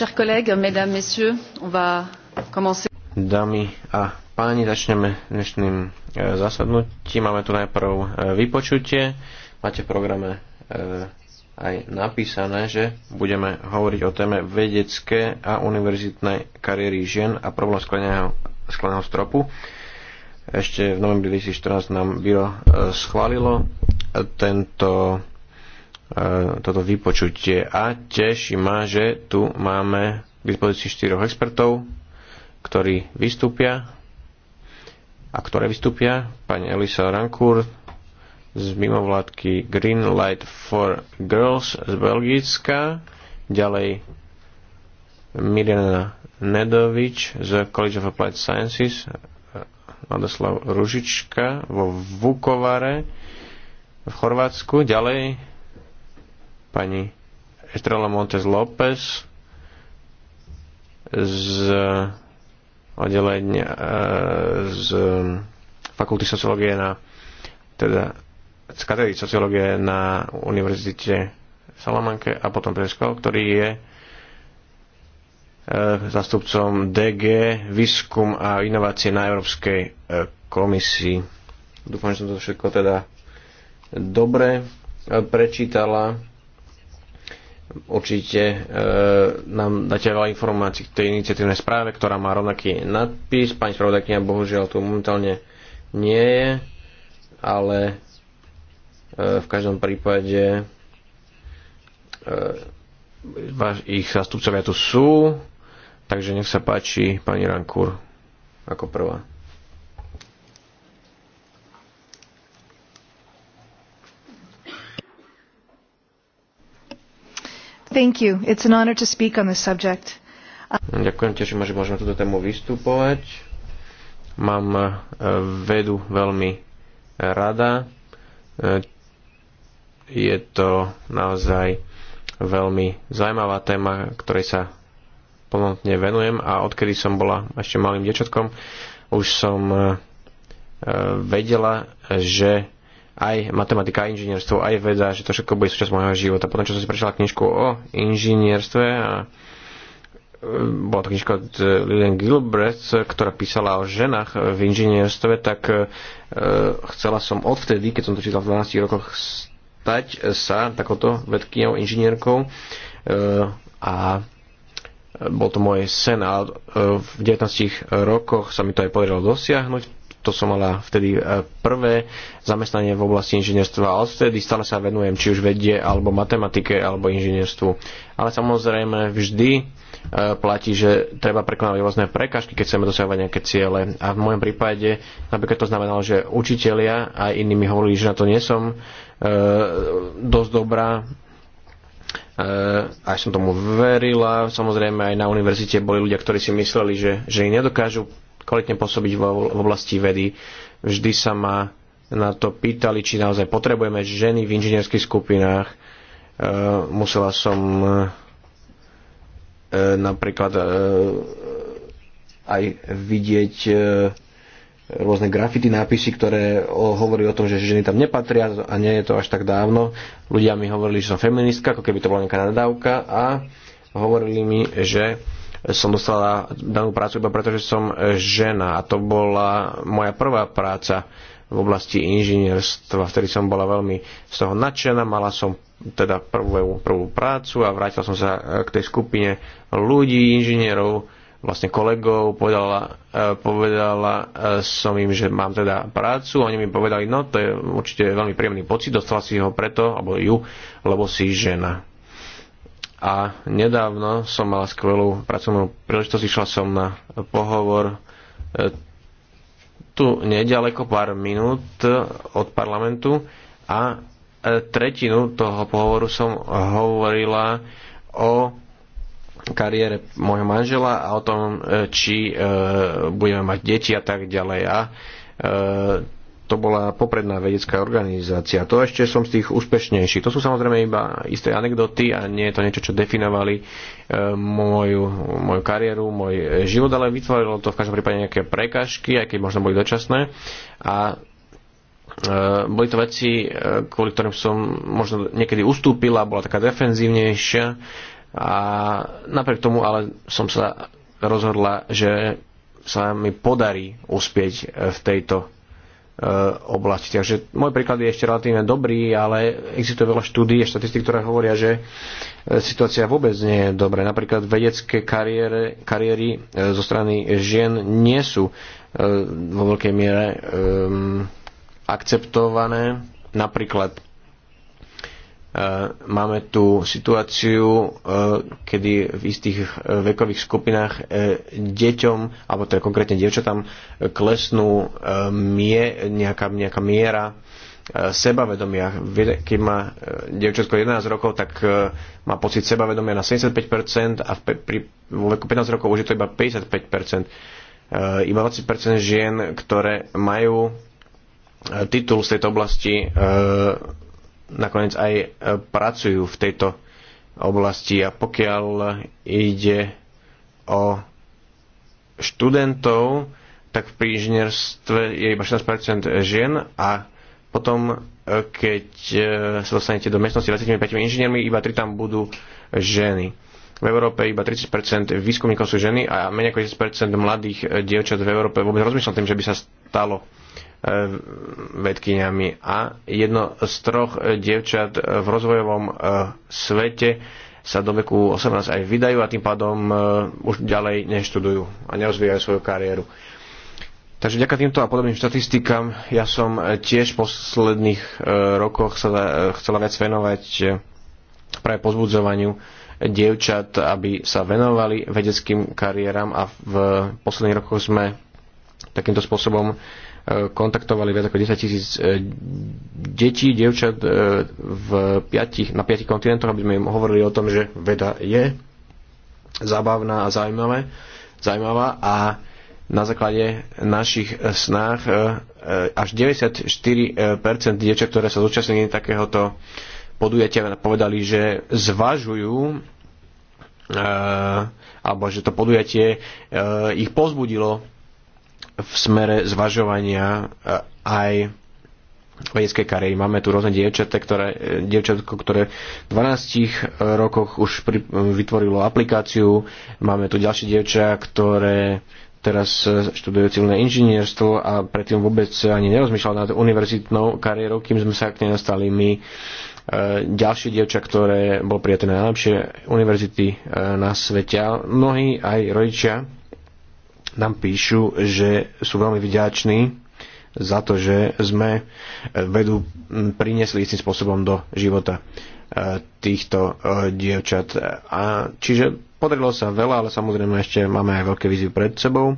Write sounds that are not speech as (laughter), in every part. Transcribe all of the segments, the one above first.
Chers collègues, mesdames, messieurs, on va commencer. Dámy a páni, začneme dnešným e, zasadnutím. Máme tu najprv e, vypočutie. Máte v programe e, aj napísané, že budeme hovoriť o téme vedecké a univerzitnej kariéry žien a problém skleného, skleného stropu. Ešte v novembri 2014 nám Biro schválilo tento E, toto vypočutie. A teší ma, že tu máme k dispozícii štyroch expertov, ktorí vystúpia a ktoré vystúpia. Pani Elisa Rankur z mimovládky Green Light for Girls z Belgicka, ďalej Mirjana Nedovič z College of Applied Sciences, Vladoslav e, Ružička vo Vukovare v Chorvátsku, ďalej pani Estrela Montes López z oddelenia e, z fakulty sociológie na teda z katedry sociológie na univerzite Salamanke a potom Presko, ktorý je e, zastupcom DG Výskum a inovácie na Európskej e, komisii. Dúfam, že som to všetko teda dobre prečítala. Určite e, nám dáte veľa informácií k tej iniciatívnej správe, ktorá má rovnaký nadpis. Pani spravodajkynia bohužiaľ tu momentálne nie je, ale e, v každom prípade e, vaš, ich zastupcovia tu sú, takže nech sa páči pani Rankur ako prvá. Thank you. It's an honor to speak on this subject. Ďakujem, teším, že môžem túto tému vystupovať. Mám e, vedu veľmi e, rada. E, je to naozaj veľmi zaujímavá téma, ktorej sa plnotne venujem a odkedy som bola ešte malým dečatkom, už som vedela, že aj matematika, aj inžinierstvo, aj veda, že to všetko bude súčasť môjho života. Potom, čo som si prečítala knižku o inžinierstve a e, bola to knižka od e, Lillian Gilbreth, ktorá písala o ženách v inžinierstve, tak e, chcela som odvtedy, keď som to čítal v 12 rokoch, stať sa takouto vedkynou, inžinierkou e, a bol to môj sen a e, v 19 rokoch sa mi to aj podarilo dosiahnuť to som mala vtedy e, prvé zamestnanie v oblasti inžinierstva a odvtedy stále sa venujem či už vedie alebo matematike alebo inžinierstvu. Ale samozrejme vždy e, platí, že treba prekonávať rôzne prekažky, keď chceme dosahovať nejaké ciele. A v môjom prípade napríklad to znamenalo, že učitelia a iní mi hovorili, že na to nie som e, dosť dobrá, e, aj som tomu verila. Samozrejme aj na univerzite boli ľudia, ktorí si mysleli, že, že ich nedokážu kvalitne pôsobiť v oblasti vedy. Vždy sa ma na to pýtali, či naozaj potrebujeme ženy v inžinierských skupinách. E, musela som e, napríklad e, aj vidieť rôzne grafity, nápisy, ktoré hovorí o tom, že ženy tam nepatria a nie je to až tak dávno. Ľudia mi hovorili, že som feministka, ako keby to bola nejaká nadávka a hovorili mi, že som dostala danú prácu iba preto, že som žena a to bola moja prvá práca v oblasti inžinierstva, vtedy som bola veľmi z toho nadšená, mala som teda prvú, prvú prácu a vrátila som sa eh, k tej skupine ľudí, inžinierov, vlastne kolegov, povedala, eh, povedala eh, som im, že mám teda prácu, oni mi povedali, no to je určite veľmi príjemný pocit, dostala si ho preto, alebo ju, lebo si žena a nedávno som mal skvelú pracovnú príležitosť, išla som na pohovor e, tu nedaleko pár minút od parlamentu a e, tretinu toho pohovoru som hovorila o kariére môjho manžela a o tom, e, či budeme mať deti a tak ďalej. A to bola popredná vedecká organizácia. To ešte som z tých úspešnejší. To sú samozrejme iba isté anekdoty a nie je to niečo, čo definovali e, moju, moju kariéru, môj život, ale vytvorilo to v každom prípade nejaké prekažky, aj keď možno boli dočasné. A e, boli to veci, e, kvôli ktorým som možno niekedy ustúpila, bola taká defenzívnejšia a napriek tomu ale som sa rozhodla, že sa mi podarí uspieť e, v tejto E, oblastiach. Že môj príklad je ešte relatívne dobrý, ale existuje veľa štúdí a štatistik, ktoré hovoria, že e, situácia vôbec nie je dobrá. Napríklad vedecké kariére, kariéry e, zo strany žien nie sú vo veľkej miere um, akceptované. Napríklad Eh, máme tu situáciu, eh, kedy v istých eh, vekových skupinách deťom, alebo teda konkrétne dievčatám, klesnú mie, nejaká, nejaká miera sebavedomia. Keď má dievčatko 11 rokov, tak má pocit sebavedomia na 75% a v, pri, vo veku 15 rokov už je to iba 55%. Iba 20% žien, ktoré majú titul z tejto oblasti nakoniec aj e, pracujú v tejto oblasti. A pokiaľ ide o študentov, tak pri inžinierstve je iba 16% žien a potom, e, keď e, sa dostanete do miestnosti 25 inžiniermi, iba 3 tam budú ženy. V Európe iba 30% výskumníkov sú ženy a menej ako 10% mladých dievčat v Európe vôbec rozmýšľam tým, že by sa stalo Eh, vedkyňami a jedno z troch dievčat v rozvojovom eh, svete sa do veku 18 aj vydajú a tým pádom eh, už ďalej neštudujú a nerozvíjajú svoju kariéru. Takže vďaka týmto a podobným štatistikám ja som tiež v posledných rokoch sa chcela viac venovať práve pozbudzovaniu dievčat, aby sa venovali vedeckým kariéram a v posledných rokoch sme takýmto spôsobom kontaktovali viac ako 10 tisíc e, detí, dievčat e, v piatich, na piatich kontinentoch, aby sme im hovorili o tom, že veda je zábavná a zaujímavá, zaujímavá a na základe našich snách e, až 94% dievčat, ktoré sa zúčastnili takéhoto podujatia, povedali, že zvažujú alebo že to podujatie ich pozbudilo v smere zvažovania e, aj vedeckej kariéry. Máme tu rôzne dievčate, ktoré, e, dievčatko, ktoré v 12 e, rokoch už pri, vytvorilo aplikáciu. Máme tu ďalšie dievča, ktoré teraz študuje civilné inžinierstvo a predtým vôbec ani nerozmýšľal nad univerzitnou kariérou, kým sme sa k nej dostali my. Ďalšie dievča, ktoré bol prijaté na najlepšie univerzity na svete. Mnohí aj rodičia nám píšu, že sú veľmi vďační za to, že sme e, vedu priniesli istým spôsobom do života e, týchto e, dievčat. A čiže podarilo sa veľa, ale samozrejme ešte máme aj veľké výzvy pred sebou.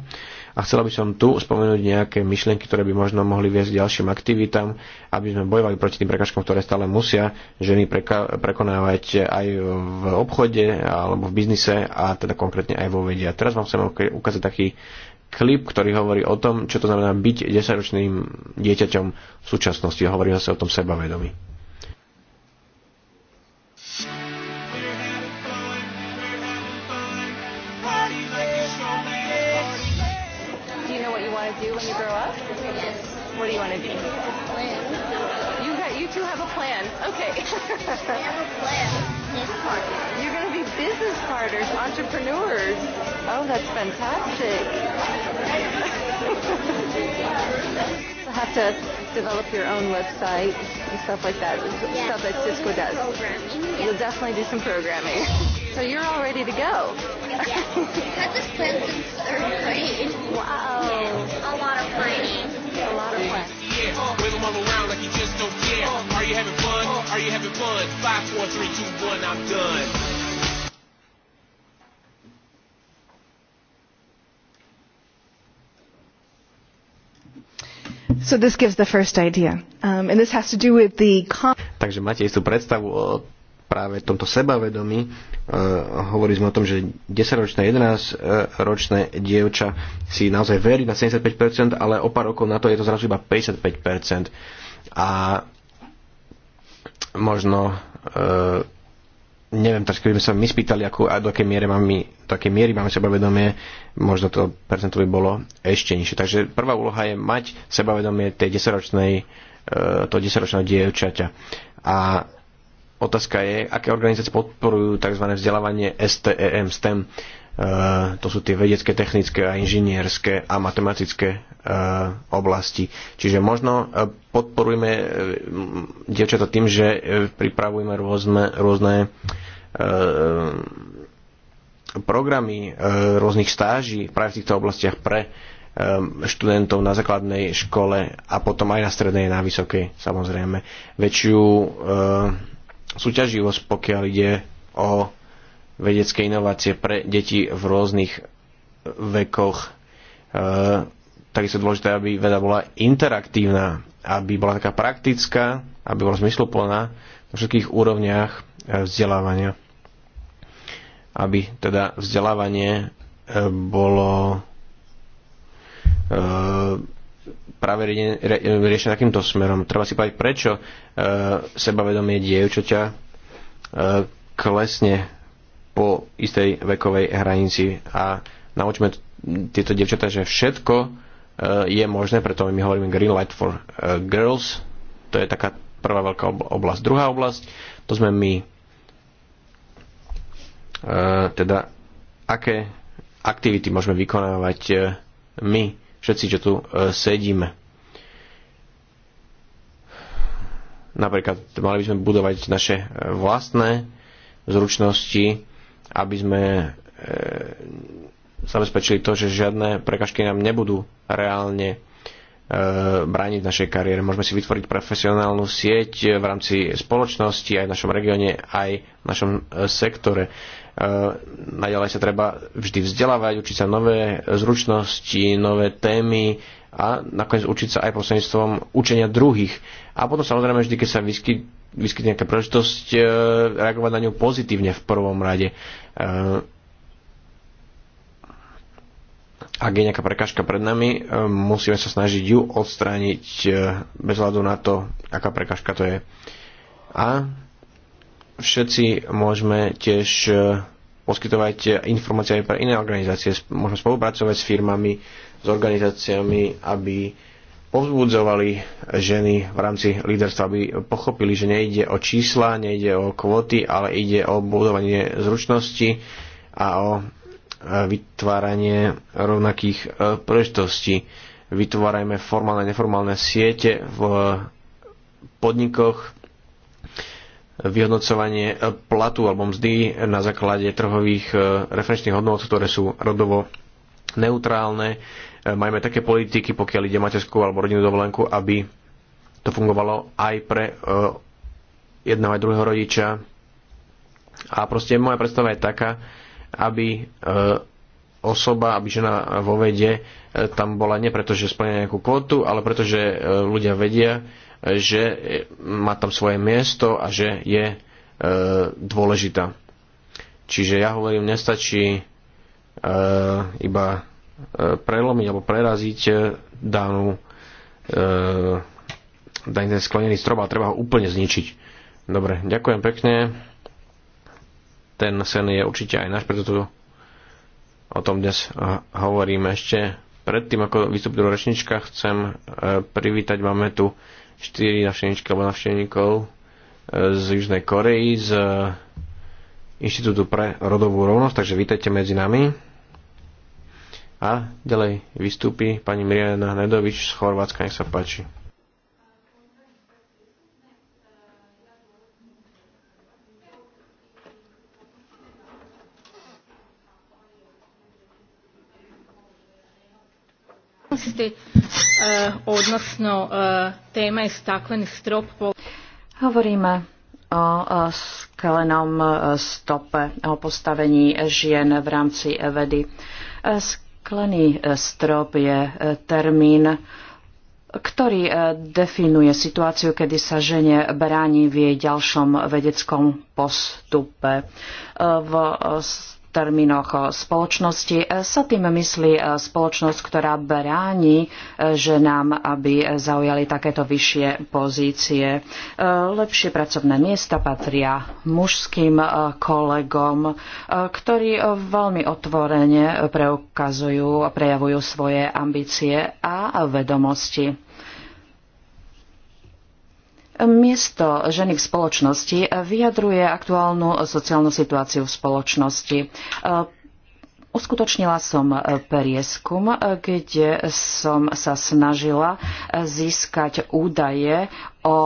A chcela by som tu spomenúť nejaké myšlienky, ktoré by možno mohli viesť k ďalším aktivitám, aby sme bojovali proti tým prekažkom, ktoré stále musia ženy preka- prekonávať aj v obchode alebo v biznise a teda konkrétne aj vo vedia. Teraz vám chcem ukázať taký klip, ktorý hovorí o tom, čo to znamená byť desaťročným dieťaťom v súčasnosti. Hovorí zase o tom sebavedomí. You're going to be business partners, entrepreneurs. Oh, that's fantastic. (laughs) You'll have to develop your own website and stuff like that, yeah, stuff that Cisco does. Yeah. You'll definitely do some programming. So you're all ready to go. Yeah. Got this plan third grade. Wow. Yeah. A lot of planning get a lot of fun. Yeah, them all around like you just don't care. Are you having fun? Are you having fun? Five, four, three, two, one. I'm done. So this gives the first idea. Um, and this has to do with the... Takže máte istú predstavu o práve v tomto sebavedomí. E, hovorili sme o tom, že 10-ročné, 11-ročné dievča si naozaj verí na 75%, ale o pár rokov na to je to zrazu iba 55%. A možno e, neviem, tak keby sme sa my spýtali, ako, a do akej miery máme, do akej miery máme sebavedomie, možno to percento by bolo ešte nižšie. Takže prvá úloha je mať sebavedomie tej 10-ročnej, e, to 10-ročného dievčaťa. A Otázka je, aké organizácie podporujú tzv. vzdelávanie STEM, STEM. E, to sú tie vedecké, technické a inžinierské a matematické e, oblasti. Čiže možno e, podporujeme e, dievčatá tým, že e, pripravujeme rôzne, rôzne e, programy e, rôznych stáží práve v týchto oblastiach pre e, študentov na základnej škole a potom aj na strednej, na vysokej samozrejme. Väčšiu e, súťaživosť, pokiaľ ide o vedecké inovácie pre deti v rôznych vekoch. E, takisto dôležité, aby veda bola interaktívna, aby bola taká praktická, aby bola zmysluplná na všetkých úrovniach e, vzdelávania. Aby teda vzdelávanie e, bolo e, práve rie, rie, rie, takýmto smerom. Treba si povedať, prečo uh, sebavedomie dievčaťa uh, klesne po istej vekovej hranici a naučme tieto dievčatá, že všetko uh, je možné, preto my hovoríme Green Light for uh, Girls, to je taká prvá veľká oblasť. Druhá oblasť, to sme my. Uh, teda, aké aktivity môžeme vykonávať uh, my všetci, čo tu e, sedíme. Napríklad mali by sme budovať naše e, vlastné zručnosti, aby sme e, zabezpečili to, že žiadne prekažky nám nebudú reálne brániť našej kariére. Môžeme si vytvoriť profesionálnu sieť v rámci spoločnosti, aj v našom regióne, aj v našom sektore. Eh, naďalej sa treba vždy vzdelávať, učiť sa nové zručnosti, nové témy a nakoniec učiť sa aj prostredníctvom učenia druhých. A potom samozrejme vždy, keď sa vyskyt, nejaká príležitosť, eh, reagovať na ňu pozitívne v prvom rade. Eh, ak je nejaká prekažka pred nami, musíme sa snažiť ju odstrániť bez hľadu na to, aká prekažka to je. A všetci môžeme tiež e, poskytovať informácie aj pre iné organizácie. Môžeme spolupracovať s firmami, s organizáciami, aby povzbudzovali ženy v rámci líderstva, aby pochopili, že nejde o čísla, nejde o kvóty, ale ide o budovanie zručnosti a o e, vytváranie rovnakých e, príležitostí. Vytvárajme formálne a neformálne siete v podnikoch, vyhodnocovanie platu alebo mzdy na základe trhových e, referenčných hodnot, ktoré sú rodovo neutrálne. E, majme také politiky, pokiaľ ide materskú alebo rodinnú dovolenku, aby to fungovalo aj pre e, jedného aj druhého rodiča. A proste moja predstava je taká, aby osoba, aby žena vo vede tam bola nie preto, že splňa nejakú kvotu, ale preto, že ľudia vedia, že má tam svoje miesto a že je e, dôležitá. Čiže ja hovorím, nestačí e, iba e, prelomiť alebo preraziť e, danú e, daný ten sklenený strop a treba ho úplne zničiť. Dobre, ďakujem pekne. Ten sen je určite aj náš, preto tu o tom dnes e, hovorím ešte. Predtým, ako vystúpi do rečnička, chcem e, privítať, máme tu 4 navštevníčky alebo navštevníkov eh, z Južnej Koreji, z eh, Inštitútu pre rodovú rovnosť, takže vítajte medzi nami. A ďalej vystúpi pani Mirjana Hnedovič z Chorvátska, nech sa páči. Eh, odnosno eh, téma je strop. Hovoríme o eh, sklenom stope, o postavení žien v rámci vedy. Sklený strop je termín, ktorý definuje situáciu, kedy sa žene bráni v jej ďalšom vedeckom postupe. V termínoch eh, spoločnosti eh, sa tým myslí eh, spoločnosť, ktorá bráni ženám, aby zaujali takéto vyššie pozície. Lepšie pracovné miesta patria mužským kolegom, ktorí veľmi otvorene preukazujú a prejavujú svoje ambície a vedomosti. Miesto ženy v spoločnosti vyjadruje aktuálnu sociálnu situáciu v spoločnosti. Uskutočnila som prieskum, kde som sa snažila získať údaje o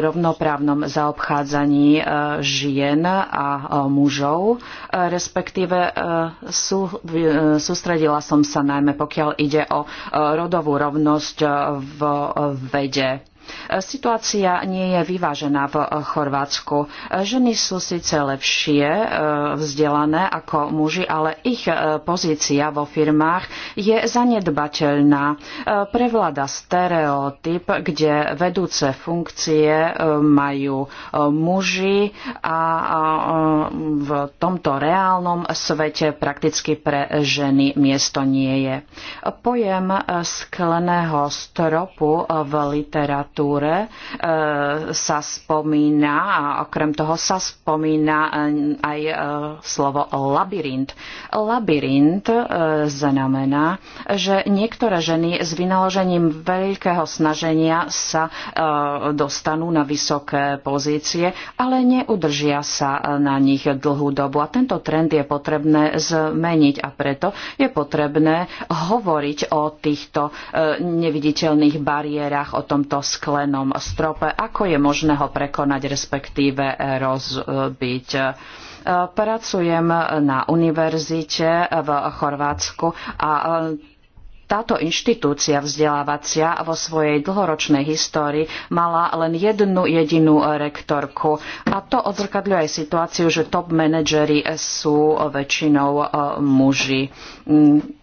rovnoprávnom zaobchádzaní žien a mužov, respektíve sú, sústredila som sa najmä pokiaľ ide o rodovú rovnosť v vede. Situácia nie je vyvážená v Chorvátsku. Ženy sú síce lepšie e, vzdelané ako muži, ale ich e, pozícia vo firmách je zanedbateľná. E, prevláda stereotyp, kde vedúce funkcie majú muži a v tomto reálnom svete prakticky pre ženy miesto nie je. Pojem skleného stropu v literatúre e, sa spomína, a okrem toho sa spomína e, aj e, slovo labyrint. Labyrint e, znamená, že niektoré ženy s vynaložením veľkého snaženia sa dostanú na vysoké pozície, ale neudržia sa na nich dlhú dobu. A tento trend je potrebné zmeniť a preto je potrebné hovoriť o týchto neviditeľných bariérach, o tomto sklenom strope, ako je možné ho prekonať, respektíve rozbiť. Pracujem na univerzite v Chorvátsku a táto inštitúcia vzdelávacia vo svojej dlhoročnej histórii mala len jednu jedinú rektorku. A to odzrkadľuje aj situáciu, že top manažery sú väčšinou eh, muži mm,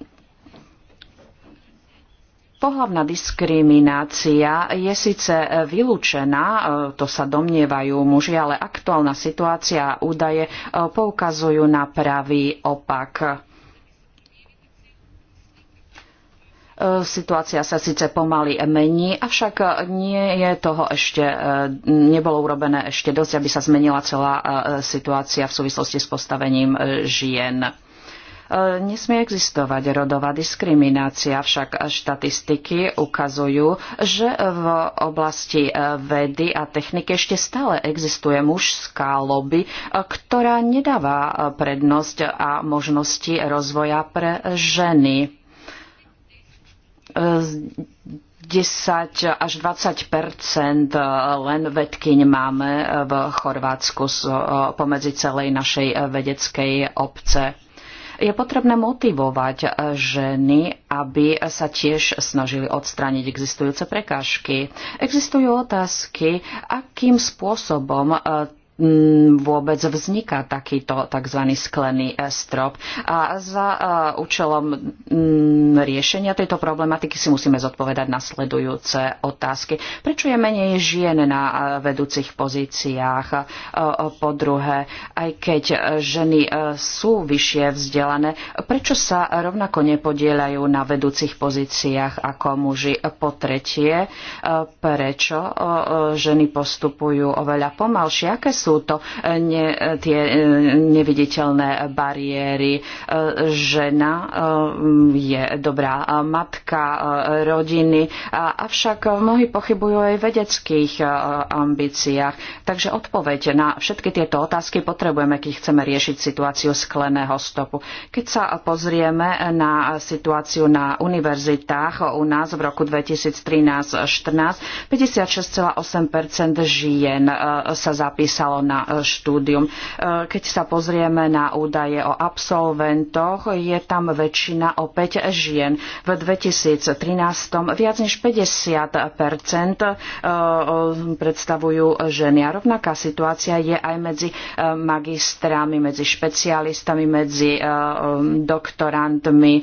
Pohlavná diskriminácia je síce e, vylúčená, e, to sa domnievajú muži, ale aktuálna situácia a údaje e, poukazujú na pravý opak. Situácia sa síce pomaly mení, avšak nie je toho ešte, nebolo urobené ešte dosť, aby sa zmenila celá situácia v súvislosti s postavením žien nesmie existovať rodová diskriminácia, však štatistiky ukazujú, že v oblasti e, vedy a techniky ešte stále existuje mužská lobby, e, ktorá nedáva e, prednosť a možnosti rozvoja pre ženy. 10 až 20 len vedkyň máme v Chorvátsku pomedzi celej našej vedeckej obce. Je potrebné motivovať eh, ženy, aby sa tiež snažili odstrániť existujúce prekážky. Existujú otázky, akým spôsobom eh, Mm, vôbec vzniká takýto tzv. sklený e, strop. A za e, účelom mm, riešenia tejto problematiky si musíme zodpovedať nasledujúce otázky. Prečo je menej žien na e, vedúcich pozíciách? Po druhé, aj keď ženy sú vyššie vzdelané, prečo sa rovnako nepodielajú na vedúcich pozíciách ako muži? Po tretie, prečo ženy postupujú oveľa pomalšie? Aké sú sú to e, ne, e, tie e, neviditeľné bariéry. Žena je dobrá matka rodiny, avšak mnohí pochybujú aj vedeckých ambíciách. Takže odpoveď na všetky tieto otázky potrebujeme, keď chceme riešiť situáciu skleného stopu. Keď sa pozrieme na situáciu na univerzitách u nás v roku 2013-14, 56,8 žien sa zapísalo na e, štúdium. E, keď sa pozrieme na údaje o absolventoch, je tam väčšina opäť žien. V 2013 viac než 50 e, predstavujú ženy. A rovnaká situácia je aj medzi magistrami, medzi špecialistami, medzi doktorantmi.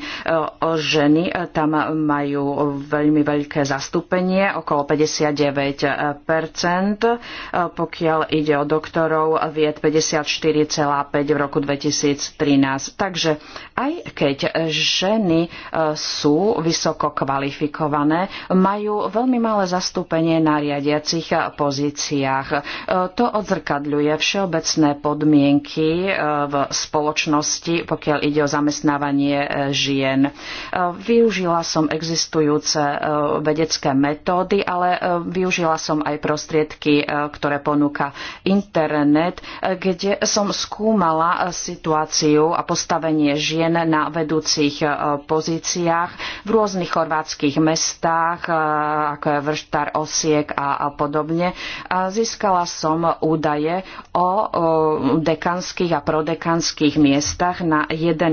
Ženy tam majú veľmi veľké zastúpenie, okolo 59 pokiaľ ide o doktorantov doktorov vied 54,5 v roku 2013. Takže aj keď ženy e, sú vysoko kvalifikované, majú veľmi malé zastúpenie na riadiacich pozíciách. E, to odzrkadľuje všeobecné podmienky e, v spoločnosti, pokiaľ ide o zamestnávanie žien. Využila som existujúce vedecké metódy, ale využila som aj prostriedky, ktoré ponúka internet internet, kde som skúmala situáciu a postavenie žien na vedúcich eh, pozíciách v rôznych chorvátskych mestách, eh, ako je Vrštar, Osiek a podobne. získala som údaje o eh, dekanských a prodekanských miestach na 11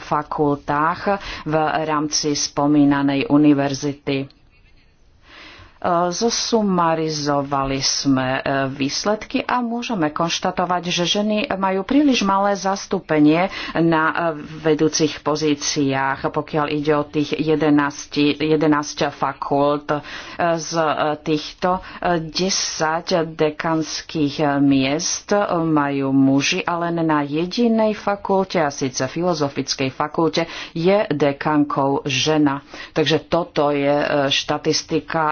fakultách v rámci spomínanej univerzity. Zosumarizovali sme e, výsledky a môžeme konštatovať, že ženy majú príliš malé zastúpenie na e, vedúcich pozíciách, pokiaľ ide o tých 11, 11 fakult e, z týchto 10 dekanských miest majú muži, ale na jedinej fakulte, a síce filozofickej fakulte, je dekankou žena. Takže toto je štatistika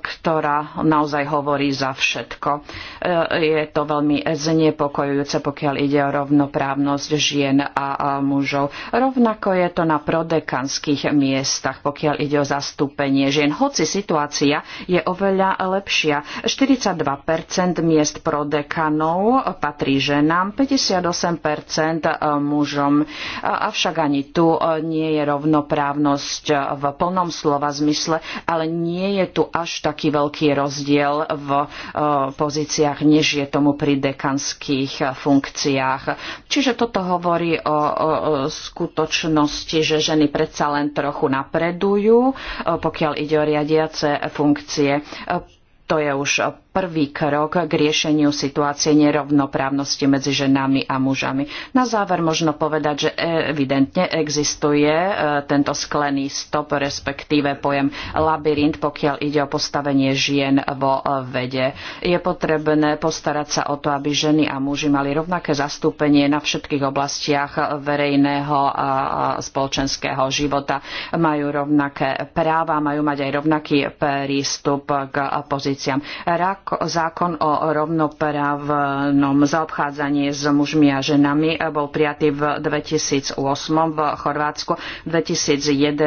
ktorá naozaj hovorí za všetko. E, je to veľmi znepokojujúce, pokiaľ ide o rovnoprávnosť žien a mužov. Rovnako je to na prodekanských miestach, pokiaľ ide o zastúpenie žien. Hoci situácia je oveľa lepšia. 42% miest prodekanov patrí ženám, 58% mužom. Avšak ani tu nie je rovnoprávnosť v plnom slova zmysle, ale nie je tu až taký veľký rozdiel v e, pozíciách, než je tomu pri dekanských funkciách. Čiže toto hovorí o skutočnosti, že ženy predsa len trochu napredujú, e, pokiaľ ide o riadiace funkcie. E, to je už prvý krok k riešeniu situácie nerovnoprávnosti medzi ženami a mužami. Na záver možno povedať, že evidentne existuje e, tento sklený stop, respektíve pojem labyrint, pokiaľ ide o postavenie žien vo e, vede. Je potrebné postarať sa o to, aby ženy a muži mali rovnaké zastúpenie na všetkých oblastiach verejného a spoločenského života. Majú rovnaké práva, majú mať aj rovnaký prístup k pozíciám. Rak zákon o rovnoprávnom zaobchádzaní s mužmi a ženami bol prijatý v 2008 v Chorvátsku. V 2011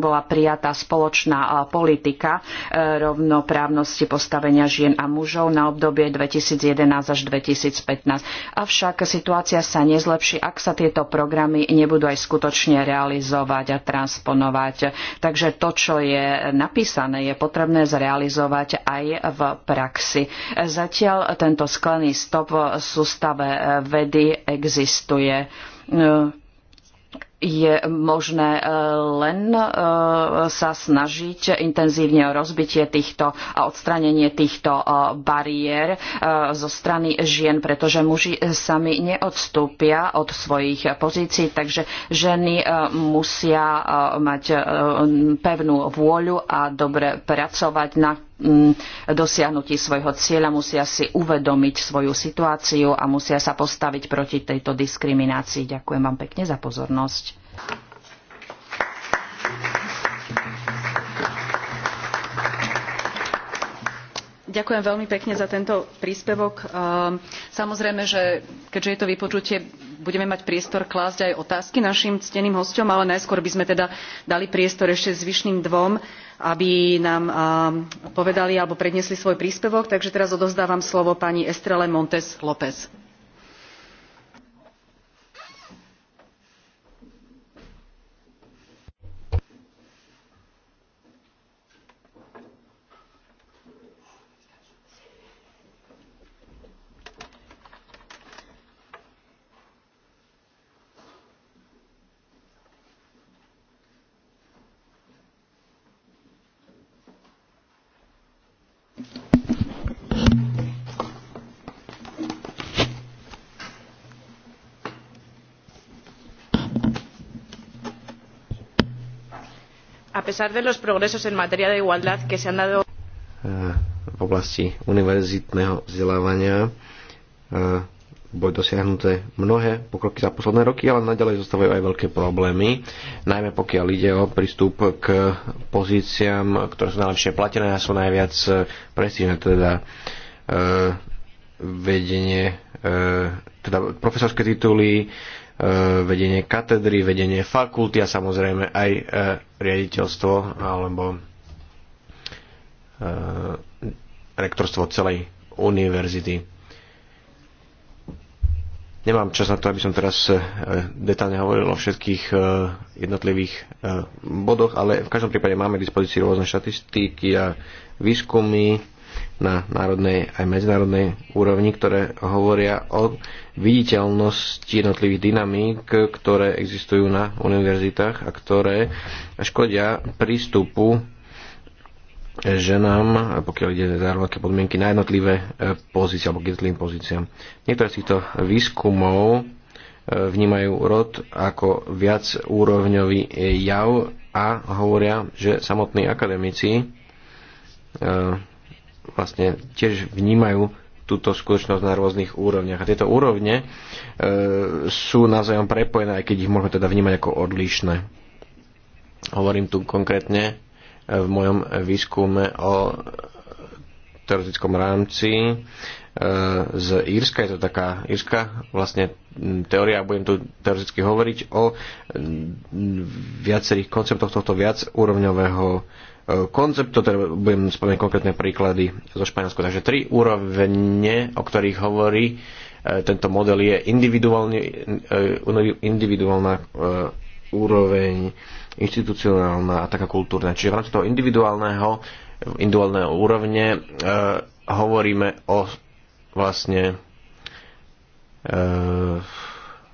bola prijatá spoločná politika e, rovnoprávnosti postavenia žien a mužov na obdobie 2011 až 2015. Avšak situácia sa nezlepší, ak sa tieto programy nebudú aj skutočne realizovať a transponovať. Takže to, čo je napísané, je potrebné zrealizovať aj v praxi praxi. Zatiaľ tento sklený stop v sústave e, vedy existuje e, je možné e, len sa snažiť intenzívne o rozbitie týchto a odstranenie týchto bariér zo strany žien, pretože muži sami neodstúpia od svojich pozícií, takže ženy musia mať pevnú vôľu a dobre pracovať na Mm, dosiahnutí svojho cieľa, musia si uvedomiť svoju situáciu a musia sa postaviť proti tejto diskriminácii. Ďakujem vám pekne za pozornosť. Ďakujem veľmi pekne za tento príspevok. Ehm, samozrejme, že keďže je to vypočutie budeme mať priestor klásť aj otázky našim cteným hosťom, ale najskôr by sme teda dali priestor ešte zvyšným dvom, aby nám povedali alebo predniesli svoj príspevok. Takže teraz odovzdávam slovo pani Estrele Montes López. pesar de los progresos en materia de igualdad que se han dado eh, v oblasti univerzitného vzdelávania eh, boli dosiahnuté mnohé pokroky za posledné roky, ale naďalej zostávajú aj veľké problémy, najmä pokiaľ ide o prístup k pozíciám, ktoré sú najlepšie platené a sú najviac eh, prestížne, teda vedenie, teda profesorské tituly, E, vedenie katedry, vedenie fakulty a samozrejme aj e, riaditeľstvo alebo e, rektorstvo celej univerzity. Nemám čas na to, aby som teraz detálne hovoril o všetkých jednotlivých bodoch, ale v každom prípade máme k dispozícii rôzne štatistiky a výskumy na národnej aj medzinárodnej úrovni, ktoré hovoria o viditeľnosti jednotlivých dynamík, ktoré existujú na univerzitách a ktoré škodia prístupu ženám, pokiaľ ide za rovnaké podmienky na jednotlivé e, pozície alebo k jednotlivým pozíciám. Niektoré z týchto výskumov e, vnímajú rod ako viac úrovňový jav a hovoria, že samotní akademici e, vlastne tiež vnímajú túto skutočnosť na rôznych úrovniach. A tieto úrovne e, sú navzájom prepojené, aj keď ich môžeme teda vnímať ako odlišné. Hovorím tu konkrétne e, v mojom výskume o teoretickom rámci e, z Írska, je to taká írska vlastne teória, budem tu teoreticky hovoriť o viacerých konceptoch tohto viacúrovňového koncept, to teda budem spomenúť konkrétne príklady zo Španielska. Takže tri úrovne, o ktorých hovorí e, tento model, je e, e, individuálna úroveň, inštitucionálna a taká kultúrna. Čiže v rámci toho individuálneho, individuálneho úrovne hovoríme o vlastne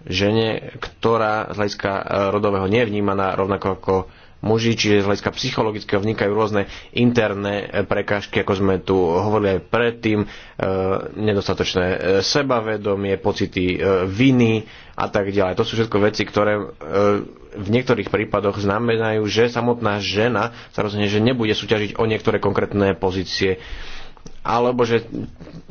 žene, ktorá z hľadiska rodového nie je vnímaná rovnako ako muži, čiže z hľadiska psychologického vznikajú rôzne interné eh, prekážky, ako sme tu hovorili aj predtým, eh, nedostatočné eh, sebavedomie, pocity viny a tak ďalej. To sú všetko veci, ktoré v niektorých prípadoch znamenajú, že samotná žena sa rozhodne, že nebude súťažiť o niektoré konkrétne pozície alebo že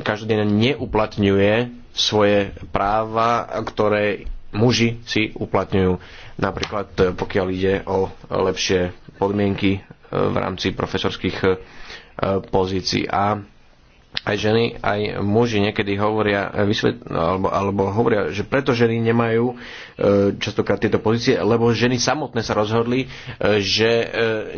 každodenne neuplatňuje svoje práva, ktoré muži si uplatňujú napríklad e, pokiaľ ide o lepšie podmienky e, v rámci profesorských e, pozícií. A aj ženy, aj muži niekedy hovoria, e, vysvet, no, alebo, alebo hovoria, že preto ženy nemajú e, častokrát tieto pozície, lebo ženy samotné sa rozhodli, e, že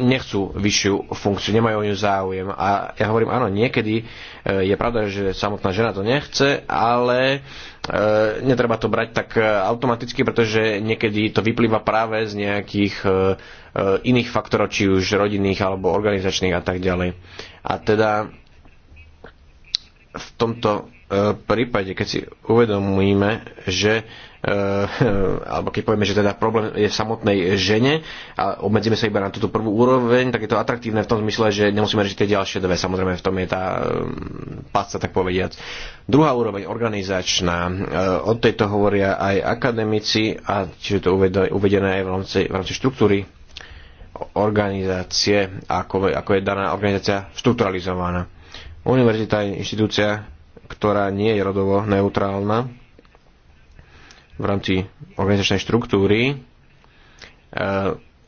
nechcú vyššiu funkciu, nemajú o ňu záujem. A ja hovorím, áno, niekedy je pravda, že samotná žena to nechce, ale netreba to brať tak automaticky, pretože niekedy to vyplýva práve z nejakých iných faktorov, či už rodinných alebo organizačných a tak ďalej. A teda v tomto e, prípade, keď si uvedomíme, že e, (laughs) alebo keď povieme, že teda problém je v samotnej žene a obmedzíme sa iba na túto prvú úroveň, tak je to atraktívne v tom zmysle, že nemusíme riešiť tie ďalšie dve. Samozrejme, v tom je tá e, pasta, tak povediac. Druhá úroveň, organizačná. O tejto hovoria aj akademici a čiže to uvedené aj v rámci, v rámci štruktúry organizácie, ako, ako je daná organizácia štrukturalizovaná Univerzita je inštitúcia, ktorá nie je rodovo neutrálna v rámci organizačnej štruktúry. E,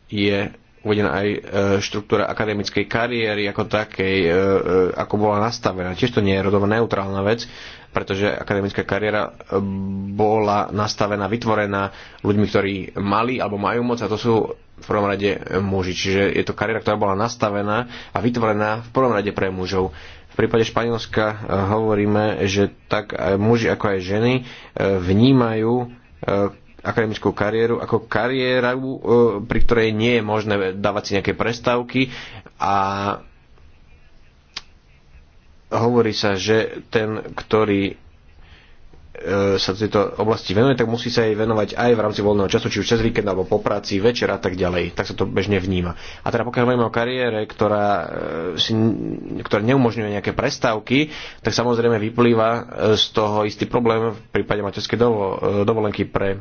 je uvedená aj e, štruktúra akademickej kariéry ako takej, e, ako bola nastavená. Tiež to nie je rodovo neutrálna vec, pretože akademická kariéra bola nastavená, vytvorená ľuďmi, ktorí mali alebo majú moc a to sú v prvom rade muži. Čiže je to kariéra, ktorá bola nastavená a vytvorená v prvom rade pre mužov prípade Španielska e, hovoríme, že tak aj muži ako aj ženy e, vnímajú e, akademickú kariéru ako kariéru, pri ktorej nie je možné dávať si nejaké prestávky a hovorí sa, že ten, ktorý E, sa tejto oblasti venuje, tak musí sa jej venovať aj v rámci voľného času, či už cez víkend alebo po práci, večer a tak ďalej. Tak sa to bežne vníma. A teda pokiaľ hovoríme o kariére, ktorá, e, si, ktorá neumožňuje nejaké prestávky, tak samozrejme vyplýva e, z toho istý problém v prípade materskej dovolenky pre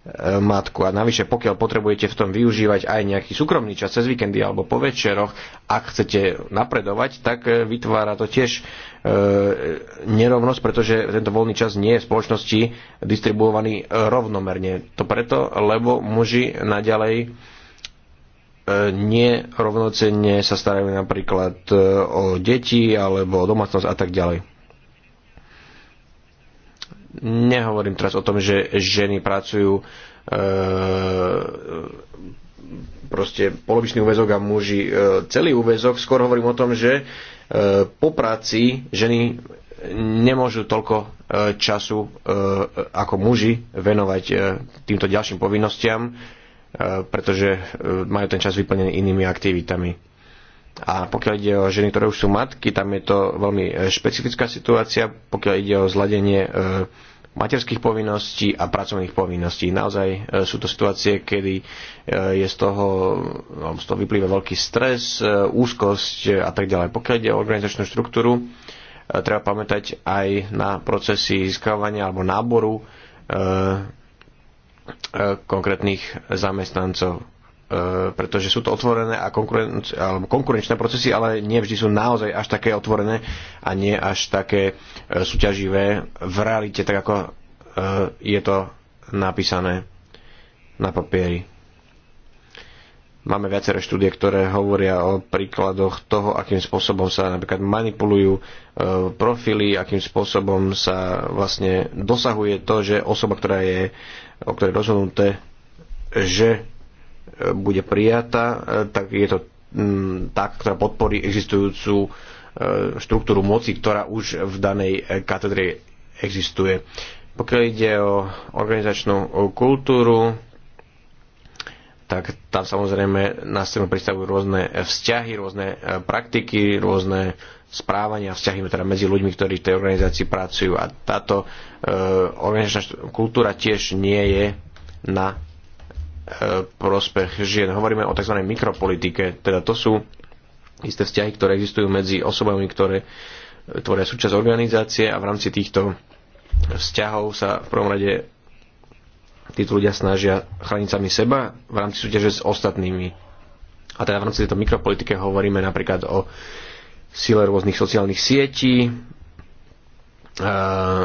E, matku. A navyše, pokiaľ potrebujete v tom využívať aj nejaký súkromný čas cez víkendy alebo po večeroch, ak chcete napredovať, tak e, vytvára to tiež e, nerovnosť, pretože tento voľný čas nie je v spoločnosti distribuovaný rovnomerne. To preto, lebo muži naďalej e, nerovnocenne sa starajú napríklad o deti alebo o domácnosť a tak ďalej. Nehovorím teraz o tom, že ženy pracujú e, proste polovičný úvezok a muži e, celý úvezok. Skôr hovorím o tom, že e, po práci ženy nemôžu toľko e, času e, ako muži venovať e, týmto ďalším povinnostiam, e, pretože e, majú ten čas vyplnený inými aktivitami. A pokiaľ ide o ženy, ktoré už sú matky, tam je to veľmi e, špecifická situácia, pokiaľ ide o zladenie e, materských povinností a pracovných povinností. Naozaj e, sú to situácie, kedy je z toho, no, z toho vyplýva veľký stres, úzkosť a tak ďalej. Pokiaľ ide o organizačnú štruktúru, treba pamätať aj na procesy získavania alebo náboru konkrétnych zamestnancov E, pretože sú to otvorené a konkurenč, alebo konkurenčné procesy, ale nie vždy sú naozaj až také otvorené a nie až také e, súťaživé v realite, tak ako e, je to napísané na papieri. Máme viaceré štúdie, ktoré hovoria o príkladoch toho, akým spôsobom sa napríklad manipulujú profily, akým spôsobom sa vlastne dosahuje to, že osoba, ktorá je, o ktorej rozhodnuté, že bude prijatá, e, tak je to mm, tá, ktorá podporí existujúcu e, štruktúru moci, ktorá už v danej e, katedre existuje. Pokiaľ ide o organizačnú kultúru, tak tam samozrejme na scénu predstavujú rôzne vzťahy, rôzne praktiky, rôzne správania, vzťahy teda medzi ľuďmi, ktorí v tej organizácii pracujú. A táto e, organizačná kultúra tiež nie je na Eh, prospech žien. Hovoríme o tzv. mikropolitike, teda to sú isté vzťahy, ktoré existujú medzi osobami, ktoré tvoria súčasť organizácie a v rámci týchto vzťahov sa v prvom rade títo ľudia snažia chrániť sami seba v rámci súťaže s ostatnými. A teda v rámci tejto mikropolitike hovoríme napríklad o sile rôznych sociálnych sietí, eh,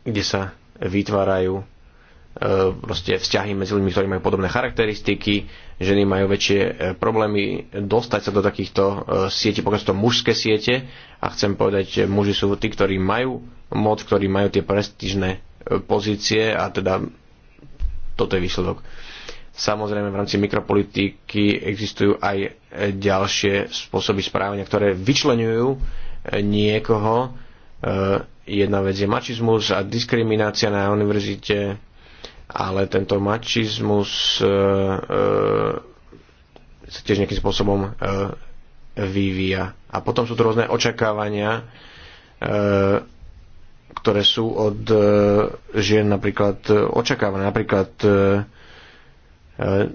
kde sa vytvárajú E, proste vzťahy medzi ľuďmi, ktorí majú podobné charakteristiky, ženy majú väčšie e, problémy dostať sa do takýchto e, sietí, pokiaľ sú to mužské siete a chcem povedať, že muži sú tí, ktorí majú moc, ktorí majú tie prestížne pozície a teda toto je výsledok. Samozrejme v rámci mikropolitiky existujú aj ďalšie spôsoby správania, ktoré vyčlenujú niekoho. Jedna vec je mačizmus a diskriminácia na univerzite, ale tento mačizmus e, e, sa tiež nejakým spôsobom e, vyvíja. A potom sú tu rôzne očakávania, e, ktoré sú od e, žien napríklad e, očakávané. Napríklad e, e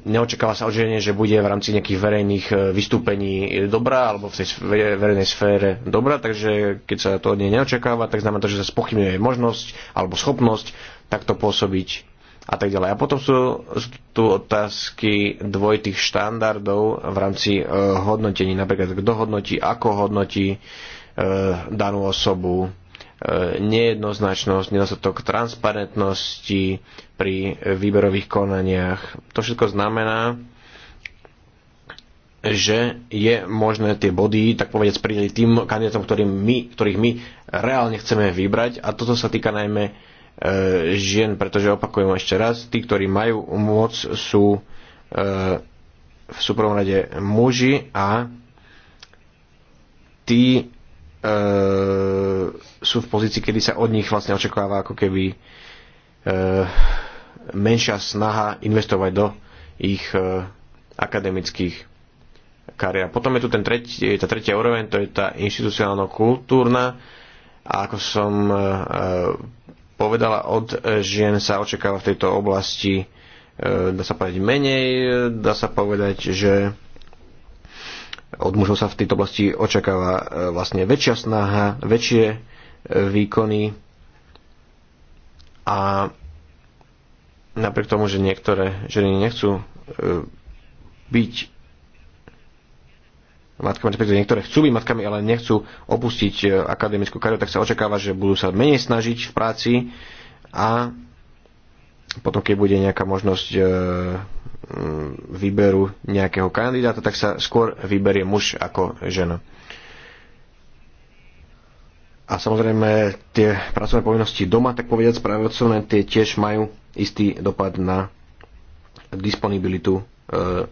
neočakáva sa od žene, že bude v rámci nejakých verejných e, vystúpení dobrá alebo v tej verejnej sfére dobrá, takže keď sa to od nej neočakáva, tak znamená to, že sa spochybňuje možnosť alebo schopnosť takto pôsobiť a tak ďalej. A potom sú, sú tu otázky dvojitých štandardov v rámci e, hodnotení. Napríklad, kto hodnotí, ako hodnotí e, danú osobu, e, nejednoznačnosť, nedostatok transparentnosti pri výberových konaniach. To všetko znamená, že je možné tie body, tak povedať, prideliť tým kandidátom, my, ktorých my reálne chceme vybrať a toto sa týka najmä E, žien, pretože opakujem ešte raz, tí, ktorí majú moc, sú e, v súprvom rade muži a tí e, sú v pozícii, kedy sa od nich vlastne očakáva ako keby menšia snaha investovať do ich akademických kariér. Potom je tu ten tretí, tá tretia úroveň, to je tá inštitucionálno-kultúrna a ako som povedala, od e, žien sa očakáva v tejto oblasti, e, dá sa povedať, menej, e, dá sa povedať, že od mužov sa v tejto oblasti očakáva vlastne väčšia snaha, väčšie výkony a napriek tomu, že niektoré ženy nechcú byť matkami, respektíve niektoré chcú byť matkami, ale nechcú opustiť e, akademickú kariéru, tak sa očakáva, že budú sa menej snažiť v práci a potom, keď bude nejaká možnosť e, výberu nejakého kandidáta, tak sa skôr vyberie muž ako žena. A samozrejme tie pracovné povinnosti doma, tak povediať správodcovné, tie tiež majú istý dopad na disponibilitu e,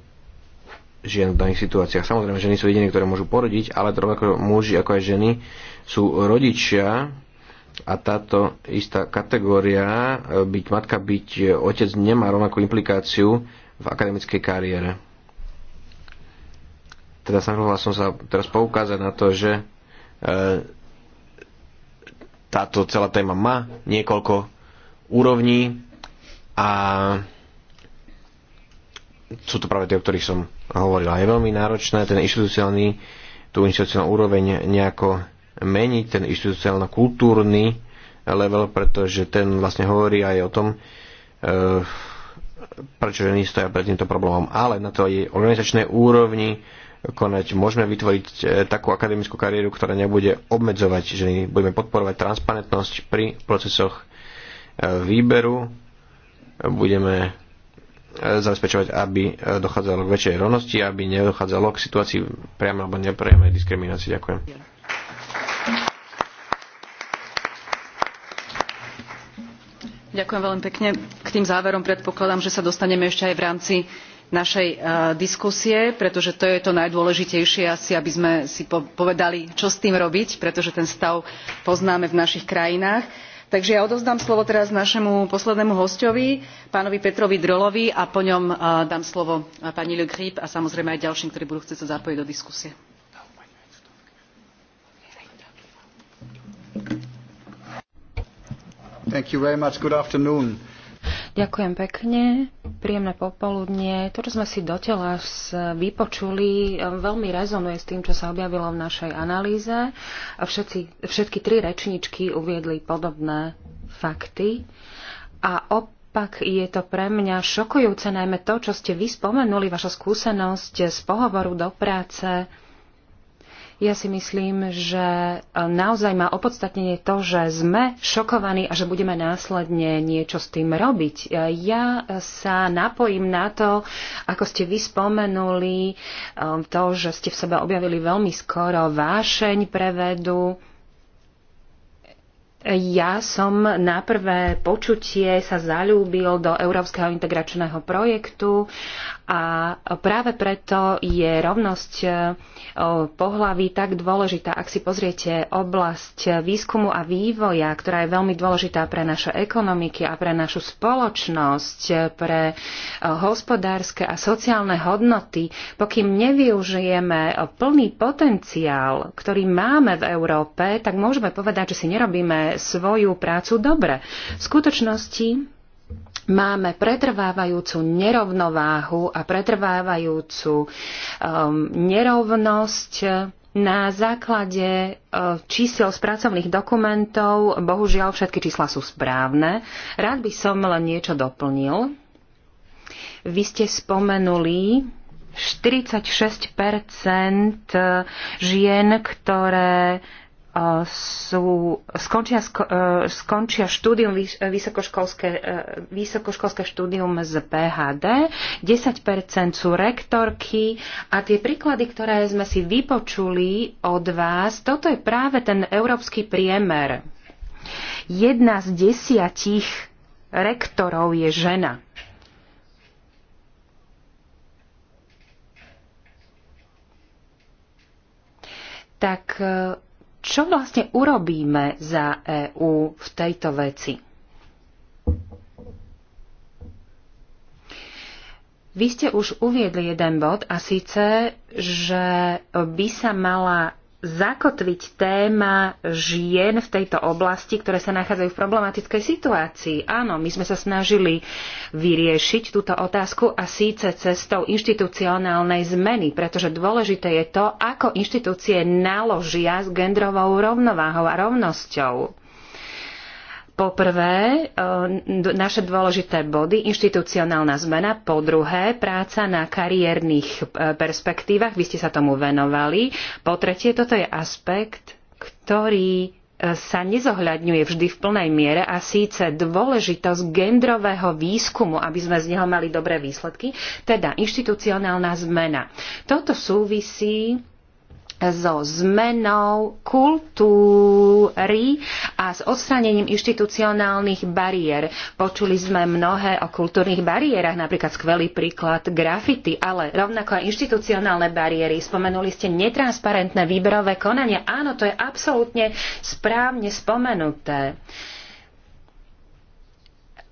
žien v daných situáciách. Samozrejme, ženy sú jediné, ktoré môžu porodiť, ale rovnako muži ako aj ženy sú rodičia a táto istá kategória, e, byť matka, byť e, otec, nemá rovnakú implikáciu v akademickej kariére. Teda snažila som sa teraz poukázať na to, že e, táto celá téma má niekoľko úrovní a sú to práve tie, o ktorých som hovorila. Je veľmi náročné ten inštitucionálny, tú inštitucionálnu úroveň nejako meniť, ten inštitucionálno-kultúrny level, pretože ten vlastne hovorí aj o tom, e, prečo ženy stoja pred týmto problémom. Ale na je organizačnej úrovni konať môžeme vytvoriť eh, takú akademickú kariéru, ktorá nebude obmedzovať ženy. Budeme podporovať transparentnosť pri procesoch eh, výberu, budeme zabezpečovať, aby e, dochádzalo k väčšej rovnosti, aby nedochádzalo k situácii priamo alebo nepriamej diskriminácii. Ďakujem. Ďakujem veľmi pekne. K tým záverom predpokladám, že sa dostaneme ešte aj v rámci našej e, diskusie pretože to je to najdôležitejšie asi aby sme si povedali čo s tým robiť pretože ten stav poznáme v našich krajinách takže ja odovzdám slovo teraz našemu poslednému hosťovi pánovi petrovi drolovi a po ňom dám slovo pani le grip a samozrejme aj ďalším ktorí budú chcieť sa zapojiť do diskusie. Thank you very much. Good afternoon. Ďakujem pekne, príjemné popoludnie. To, čo sme si dotela vypočuli, veľmi rezonuje s tým, čo sa objavilo v našej analýze. Všetci, všetky tri rečničky uviedli podobné fakty a op- pak je to pre mňa šokujúce, najmä to, čo ste vy spomenuli, vaša skúsenosť z pohovoru do práce ja si myslím, že e, naozaj má opodstatnenie to, že sme šokovaní a že budeme následne niečo s tým robiť. E, ja e, sa napojím na to, ako ste vy spomenuli, to, že ste v sebe objavili veľmi skoro vášeň pre vedu, ja som na prvé počutie sa zalúbil do Európskeho integračného projektu a práve preto je rovnosť e, pohlaví tak dôležitá. Ak si pozriete oblasť výskumu a vývoja, ktorá je veľmi dôležitá pre naše ekonomiky a pre našu spoločnosť, pre e, hospodárske a sociálne hodnoty, pokým nevyužijeme plný potenciál, ktorý máme v Európe, tak môžeme povedať, že si nerobíme svoju prácu dobre. V skutočnosti máme pretrvávajúcu nerovnováhu a pretrvávajúcu um, nerovnosť na základe uh, čísel z pracovných dokumentov. Bohužiaľ, všetky čísla sú správne. Rád by som len niečo doplnil. Vy ste spomenuli 46 žien, ktoré sú, skončia, e, skončia štúdium, vysokoškolské, e, vysokoškolské štúdium z PHD, 10% sú rektorky a tie príklady, ktoré sme si vypočuli od vás, toto je práve ten európsky priemer. Jedna z desiatich rektorov je žena. Tak e, čo vlastne urobíme za EÚ v tejto veci? Vy ste už uviedli jeden bod a síce, že by sa mala zakotviť téma žien v tejto oblasti, ktoré sa nachádzajú v problematickej situácii. Áno, my sme sa snažili vyriešiť túto otázku a síce cestou inštitucionálnej zmeny, pretože dôležité je to, ako inštitúcie naložia s gendrovou rovnováhou a rovnosťou. Poprvé, e, naše dôležité body, inštitucionálna zmena, po druhé, práca na kariérnych e, perspektívach, vy ste sa tomu venovali, po tretie, toto je aspekt, ktorý e, sa nezohľadňuje vždy v plnej miere a síce dôležitosť gendrového výskumu, aby sme z neho mali dobré výsledky, teda inštitucionálna zmena. Toto súvisí so zmenou kultúry a s odstranením inštitucionálnych bariér. Počuli sme mnohé o kultúrnych bariérach, napríklad skvelý príklad grafity, ale rovnako aj inštitucionálne bariéry. Spomenuli ste netransparentné výberové konania. Áno, to je absolútne správne spomenuté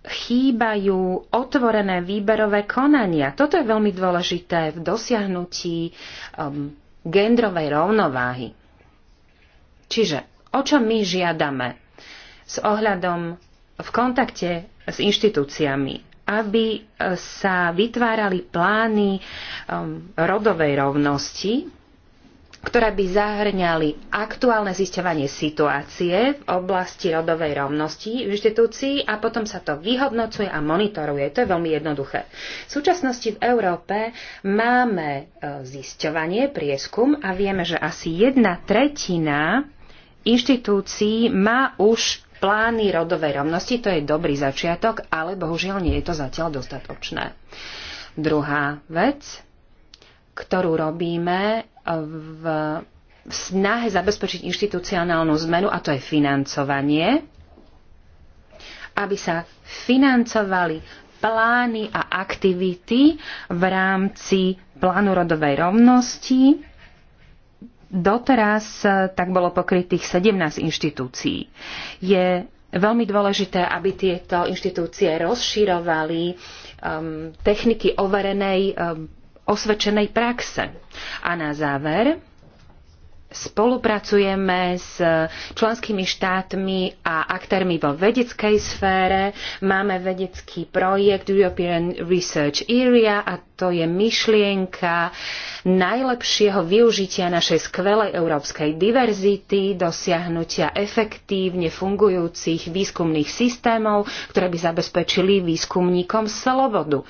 chýbajú otvorené výberové konania. Toto je veľmi dôležité v dosiahnutí um, gendrovej rovnováhy. Čiže o čo my žiadame s ohľadom v kontakte s inštitúciami, aby e, sa vytvárali plány e, rodovej rovnosti ktoré by zahrňali aktuálne zisťovanie situácie v oblasti rodovej rovnosti v inštitúcii a potom sa to vyhodnocuje a monitoruje. To je veľmi jednoduché. V súčasnosti v Európe máme e, zisťovanie, prieskum a vieme, že asi jedna tretina inštitúcií má už plány rodovej rovnosti. To je dobrý začiatok, ale bohužiaľ nie je to zatiaľ dostatočné. Druhá vec, ktorú robíme, v, v snahe zabezpečiť inštitucionálnu zmenu, a to je financovanie, aby sa financovali plány a aktivity v rámci plánu rodovej rovnosti. Doteraz eh, tak bolo pokrytých 17 inštitúcií. Je veľmi dôležité, aby tieto inštitúcie rozširovali um, techniky overenej um, osvedčenej praxe. A na záver, spolupracujeme s členskými štátmi a aktérmi vo vedeckej sfére. Máme vedecký projekt European Research Area a to je myšlienka najlepšieho využitia našej skvelej európskej diverzity, dosiahnutia efektívne fungujúcich výskumných systémov, ktoré by zabezpečili výskumníkom slobodu.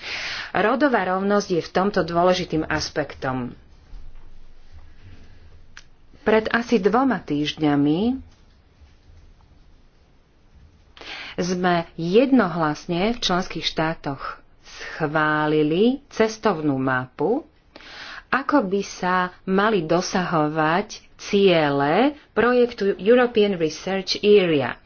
Rodová rovnosť je v tomto dôležitým aspektom. Pred asi dvoma týždňami sme jednohlasne v členských štátoch schválili cestovnú mapu, ako by sa mali dosahovať ciele projektu European Research Area.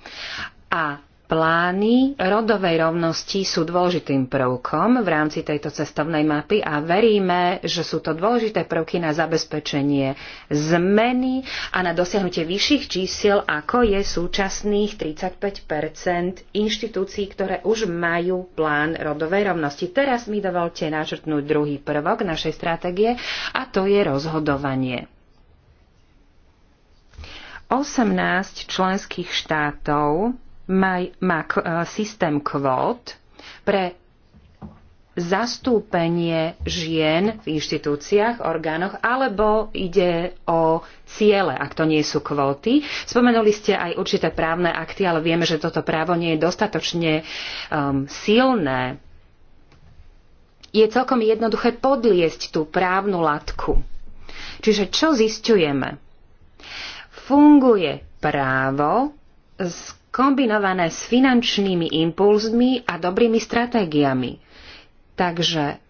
A Plány rodovej rovnosti sú dôležitým prvkom v rámci tejto cestovnej mapy a veríme, že sú to dôležité prvky na zabezpečenie zmeny a na dosiahnutie vyšších čísiel, ako je súčasných 35 inštitúcií, ktoré už majú plán rodovej rovnosti. Teraz mi dovolte načrtnúť druhý prvok našej stratégie a to je rozhodovanie. 18 členských štátov má, má e, systém kvót pre zastúpenie žien v inštitúciách, orgánoch, alebo ide o ciele, ak to nie sú kvóty. Spomenuli ste aj určité právne akty, ale vieme, že toto právo nie je dostatočne um, silné. Je celkom jednoduché podliesť tú právnu latku. Čiže čo zistujeme? Funguje právo, z kombinované s finančnými impulzmi a dobrými stratégiami. Takže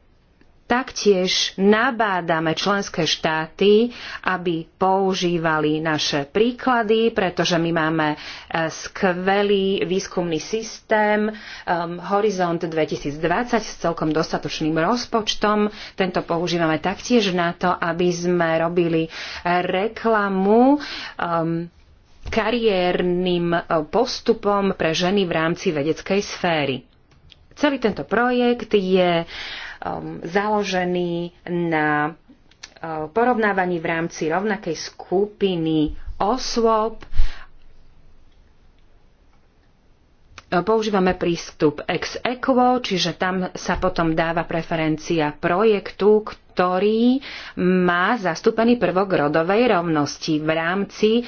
taktiež nabádame členské štáty, aby používali naše príklady, pretože my máme e, skvelý výskumný systém um, Horizont 2020 s celkom dostatočným rozpočtom. Tento používame taktiež na to, aby sme robili reklamu um, kariérnym e, postupom pre ženy v rámci vedeckej sféry. Celý tento projekt je um, založený na um, porovnávaní v rámci rovnakej skupiny osôb. Používame prístup ex equo, čiže tam sa potom dáva preferencia projektu, ktorý má zastúpený prvok rodovej rovnosti v rámci e,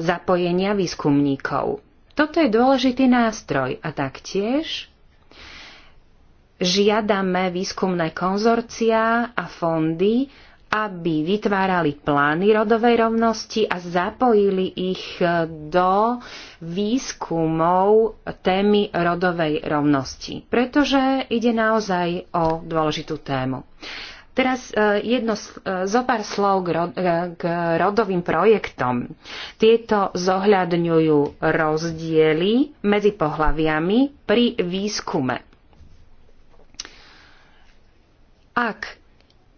zapojenia výskumníkov. Toto je dôležitý nástroj a taktiež žiadame výskumné konzorcia a fondy, aby vytvárali plány rodovej rovnosti a zapojili ich e, do výskumov témy rodovej rovnosti, pretože ide naozaj o dôležitú tému. Teraz e, jedno e, zo pár slov e, k, rodovým projektom. Tieto zohľadňujú rozdiely medzi pohlaviami pri výskume. Ak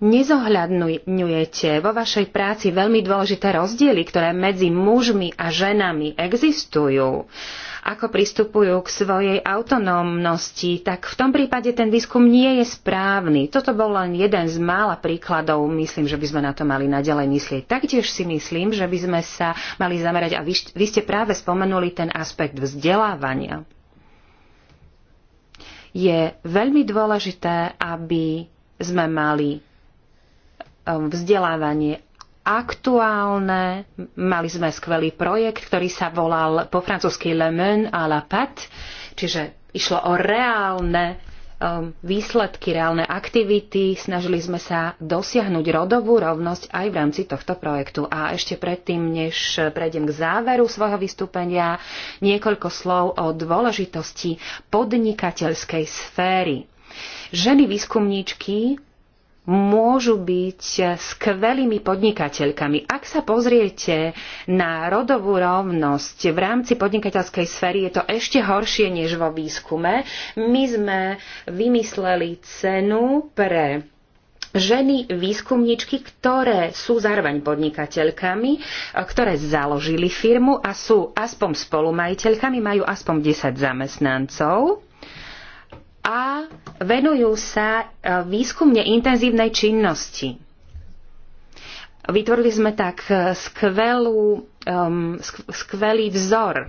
nezohľadňujete vo vašej práci veľmi dôležité rozdiely, ktoré medzi mužmi a ženami existujú, ako pristupujú k svojej autonómnosti, tak v tom prípade ten výskum nie je správny. Toto bol len jeden z mála príkladov. Myslím, že by sme na to mali naďalej myslieť. Taktiež si myslím, že by sme sa mali zamerať, a vy, vy ste práve spomenuli ten aspekt vzdelávania. Je veľmi dôležité, aby sme mali um, vzdelávanie aktuálne. Mali sme skvelý projekt, ktorý sa volal po francúzsky Le Men à la Pat, čiže išlo o reálne um, výsledky, reálne aktivity. Snažili sme sa dosiahnuť rodovú rovnosť aj v rámci tohto projektu. A ešte predtým, než prejdem k záveru svojho vystúpenia, niekoľko slov o dôležitosti podnikateľskej sféry. Ženy výskumníčky môžu byť skvelými podnikateľkami. Ak sa pozriete na rodovú rovnosť v rámci podnikateľskej sféry, je to ešte horšie než vo výskume. My sme vymysleli cenu pre ženy výskumničky, ktoré sú zároveň podnikateľkami, ktoré založili firmu a sú aspoň spolumajiteľkami, majú aspoň 10 zamestnancov a venujú sa e, výskumne intenzívnej činnosti. Vytvorili sme tak e, skvelú, um, skvelý vzor.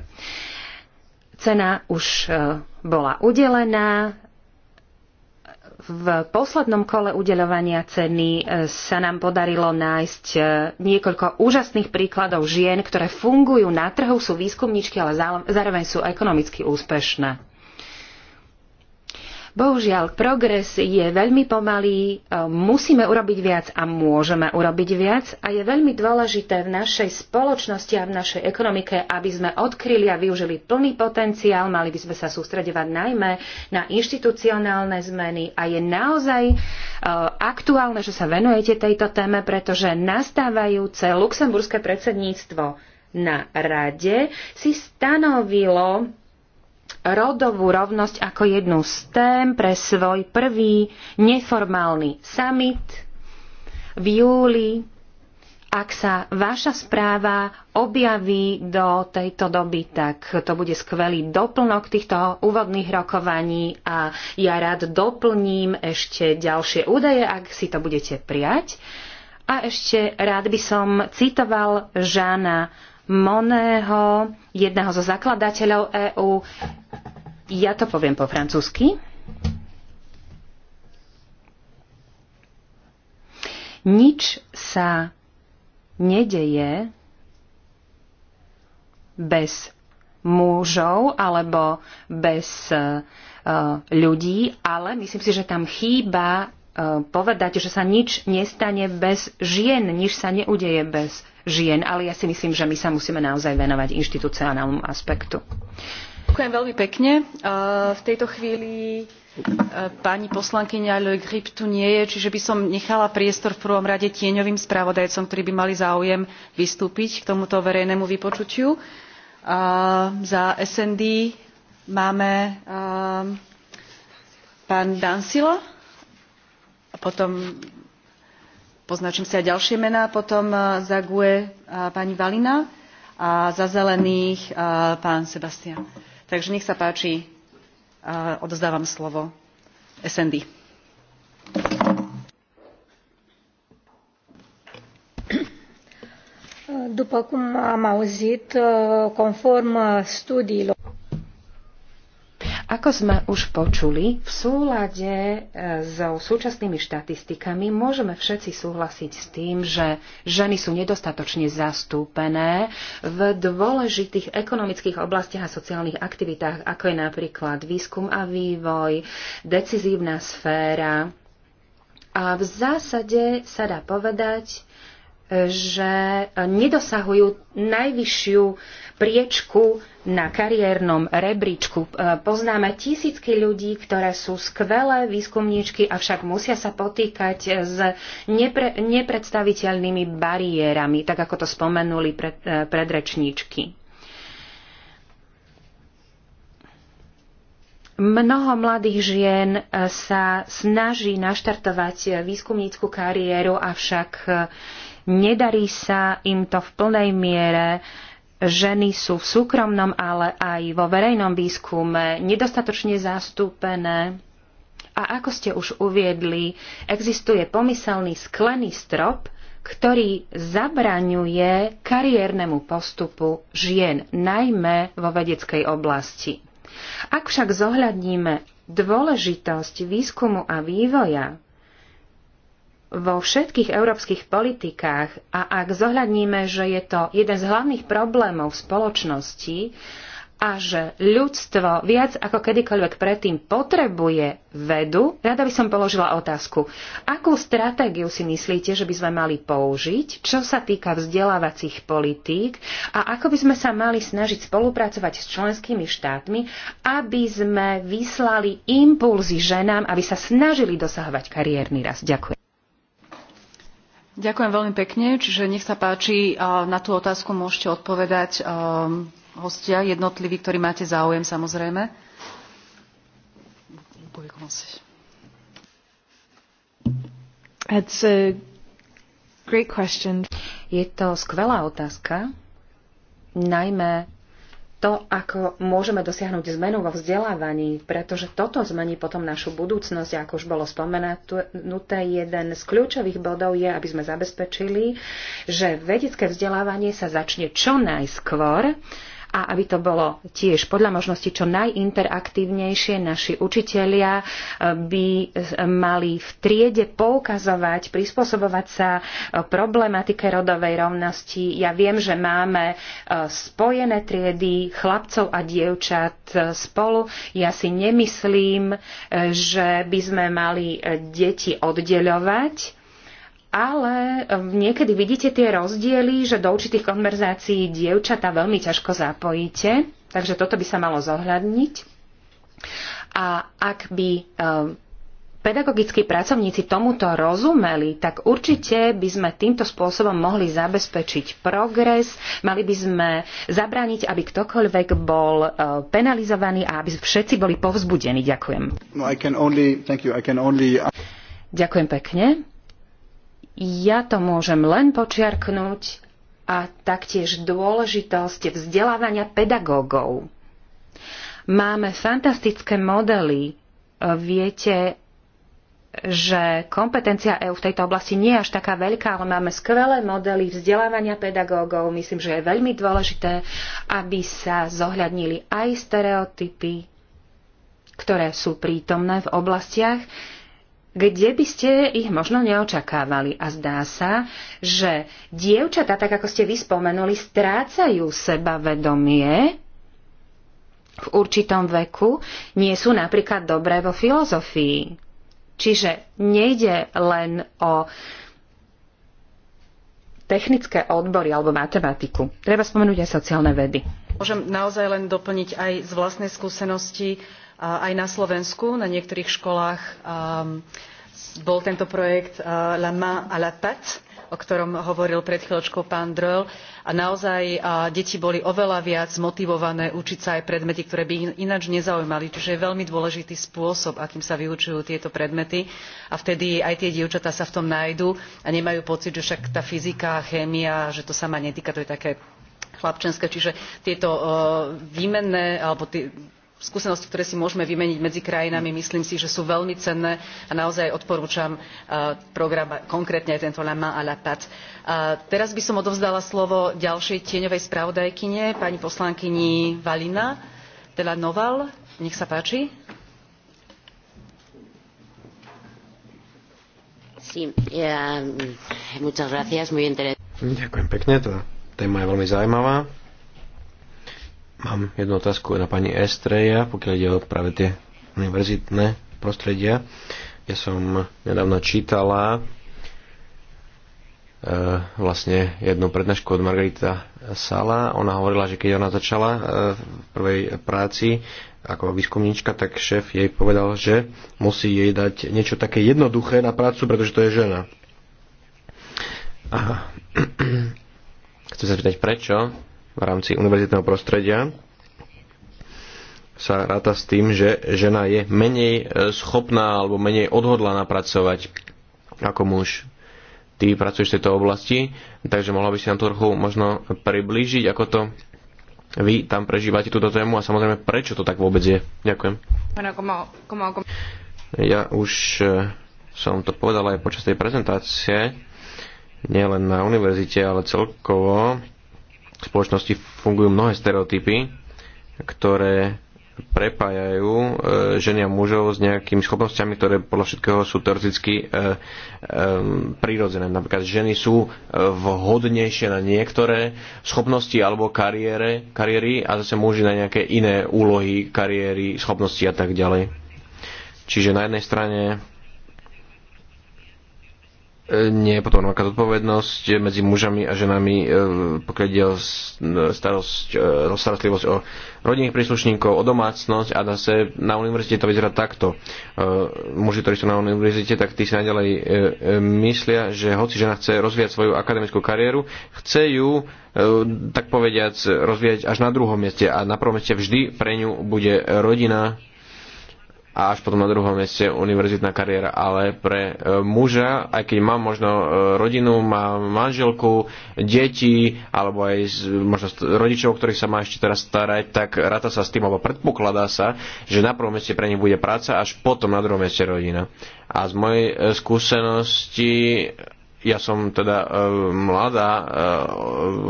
Cena už e, bola udelená, v poslednom kole udeľovania ceny sa nám podarilo nájsť niekoľko úžasných príkladov žien, ktoré fungujú na trhu, sú výskumničky, ale zároveň sú ekonomicky úspešné. Bohužiaľ, progres je veľmi pomalý, e, musíme urobiť viac a môžeme urobiť viac a je veľmi dôležité v našej spoločnosti a v našej ekonomike, aby sme odkryli a využili plný potenciál, mali by sme sa sústredovať najmä na inštitucionálne zmeny a je naozaj e, aktuálne, že sa venujete tejto téme, pretože nastávajúce luxemburské predsedníctvo na rade si stanovilo rodovú rovnosť ako jednu z tém pre svoj prvý neformálny summit v júli. Ak sa vaša správa objaví do tejto doby, tak to bude skvelý doplnok týchto úvodných rokovaní a ja rád doplním ešte ďalšie údaje, ak si to budete prijať. A ešte rád by som citoval Žána Moného, jedného zo zakladateľov EÚ. Ja to poviem po francúzsky. Nič sa nedeje bez mužov alebo bez eh, ľudí, ale myslím si, že tam chýba povedať, že sa nič nestane bez žien, nič sa neudeje bez žien, ale ja si myslím, že my sa musíme naozaj venovať inštitucionálnemu aspektu. Ďakujem veľmi pekne. V tejto chvíli e, pani poslankyňa Le Grip tu nie je, čiže by som nechala priestor v prvom rade tieňovým spravodajcom, ktorí by mali záujem vystúpiť k tomuto verejnému vypočutiu. Za SND máme e, pán Dansila potom poznačím si aj ďalšie mená, potom eh, za GUE eh, pani Valina a za zelených eh, pán Sebastian. Takže nech sa páči, odozdávam slovo SND. După cum am auzit, conform studiilor ako sme už počuli, v súlade e, so súčasnými štatistikami môžeme všetci súhlasiť s tým, že ženy sú nedostatočne zastúpené v dôležitých ekonomických oblastiach a sociálnych aktivitách, ako je napríklad výskum a vývoj, decizívna sféra. A v zásade sa dá povedať, že nedosahujú najvyššiu priečku na kariérnom rebríčku. E, poznáme tisícky ľudí, ktoré sú skvelé výskumníčky, avšak musia sa potýkať s nepre, nepredstaviteľnými bariérami, tak ako to spomenuli pred, e, predrečníčky. Mnoho mladých žien e, sa snaží naštartovať výskumníckú kariéru, avšak Nedarí sa im to v plnej miere. Ženy sú v súkromnom, ale aj vo verejnom výskume nedostatočne zastúpené. A ako ste už uviedli, existuje pomyselný sklený strop, ktorý zabraňuje kariérnemu postupu žien, najmä vo vedeckej oblasti. Ak však zohľadníme dôležitosť výskumu a vývoja, vo všetkých európskych politikách a ak zohľadníme, že je to jeden z hlavných problémov v spoločnosti a že ľudstvo viac ako kedykoľvek predtým potrebuje vedu, rada by som položila otázku. Akú stratégiu si myslíte, že by sme mali použiť, čo sa týka vzdelávacích politík a ako by sme sa mali snažiť spolupracovať s členskými štátmi, aby sme vyslali impulzy ženám, aby sa snažili dosahovať kariérny rast? Ďakujem. Ďakujem veľmi pekne. Čiže nech sa páči, na tú otázku môžete odpovedať hostia jednotliví, ktorí máte záujem samozrejme. a great question. Je to skvelá otázka, najmä to, ako môžeme dosiahnuť zmenu vo vzdelávaní, pretože toto zmení potom našu budúcnosť. Ako už bolo spomenuté, jeden z kľúčových bodov je, aby sme zabezpečili, že vedecké vzdelávanie sa začne čo najskôr, a aby to bolo tiež podľa možnosti čo najinteraktívnejšie, naši učitelia eh, by eh, mali v triede poukazovať, prispôsobovať sa eh, problematike rodovej rovnosti. Ja viem, že máme spojené triedy chlapcov a dievčat spolu. Ja si nemyslím, že by sme mali deti oddeľovať ale ehm, niekedy vidíte tie rozdiely, že do určitých konverzácií dievčata veľmi ťažko zapojíte, takže toto by sa malo zohľadniť. A ak by ehm, pedagogickí pracovníci tomuto rozumeli, tak určite by sme týmto spôsobom mohli zabezpečiť progres, mali by sme zabrániť, aby ktokoľvek bol ehm, penalizovaný a aby všetci boli povzbudení. Ďakujem. No, I can only, thank you, I can only... Ďakujem pekne. Ja to môžem len počiarknúť a taktiež dôležitosť vzdelávania pedagógov. Máme fantastické modely. Viete, že kompetencia EU v tejto oblasti nie je až taká veľká, ale máme skvelé modely vzdelávania pedagógov. Myslím, že je veľmi dôležité, aby sa zohľadnili aj stereotypy, ktoré sú prítomné v oblastiach, kde by ste ich možno neočakávali. A zdá sa, že dievčatá, tak ako ste vyspomenuli, strácajú seba vedomie v určitom veku, nie sú napríklad dobré vo filozofii. Čiže nejde len o technické odbory alebo matematiku. Treba spomenúť aj sociálne vedy. Môžem naozaj len doplniť aj z vlastnej skúsenosti aj na Slovensku, na niektorých školách um, bol tento projekt uh, La main à la patte, o ktorom hovoril pred chvíľočkou pán Dröll. A naozaj uh, deti boli oveľa viac motivované učiť sa aj predmety, ktoré by ich ináč nezaujímali. Čiže je veľmi dôležitý spôsob, akým sa vyučujú tieto predmety. A vtedy aj tie dievčatá sa v tom nájdu a nemajú pocit, že však tá fyzika, chémia, že to sa ma netýka, to je také chlapčenské. Čiže tieto uh, výmenné alebo tie skúsenosti ktoré si môžeme vymeniť medzi krajinami myslím si že sú veľmi cenné a naozaj odporúčam e, program konkrétne aj tento la main à la patte. E, teraz by som odovzdala slovo ďalšej tieňovej spravodajkyne pani poslankyni valina de la noval nech sa páči. Eh, Ďakujem pekne, tá téma je veľmi zaujímavá. Mám jednu otázku na pani Estreja, pokiaľ ide o práve tie univerzitné prostredia. Ja som nedávno čítala e, vlastne jednu prednášku od Margarita Sala. Ona hovorila, že keď ona začala e, v prvej práci ako výskumníčka, tak šéf jej povedal, že musí jej dať niečo také jednoduché na prácu, pretože to je žena. Aha. (clears throat) chcem sa spýtať, prečo v rámci univerzitného prostredia sa ráta s tým, že žena je menej e, schopná alebo menej odhodlaná pracovať ako muž. Ty pracuješ v tejto oblasti, takže mohla by si nám to trochu možno priblížiť, ako to vy tam prežívate túto tému a samozrejme prečo to tak vôbec je. Ďakujem. Ja už e, som to povedal aj počas tej prezentácie, nielen na univerzite, ale celkovo v spoločnosti fungujú mnohé stereotypy, ktoré prepájajú e, ženy a mužov s nejakými schopnosťami, ktoré podľa všetkého sú teoreticky e, e, prirodzené. Napríklad ženy sú vhodnejšie na niektoré schopnosti alebo kariére, kariéry a zase muži na nejaké iné úlohy, kariéry, schopnosti a tak ďalej. Čiže na jednej strane nie je potom rovnaká zodpovednosť medzi mužami a ženami, e, pokiaľ ide o starosť, e, starostlivosť o rodinných príslušníkov, o domácnosť a zase na univerzite to vyzerá takto. E, muži, ktorí sú na univerzite, tak tí si najďalej myslia, že hoci žena chce rozvíjať svoju akademickú kariéru, chce ju tak povediac rozvíjať až na druhom mieste a na prvom mieste vždy pre ňu bude rodina, a až potom na druhom mieste univerzitná kariéra. Ale pre e, muža, aj keď mám možno e, rodinu, mám manželku, deti, alebo aj možno rodičov, ktorých sa má ešte teraz starať, tak rata sa s tým, alebo predpokladá sa, že na prvom mieste pre nich bude práca, až potom na druhom mieste rodina. A z mojej e, skúsenosti ja som teda e, mladá e,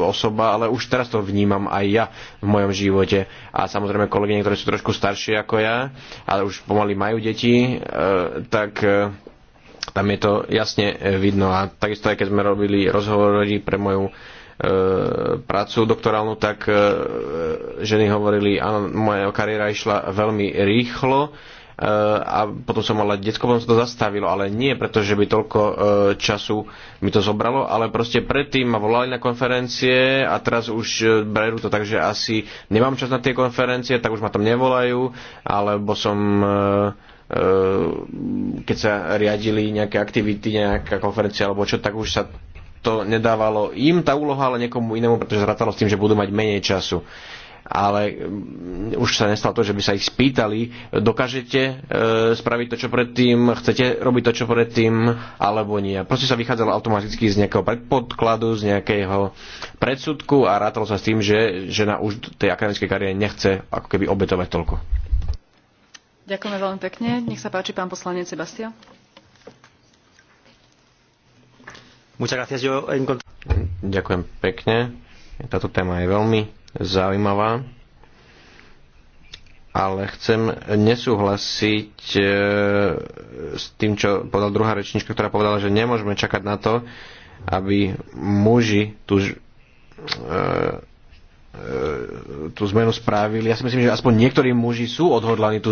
osoba, ale už teraz to vnímam aj ja v mojom živote. A samozrejme kolegyne, ktoré sú trošku staršie ako ja, ale už pomaly majú deti, e, tak e, tam je to jasne vidno. A takisto aj keď sme robili rozhovory pre moju e, prácu doktorálnu, tak e, ženy hovorili, áno, moja kariéra išla veľmi rýchlo, a potom som mal detsko, potom sa to zastavilo, ale nie preto, že by toľko e, času mi to zobralo, ale proste predtým ma volali na konferencie a teraz už e, berú to tak, že asi nemám čas na tie konferencie, tak už ma tam nevolajú, alebo som e, keď sa riadili nejaké aktivity, nejaká konferencia alebo čo, tak už sa to nedávalo im tá úloha, ale niekomu inému, pretože zratalo s tým, že budú mať menej času ale mm, už sa nestalo to, že by sa ich spýtali, dokážete e, spraviť to, čo predtým, chcete robiť to, čo predtým, alebo nie. Proste sa vychádzalo automaticky z nejakého predpodkladu, z nejakého predsudku a rátalo sa s tým, že žena už tej akademickej kariére nechce ako keby obetovať toľko. Ďakujeme veľmi pekne. Nech sa páči pán poslanec Sebastian. Ďakujem pekne. Táto téma je veľmi zaujímavá, ale chcem nesúhlasiť e, s tým, čo povedala druhá rečnička, ktorá povedala, že nemôžeme čakať na to, aby muži tu e, tú zmenu spravili. Ja si myslím, že aspoň niektorí muži sú odhodlaní tú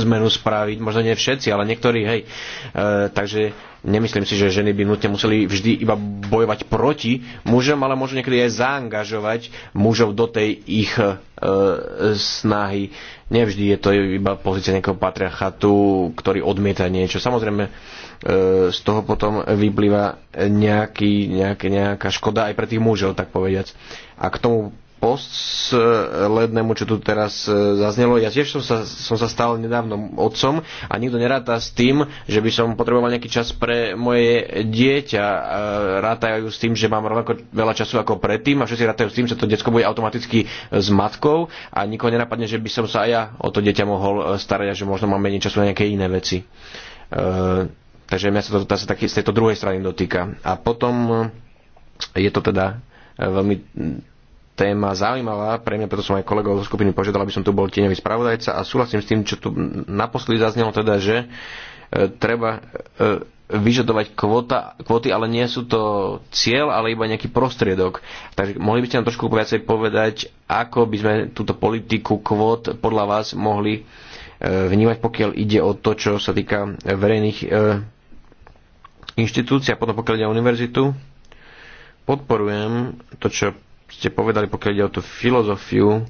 zmenu spraviť, možno nie všetci, ale niektorí, hej. E, takže nemyslím si, že ženy by nutne museli vždy iba bojovať proti mužom, ale možno niekedy aj zaangažovať mužov do tej ich e, snahy. Nevždy je to iba pozícia nejakého patriarchatu, ktorý odmieta niečo. Samozrejme, e, z toho potom vyplýva nejaký, nejaký, nejaká škoda aj pre tých mužov, tak povediac. A k tomu poslednému, čo tu teraz e, zaznelo. Ja tiež som sa, som sa stal nedávno otcom a nikto neráta s tým, že by som potreboval nejaký čas pre moje dieťa. E, rátajú s tým, že mám rovnako veľa času ako predtým a všetci rátajú s tým, že to diecko bude automaticky s matkou a nikoho nenapadne, že by som sa aj ja o to dieťa mohol e, starať a že možno mám menej času na nejaké iné veci. Takže mňa sa to zase taký z tejto druhej strany dotýka. A potom je to teda veľmi téma zaujímavá pre mňa, preto som aj kolegov zo skupiny požiadal, aby som tu bol tieňový spravodajca a súhlasím s tým, čo tu naposledy zaznelo teda, že e, treba e, vyžadovať kvota, kvoty, ale nie sú to cieľ, ale iba nejaký prostriedok. Takže mohli by ste nám trošku viacej povedať, ako by sme túto politiku kvót podľa vás mohli e, vnímať, pokiaľ ide o to, čo sa týka verejných e, inštitúcií a potom pokiaľ ide o univerzitu. Podporujem to, čo ste povedali, pokiaľ ide o tú filozofiu,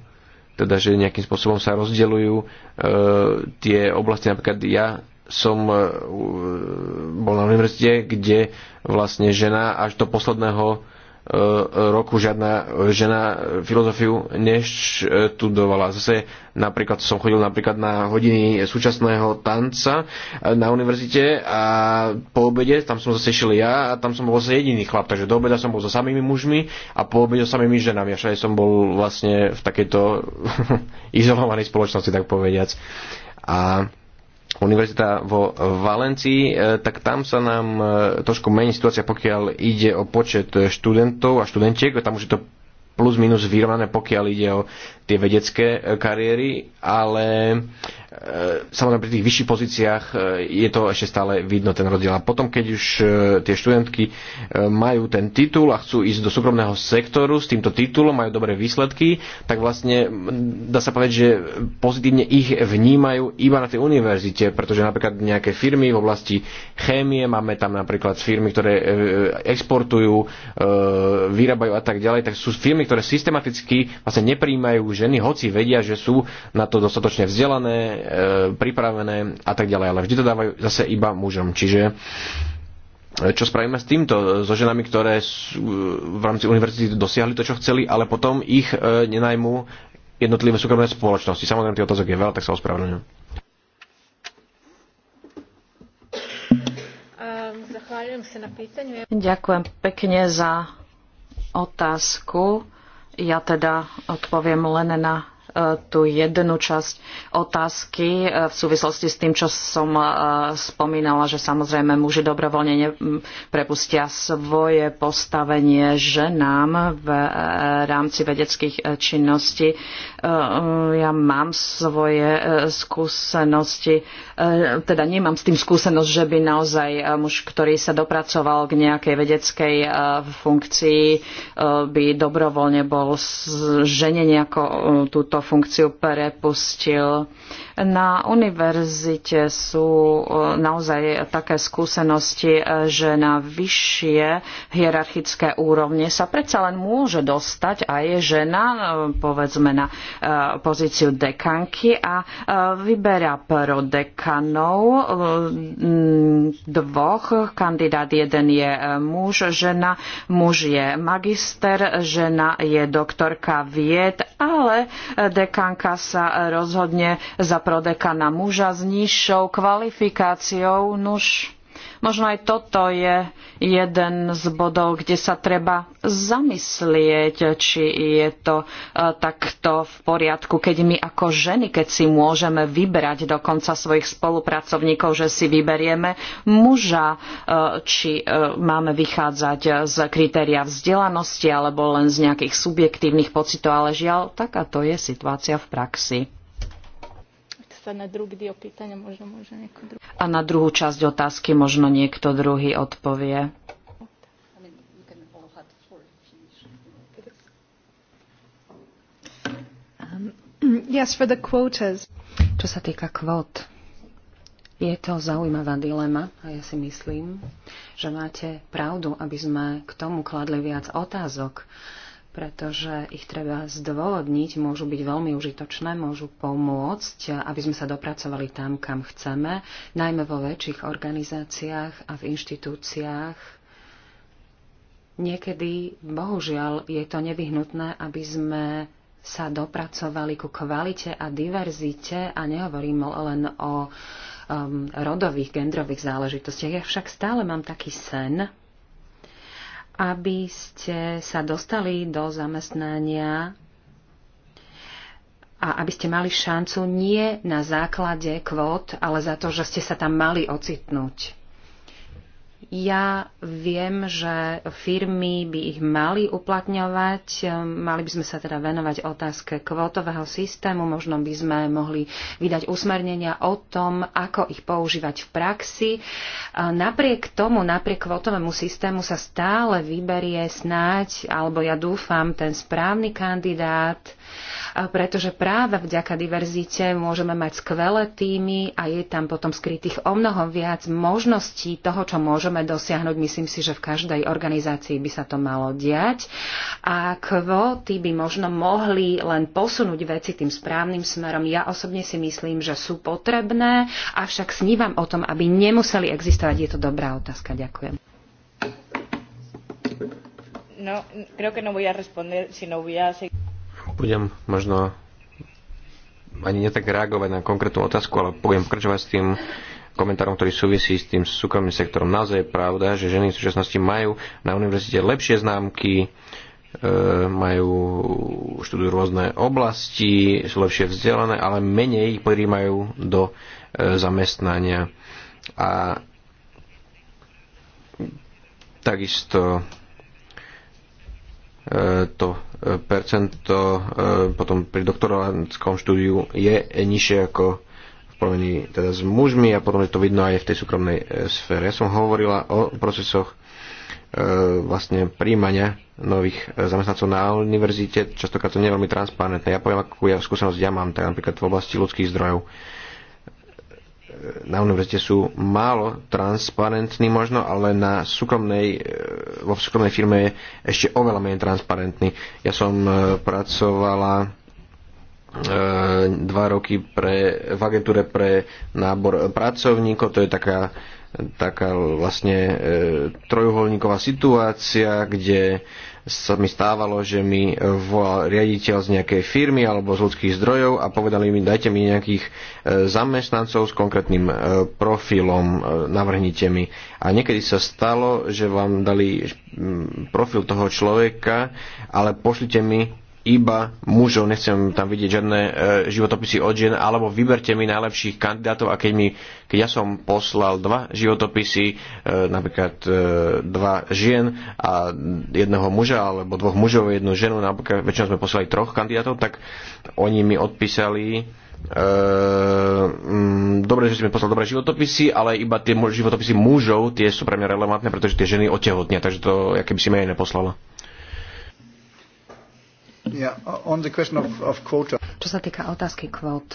teda že nejakým spôsobom sa rozdeľujú e, tie oblasti, napríklad ja som e, bol na univerzite, kde vlastne žena až do posledného E, roku žiadna žena filozofiu neštudovala. Zase napríklad som chodil napríklad na hodiny súčasného tanca e, na univerzite a po obede tam som zase šiel ja a tam som bol zase jediný chlap, takže do obeda som bol so samými mužmi a po obede so samými ženami. A všade som bol vlastne v takejto (laughs) izolovanej spoločnosti, tak povediac. A univerzita vo Valencii, e, tak tam sa nám e, trošku mení situácia, pokiaľ ide o počet študentov a študentiek, tam už je to plus minus vyrovnané, pokiaľ ide o tie vedecké e, kariéry, ale e, samozrejme pri tých vyšších pozíciách e, je to ešte stále vidno ten rozdiel. A potom, keď už tie študentky majú ten titul a chcú ísť do súkromného sektoru s týmto titulom, majú dobré výsledky, tak vlastne dá sa povedať, že pozitívne ich vnímajú iba na tej univerzite, pretože napríklad nejaké firmy v oblasti chémie, máme tam napríklad firmy, ktoré exportujú, vyrábajú a tak ďalej, tak sú firmy, ktoré systematicky vlastne nepríjmajú ženy, hoci vedia, že sú na to dostatočne vzdelané, e, pripravené a tak ďalej, ale vždy to dávajú zase iba mužom. Čiže e, čo spravíme s týmto, e, so ženami, ktoré sú, e, v rámci univerzity dosiahli to, čo chceli, ale potom ich e, nenajmú jednotlivé súkromné spoločnosti. Samozrejme, tých otázok je veľa, tak sa ospravedlňujem. Ďakujem pekne za otázku. Ja teda odpoviem len na tú jednu časť otázky e, v súvislosti s tým, čo som e, spomínala, že samozrejme muži dobrovoľne prepustia svoje postavenie ženám v e, rámci vedeckých činností. Ja mám svoje skúsenosti, teda nemám s tým skúsenosť, že by naozaj muž, ktorý sa dopracoval k nejakej vedeckej funkcii, by dobrovoľne bol žene nejako túto funkciu prepustil. Na univerzite sú e, naozaj také skúsenosti, e, že na vyššie hierarchické úrovne sa predsa len môže dostať aj žena, e, povedzme na pozíciu dekanky a vyberá pro dekanov dvoch kandidát. Jeden je muž, žena, muž je magister, žena je doktorka vied, ale dekanka sa rozhodne za prodekana muža s nižšou kvalifikáciou, nuž Možno aj toto je jeden z bodov, kde sa treba zamyslieť, či je to e, takto v poriadku, keď my ako ženy, keď si môžeme vybrať dokonca svojich spolupracovníkov, že si vyberieme muža, e, či e, máme vychádzať z kritéria vzdelanosti alebo len z nejakých subjektívnych pocitov, ale žiaľ, takáto je situácia v praxi sa na druhý dio pýtania možno môže niekto druhý. A na druhú časť otázky možno niekto druhý odpovie. Um, (clears throat) yes, for the quotas. Čo sa týka kvót, je to zaujímavá dilema a ja si myslím, že máte pravdu, aby sme k tomu kladli viac otázok. Uh, pretože ich treba zdôvodniť, môžu byť veľmi užitočné, môžu pomôcť, aby sme sa dopracovali tam, kam chceme, najmä vo väčších organizáciách a v inštitúciách. Niekedy, bohužiaľ, je to nevyhnutné, aby sme sa dopracovali ku kvalite a diverzite a nehovorím len o um, rodových, gendrových záležitostiach. Ja však stále mám taký sen, aby ste sa dostali do zamestnania a aby ste mali šancu nie na základe kvót, ale za to, že ste sa tam mali ocitnúť. Ja viem, že firmy by ich mali uplatňovať. Mali by sme sa teda venovať otázke kvótového systému. Možno by sme mohli vydať usmernenia o tom, ako ich používať v praxi. Napriek tomu, napriek kvótovému systému sa stále vyberie snáď, alebo ja dúfam, ten správny kandidát, pretože práve vďaka diverzite môžeme mať skvelé týmy a je tam potom skrytých o mnoho viac možností toho, čo môžeme dosiahnuť. Myslím si, že v každej organizácii by sa to malo diať a kvóty by možno mohli len posunúť veci tým správnym smerom. Ja osobne si myslím, že sú potrebné, avšak snívam o tom, aby nemuseli existovať. Je to dobrá otázka. Ďakujem. No, creo que no voy a responder, sino voy a seguir. Budem možno ani netak reagovať na konkrétnu otázku, ale budem pokračovať s tým komentárom, ktorý súvisí s tým súkromným sektorom. Naozaj je pravda, že ženy v súčasnosti majú na univerzite lepšie známky, e, majú, študujú rôzne oblasti, sú lepšie vzdelané, ale menej ich prijímajú do e, zamestnania. A takisto E, to e, percento e, potom pri doktorantskom štúdiu je nižšie ako v porovnaní teda s mužmi a potom je to vidno aj v tej súkromnej sfére. Ja som hovorila o procesoch vlastne príjmania nových zamestnancov na univerzite, častokrát to nie je veľmi transparentné. Ja poviem, akú ja skúsenosť ja mám, tak napríklad v oblasti ľudských zdrojov na univerzite sú málo transparentní možno, ale na súkromnej, e, vo súkromnej firme je ešte oveľa menej transparentný. Ja som e, pracovala e, dva roky pre, v agentúre pre nábor pracovníkov, to je taká, taká vlastne trojuholníková situácia, kde sa mi stávalo, že mi volal riaditeľ z nejakej firmy alebo z ľudských zdrojov a povedali mi, dajte mi nejakých e, zamestnancov s konkrétnym e, profilom, e, navrhnite mi. A niekedy sa stalo, že vám dali profil toho človeka, ale pošlite mi iba mužov, nechcem tam vidieť žiadne e, životopisy od žien, alebo vyberte mi najlepších kandidátov a keď, mi, keď ja som poslal dva životopisy, e, napríklad e, dva žien a jedného muža, alebo dvoch mužov a jednu ženu, napríklad väčšinou sme poslali troch kandidátov, tak oni mi odpísali, e, m, mm, dobre, že si mi poslal dobré životopisy, ale iba tie životopisy mužov, tie sú pre mňa relevantné, pretože tie ženy otehotnia, takže to, ja keby si mi aj neposlala. Yeah, of, of Čo sa týka otázky kvót,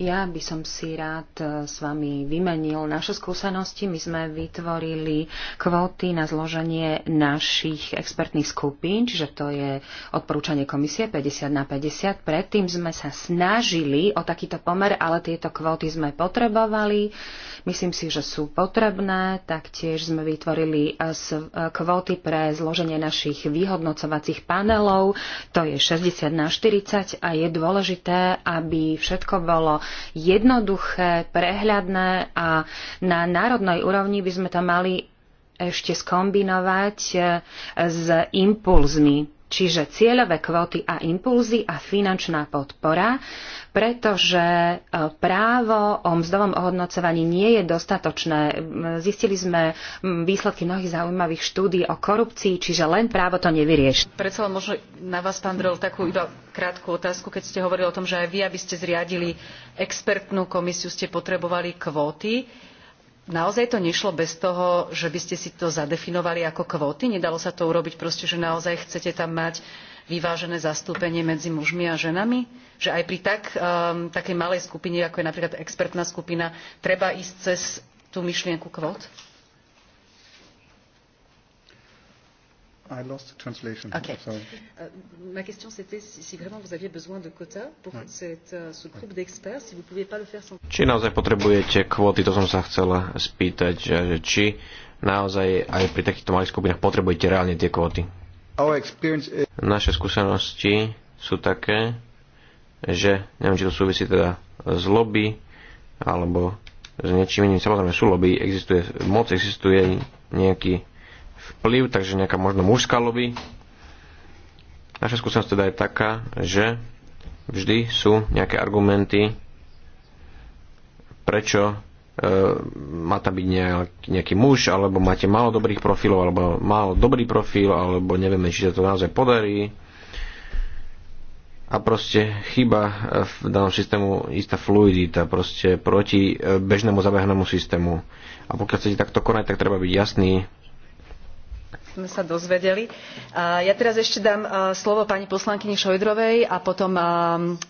ja by som si rád eh, s vami vymenil naše skúsenosti. My sme vytvorili kvóty na zloženie našich expertných skupín, čiže to je odporúčanie komisie 50 na 50. Predtým sme sa snažili o takýto pomer, ale tieto kvóty sme potrebovali. Myslím si, že sú potrebné. Taktiež sme vytvorili eh, eh, kvóty pre zloženie našich vyhodnocovacích panelov. To je 60 na 40 a je dôležité, aby všetko bolo jednoduché, prehľadné a na národnej úrovni by sme to mali ešte skombinovať e, s impulzmi Čiže cieľové kvóty a impulzy a finančná podpora pretože e, právo o mzdovom ohodnocovaní nie je dostatočné. Zistili sme výsledky mnohých zaujímavých štúdí o korupcii, čiže len právo to nevyrieši. Predsa možno na vás, pán Drel, takú iba krátku otázku, keď ste hovorili o tom, že aj vy, aby ste zriadili expertnú komisiu, ste potrebovali kvóty. Naozaj to nešlo bez toho, že by ste si to zadefinovali ako kvóty? Nedalo sa to urobiť proste, že naozaj chcete tam mať vyvážené zastúpenie medzi mužmi a ženami že aj pri tak, um, takej malej skupine ako je napríklad expertná skupina treba ísť cez tú myšlienku kvót? I lost translation. Okay. Sorry. Euh, ma question c'était si, si vraiment vous aviez besoin de quotas pour ouais. cette, uh, ce groupe d'experts, si vous pouviez pas le faire sans... Či naozaj potrebujete kvóty, to som sa chcela spýtať, že či naozaj aj pri takýchto malých skupinách potrebujete reálne tie kvóty. Naše skúsenosti sú také, že neviem, či to súvisí teda z lobby alebo s niečím iným. Samozrejme sú lobby, existuje moc, existuje nejaký vplyv, takže nejaká možno mužská lobby. Naša skúsenosť teda je taká, že vždy sú nejaké argumenty, prečo Ehm, má tam byť nejaký muž, alebo máte málo dobrých profilov, alebo málo dobrý profil, alebo nevieme, či sa to naozaj podarí. A proste chyba e, v danom systému istá fluidita, proste proti e, bežnému zabehnému systému. A pokiaľ chcete takto konať, tak treba byť jasný, sme sa dozvedeli. Ja teraz ešte dám e, slovo pani poslankyni Šojdrovej a potom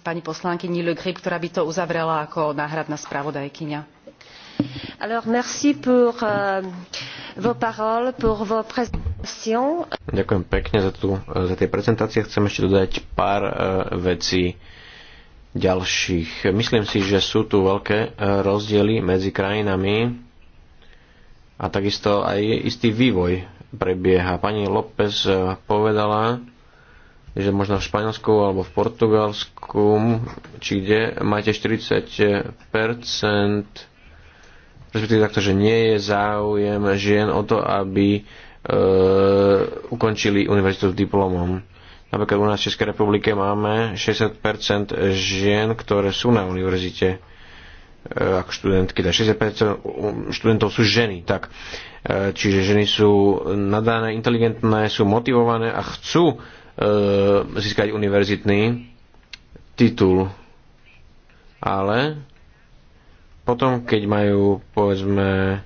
pani poslankyni Le Grip, ktorá by to uzavrela ako náhradná spravodajkyňa merci pour euh, vos paroles, pour vos présentations. Ďakujem pekne za, tú, za tie prezentácie. Chcem ešte dodať pár uh, vecí ďalších. Myslím si, že sú tu veľké e, rozdiely medzi krajinami a takisto aj istý vývoj prebieha. Pani López e, povedala, že možno v Španielsku alebo v Portugalsku, či kde máte 40 respektíve takto, že nie je záujem žien o to, aby e, ukončili univerzitu s diplomom. Napríklad u nás v Českej republike máme 60% žien, ktoré sú na univerzite e, ako študentky, tak 60% študentov sú ženy, tak. E, čiže ženy sú nadané, inteligentné, sú motivované a chcú e, získať univerzitný titul. Ale potom, keď majú, povedzme,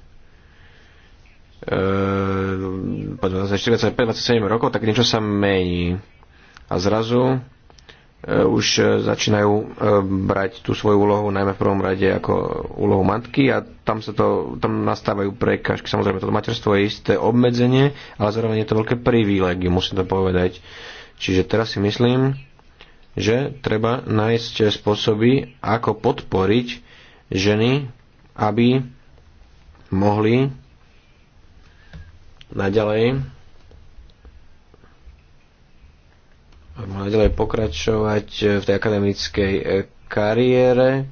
e, 25-27 rokov, tak niečo sa mení. A zrazu e, už začínajú e, brať tú svoju úlohu, najmä v prvom rade ako úlohu matky a tam sa to, tam nastávajú prekážky. Samozrejme, toto materstvo je isté obmedzenie, ale zároveň je to veľké privilegium, musím to povedať. Čiže teraz si myslím, že treba nájsť spôsoby, ako podporiť ženy, aby mohli naďalej naďalej pokračovať v tej akademickej eh, kariére,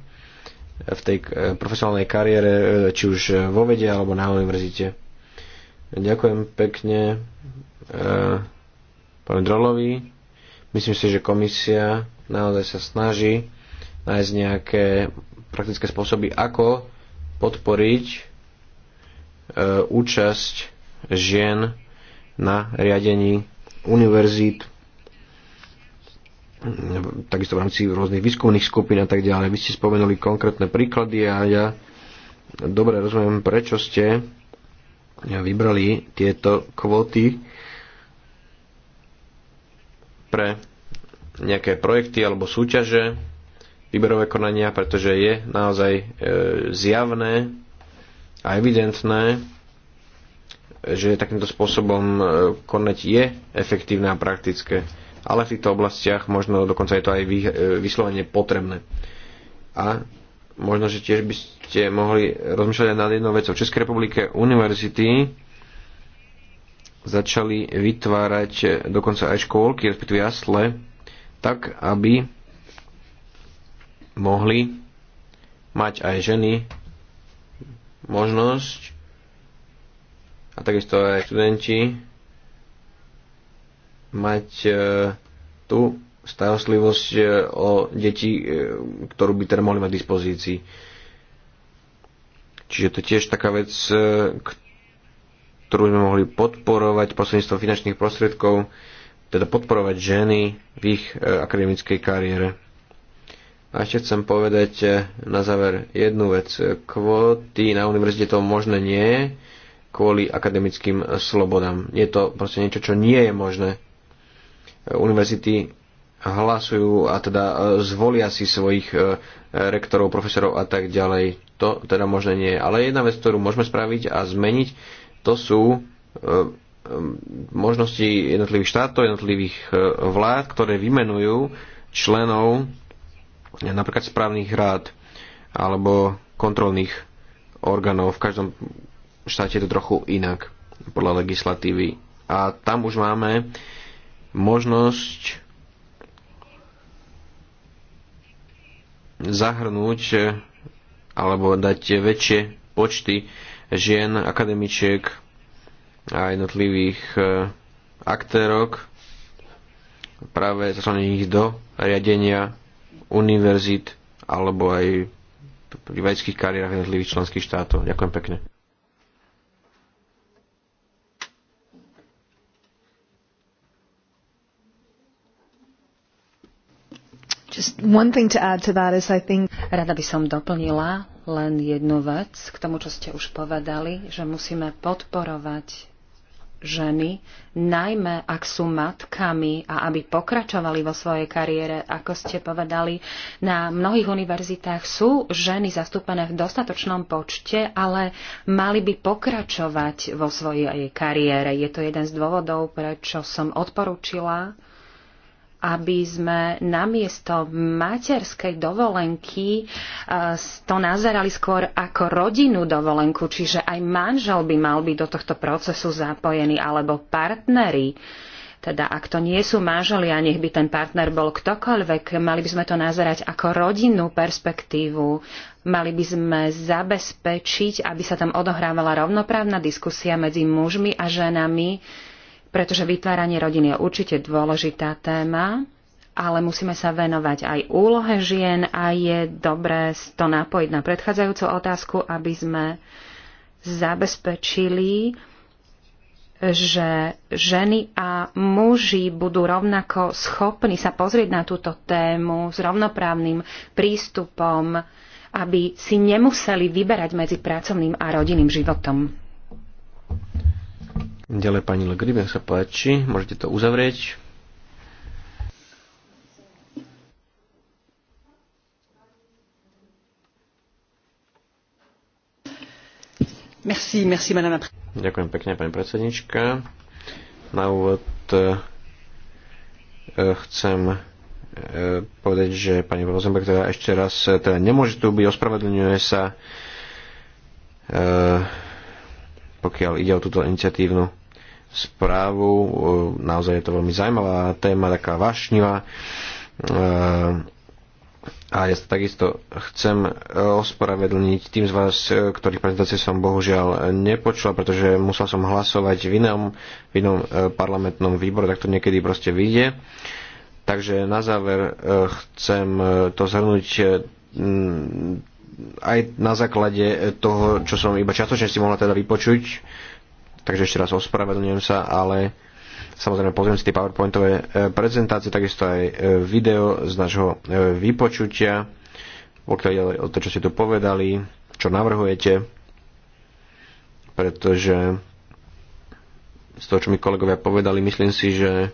v tej eh, profesionálnej kariére, eh, či už vo vede alebo na univerzite. Ďakujem pekne pánu Drolovi. Myslím si, že komisia naozaj sa snaží nájsť nejaké praktické spôsoby, ako podporiť e, účasť žien na riadení univerzít, takisto v rámci rôznych výskumných skupín a tak ďalej. Vy ste spomenuli konkrétne príklady a ja dobre rozumiem, prečo ste vybrali tieto kvóty pre nejaké projekty alebo súťaže výberové konania, pretože je naozaj e, zjavné a evidentné, že takýmto spôsobom e, konať je efektívne a praktické. Ale v týchto oblastiach možno dokonca je to aj e, vyslovene potrebné. A možno, že tiež by ste mohli rozmýšľať aj nad jednou vecou. V Českej republike univerzity začali vytvárať dokonca aj škôlky, respektíve jasle, tak, aby mohli mať aj ženy možnosť a takisto aj študenti mať e, tú starostlivosť e, o deti, e, ktorú by teda mohli mať v dispozícii. Čiže to je tiež taká vec, e, ktorú sme mohli podporovať prostredníctvom finančných prostriedkov, teda podporovať ženy v ich e, akademickej kariére. A ešte chcem povedať e, na záver jednu vec. Kvóty na univerzite to možné nie kvôli akademickým slobodám. Je to proste niečo, čo nie je možné. E, univerzity hlasujú a teda e, zvolia si svojich rektorov, profesorov a tak ďalej. To teda možné nie je. Ale jedna vec, ktorú môžeme spraviť a zmeniť, to sú možnosti jednotlivých štátov, jednotlivých vlád, ktoré vymenujú členov napríklad správnych rád alebo kontrolných orgánov. V každom štáte je to trochu inak podľa legislatívy. A tam už máme možnosť zahrnúť alebo dať väčšie počty žien, akademičiek a jednotlivých e, aktérok práve zaslanených do riadenia univerzít alebo aj pri vedeckých kariérach jednotlivých členských štátov. Ďakujem pekne. Rada by som doplnila len jednu vec k tomu, čo ste už povedali, že musíme podporovať ženy, najmä ak sú matkami a aby pokračovali vo svojej kariére, ako ste povedali. Na mnohých univerzitách sú ženy zastúpené v dostatočnom počte, ale mali by pokračovať vo svojej kariére. Je to jeden z dôvodov, prečo som odporúčila aby sme namiesto materskej dovolenky e, to nazerali skôr ako rodinnú dovolenku, čiže aj manžel by mal byť do tohto procesu zapojený, alebo partnery, Teda ak to nie sú a nech by ten partner bol ktokoľvek, mali by sme to nazerať ako rodinnú perspektívu, mali by sme zabezpečiť, aby sa tam odohrávala rovnoprávna diskusia medzi mužmi a ženami, pretože vytváranie rodiny je určite dôležitá téma, ale musíme sa venovať aj úlohe žien a je dobré to napojiť na predchádzajúcu otázku, aby sme zabezpečili, že ženy a muži budú rovnako schopní sa pozrieť na túto tému s rovnoprávnym prístupom, aby si nemuseli vyberať medzi pracovným a rodinným životom. Ďalej pani Le nech sa páči, môžete to uzavrieť. Merci, merci, madame. Ďakujem pekne, pani predsednička. Na úvod e, e, chcem e, povedať, že pani Rosenberg teda ešte raz teda nemôže tu byť, ospravedlňuje sa, pokiaľ ide o túto iniciatívnu správu. E, naozaj je to veľmi zaujímavá téma, taká vášnivá. E, a ja sa takisto chcem ospravedlniť tým z vás, e, ktorých prezentácie som bohužiaľ nepočula, pretože musel som hlasovať v inom, v inom parlamentnom výbore, tak to niekedy proste vyjde. Takže na záver chcem to zhrnúť aj na základe toho, čo som iba čiastočne si mohla teda vypočuť, takže ešte raz ospravedlňujem sa, ale samozrejme pozriem si tie PowerPointové e, prezentácie, takisto aj e, video z nášho e, vypočutia, pokiaľ o to, čo ste tu povedali, čo navrhujete, pretože z toho, čo mi kolegovia povedali, myslím si, že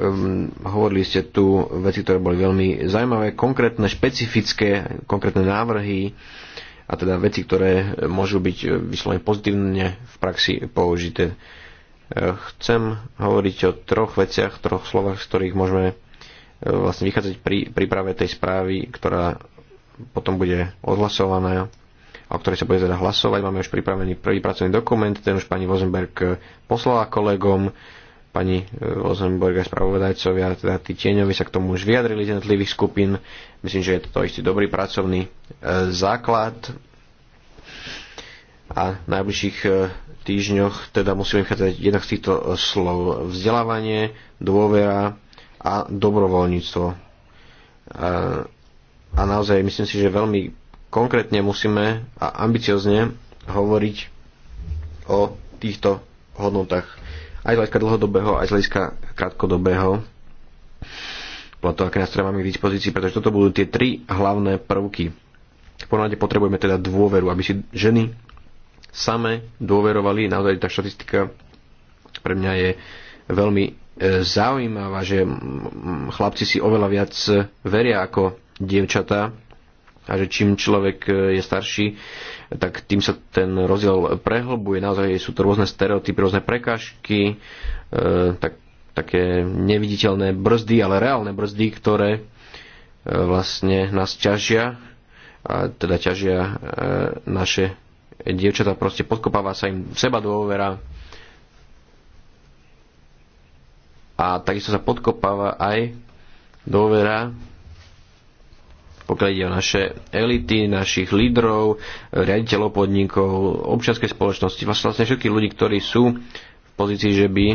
um, hovorili ste tu veci, ktoré boli veľmi zaujímavé, konkrétne, špecifické, konkrétne návrhy, a teda veci, ktoré môžu byť e, vyslovene pozitívne v praxi použité. E, chcem hovoriť o troch veciach, troch slovách, z ktorých môžeme e, vlastne vychádzať pri príprave tej správy, ktorá potom bude odhlasovaná o ktorej sa bude teda hlasovať. Máme už pripravený prvý pracovný dokument, ten už pani Vozenberg poslala kolegom pani e, Rosenberg a spravodajcovia, teda tí tieňovi sa k tomu už vyjadrili z jednotlivých skupín. Myslím, že je to istý dobrý pracovný e, základ a v najbližších e, týždňoch teda musíme vychádzať jednak z týchto slov. Vzdelávanie, dôvera a dobrovoľníctvo. A naozaj myslím si, že veľmi konkrétne musíme a ambiciozne hovoriť o týchto hodnotách aj z hľadiska dlhodobého, aj z hľadiska krátkodobého podľa toho, aké nástroje máme k dispozícii, pretože toto budú tie tri hlavné prvky. V prvom potrebujeme teda dôveru, aby si ženy same dôverovali. Naozaj tá štatistika pre mňa je veľmi e, zaujímavá, že chlapci si oveľa viac veria ako dievčatá a že čím človek e, je starší, tak tým sa ten rozdiel prehlbuje. Naozaj sú to rôzne stereotypy, rôzne prekažky, e, tak, také neviditeľné brzdy, ale reálne brzdy, ktoré e, vlastne nás ťažia, a teda ťažia e, naše dievčatá, proste podkopáva sa im seba dôvera, a takisto sa podkopáva aj dôvera pokiaľ ide o naše elity, našich lídrov, riaditeľov podnikov, občianskej spoločnosti, vlastne, vlastne všetky ľudí, ktorí sú v pozícii, že by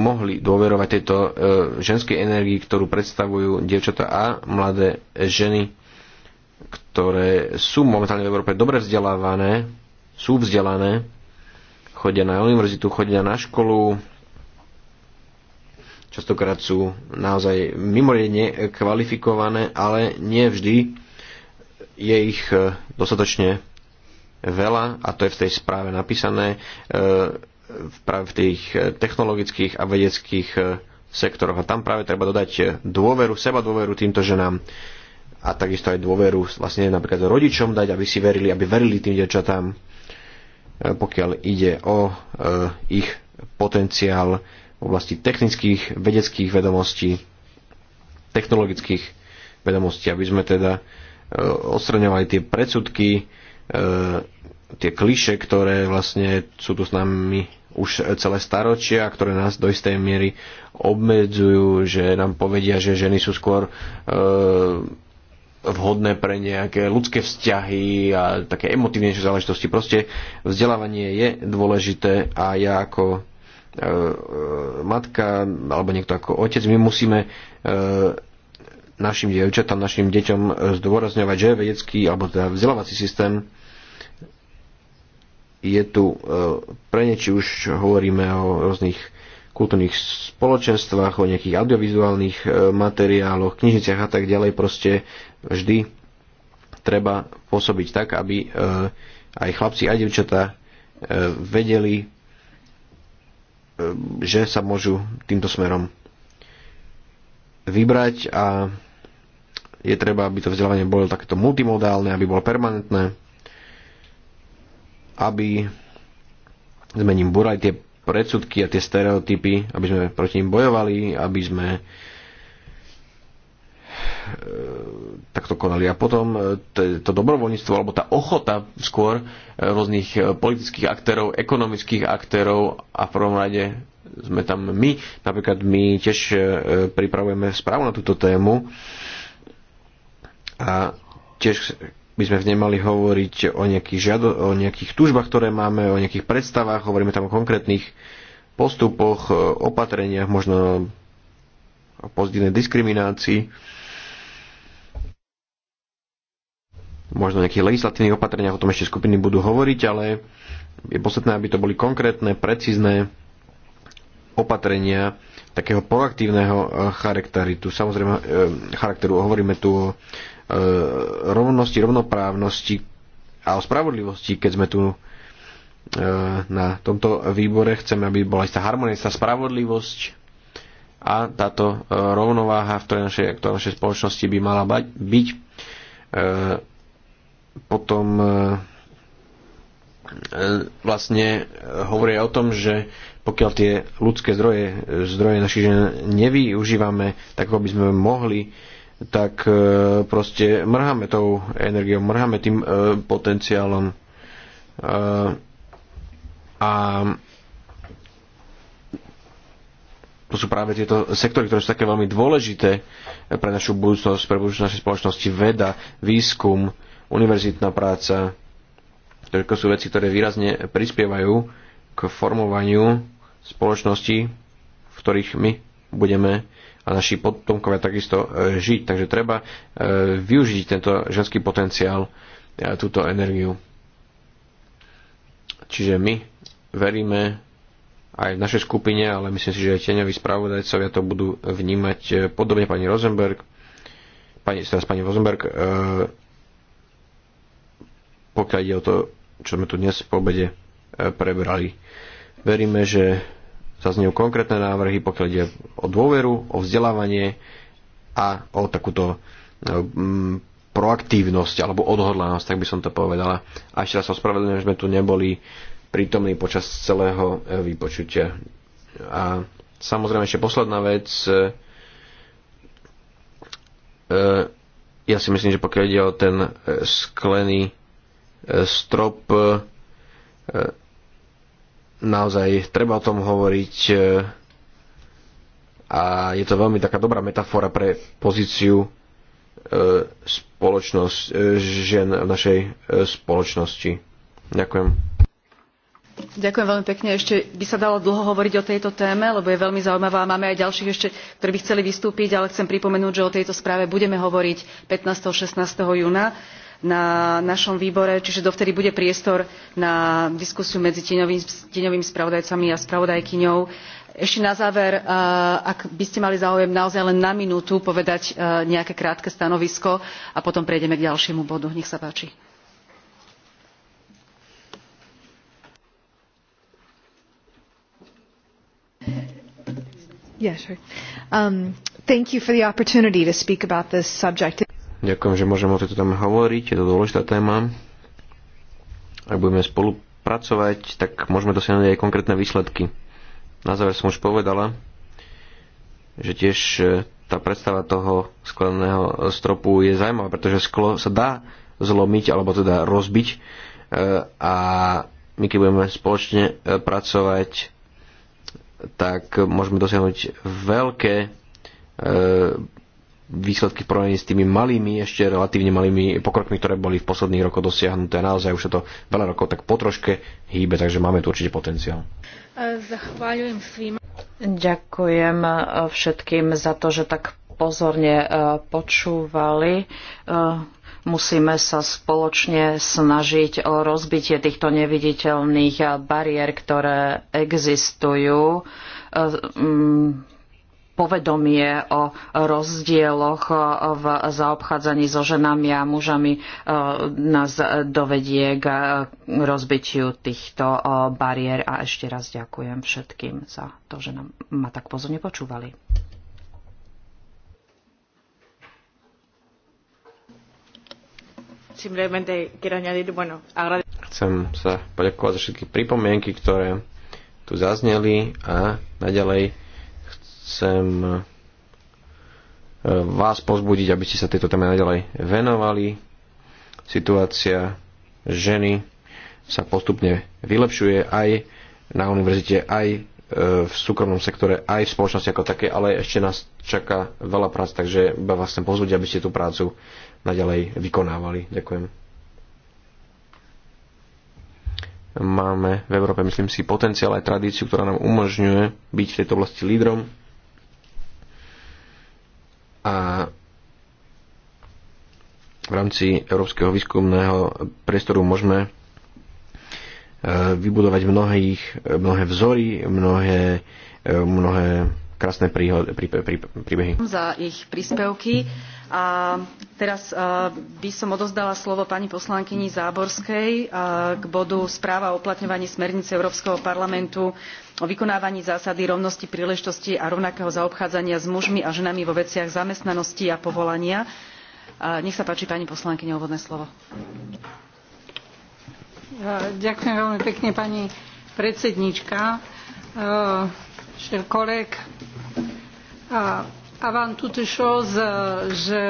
mohli dôverovať tejto e, ženskej energii, ktorú predstavujú dievčatá a mladé ženy, ktoré sú momentálne v Európe dobre vzdelávané, sú vzdelané, chodia na univerzitu, chodia na školu, Častokrát sú naozaj mimoriadne kvalifikované, ale nie vždy je ich e, dostatočne veľa a to je v tej správe napísané e, práve v tých e, technologických a vedeckých sektoroch. A tam práve treba dodať dôveru, seba dôveru týmto ženám a takisto aj dôveru vlastne napríklad rodičom dať, aby si verili, aby verili tým dečatám, pokiaľ ide o ich potenciál v oblasti technických, vedeckých vedomostí, technologických vedomostí, aby sme teda e, odstraňovali tie predsudky, e, tie kliše, ktoré vlastne sú tu s nami už celé staročia, ktoré nás do istej miery obmedzujú, že nám povedia, že ženy sú skôr e, vhodné pre nejaké ľudské vzťahy a také emotívnejšie záležitosti. Proste vzdelávanie je dôležité a ja ako E, e, matka alebo niekto ako otec, my musíme e, našim dievčatám, našim deťom zdôrazňovať, že vedecký alebo teda vzdelávací systém je tu pre ne, či už hovoríme o rôznych kultúrnych spoločenstvách, o nejakých audiovizuálnych materiáloch, knižniciach a tak ďalej, proste vždy treba pôsobiť tak, aby aj chlapci, aj devčatá vedeli E, že sa môžu týmto smerom vybrať a je treba, aby to vzdelávanie bolo takéto multimodálne, aby bolo permanentné, aby sme ním burali tie predsudky a tie stereotypy, aby sme proti ním bojovali, aby sme E, takto konali. A potom e, to, to dobrovoľníctvo, alebo tá ochota skôr e, rôznych politických aktérov, ekonomických aktérov a v prvom rade sme tam my. Napríklad my tiež pripravujeme správu na túto tému a tiež by sme v nej mali hovoriť o nejakých, žiado- o nejakých túžbách, ktoré máme, o nejakých predstavách, hovoríme tam o konkrétnych postupoch, opatreniach, možno o pozdivnej diskriminácii možno nejakých legislatívnych opatreniach, o tom ešte skupiny budú hovoriť, ale je podstatné, aby to boli konkrétne, precízne opatrenia takého proaktívneho e, charakteru. Tu samozrejme e, charakteru hovoríme tu o e, rovnosti, rovnoprávnosti a o spravodlivosti, keď sme tu na tomto výbore. Chceme, aby bola istá harmonia, istá spravodlivosť a táto rovnováha, v ktorej našej, v ktorej našej spoločnosti by mala byť potom e, e, vlastne hovoria o tom, že pokiaľ tie ľudské zdroje, zdroje našich žen nevyužívame tak, ako by sme mohli, tak e, proste mrháme tou energiou, mrháme tým potenciálom. A to sú práve tieto sektory, ktoré sú také veľmi dôležité pre našu budúcnosť, pre budúcnosť našej spoločnosti, veda, výskum, univerzitná práca. To sú veci, ktoré výrazne prispievajú k formovaniu spoločnosti, v ktorých my budeme a naši potomkovia takisto e, žiť. Takže treba e, využiť tento ženský potenciál, e, túto energiu. Čiže my veríme aj v našej skupine, ale myslím si, že aj tieňoví spravodajcovia to budú vnímať podobne pani Rosenberg, pani, teraz pani Rosenberg, pokiaľ ide o to, čo sme tu dnes po obede e, prebrali. Veríme, že zaznejú konkrétne návrhy, pokiaľ ide o dôveru, o vzdelávanie a o takúto e, proaktívnosť alebo odhodlanosť, tak by som to povedala. A ešte raz ospravedlňujem, že sme tu neboli prítomní počas celého e, vypočutia. A samozrejme ešte posledná vec. Ja si myslím, že pokiaľ ide o ten sklený strop e, naozaj treba o tom hovoriť e, a je to veľmi taká dobrá metafora pre pozíciu e, spoločnosť, žien v našej spoločnosti. Ďakujem. Ďakujem veľmi pekne. Ešte by sa dalo dlho hovoriť o tejto téme, lebo je veľmi zaujímavá. Máme aj ďalších ešte, ktorí by chceli vystúpiť, ale chcem pripomenúť, že o tejto správe budeme hovoriť 15. a 16. júna na našom výbore čiže dovtedy bude priestor na diskusiu medzi tieňovými spravodajcami a spravodajkyňou. ešte na záver ak by ste mali záujem naozaj len na minútu povedať nejaké krátke stanovisko a potom prejdeme k ďalšiemu bodu. nech sa páči. Yeah, sure. um, thank you for the opportunity to speak about this subject. Ďakujem, že môžem o tejto téme hovoriť, je to dôležitá téma. Ak budeme spolupracovať, tak môžeme dosiahnuť aj konkrétne výsledky. Na záver som už povedala, že tiež e, tá predstava toho skleného stropu je zaujímavá, pretože sklo sa dá zlomiť alebo teda rozbiť e, a my keď budeme spoločne e, pracovať, tak môžeme dosiahnuť veľké výsledky v porovnaní s tými malými, ešte relatívne malými pokrokmi, ktoré boli v posledných rokoch dosiahnuté. Naozaj už sa to veľa rokov tak potroške hýbe, takže máme tu určite potenciál. Zachváľujem svým. Ďakujem e, všetkým za to, že tak pozorne e, počúvali e, musíme sa spoločne snažiť o rozbitie týchto neviditeľných bariér, ktoré existujú povedomie o rozdieloch e, v zaobchádzaní so ženami a mužami e, nás dovedie k e, rozbitiu týchto bariér. A ešte raz ďakujem všetkým za to, že nám ma tak pozorne počúvali. Chcem sa poďakovať za všetky pripomienky, ktoré tu zazneli a naďalej chcem eh, vás pozbudiť, aby ste sa tejto téme naďalej venovali. Situácia ženy sa postupne vylepšuje aj na univerzite, aj eh, v súkromnom sektore, aj v spoločnosti ako také, ale ešte nás čaká veľa prác, takže iba vás chcem pozvať, aby ste tú prácu naďalej vykonávali. Ďakujem. Máme v Európe, myslím si, potenciál aj tradíciu, ktorá nám umožňuje byť v tejto oblasti lídrom a v rámci Európskeho výskumného priestoru môžeme e, vybudovať mnohých, mnohé vzory, mnohé, e, mnohé krásne príhody prí, prí, príbehy. Za ich príspevky. A teraz e, by som odozdala slovo pani poslankyni Záborskej k bodu správa o uplatňovaní smernice Európskeho parlamentu o vykonávaní zásady rovnosti príležitostí a rovnakého zaobchádzania s mužmi a ženami vo veciach zamestnanosti a povolania. nech sa páči pani poslankyňa úvodné slovo. Ďakujem veľmi pekne pani predsednička. Cher eh, kolek. A vám chose, je,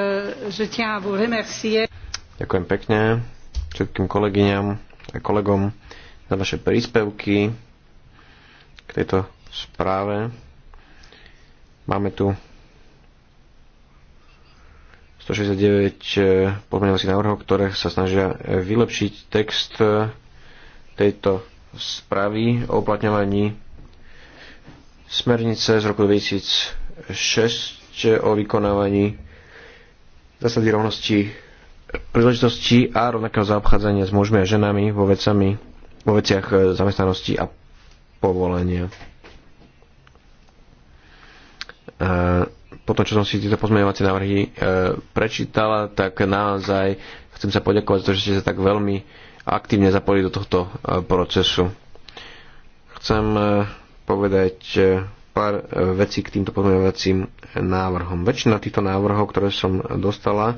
že, tiens à remercie. Ďakujem pekne všetkým kolegyňam a kolegom za vaše príspevky, k tejto správe. Máme tu 169 eh, pozmeňovacích návrhov, ktoré sa snažia eh, vylepšiť text eh, tejto správy o uplatňovaní smernice z roku 2006 o vykonávaní zásady rovnosti príležitosti a rovnakého zaobchádzania s mužmi a ženami vo, vecami, vo veciach zamestnanosti a povolenia. E, po tom, čo som si tieto pozmeňovacie návrhy e, prečítala, tak naozaj chcem sa poďakovať za to, že ste sa tak veľmi aktívne zapojili do tohto e, procesu. Chcem povedať pár vecí k týmto pozmeňovacím návrhom. Väčšina týchto návrhov, ktoré som dostala,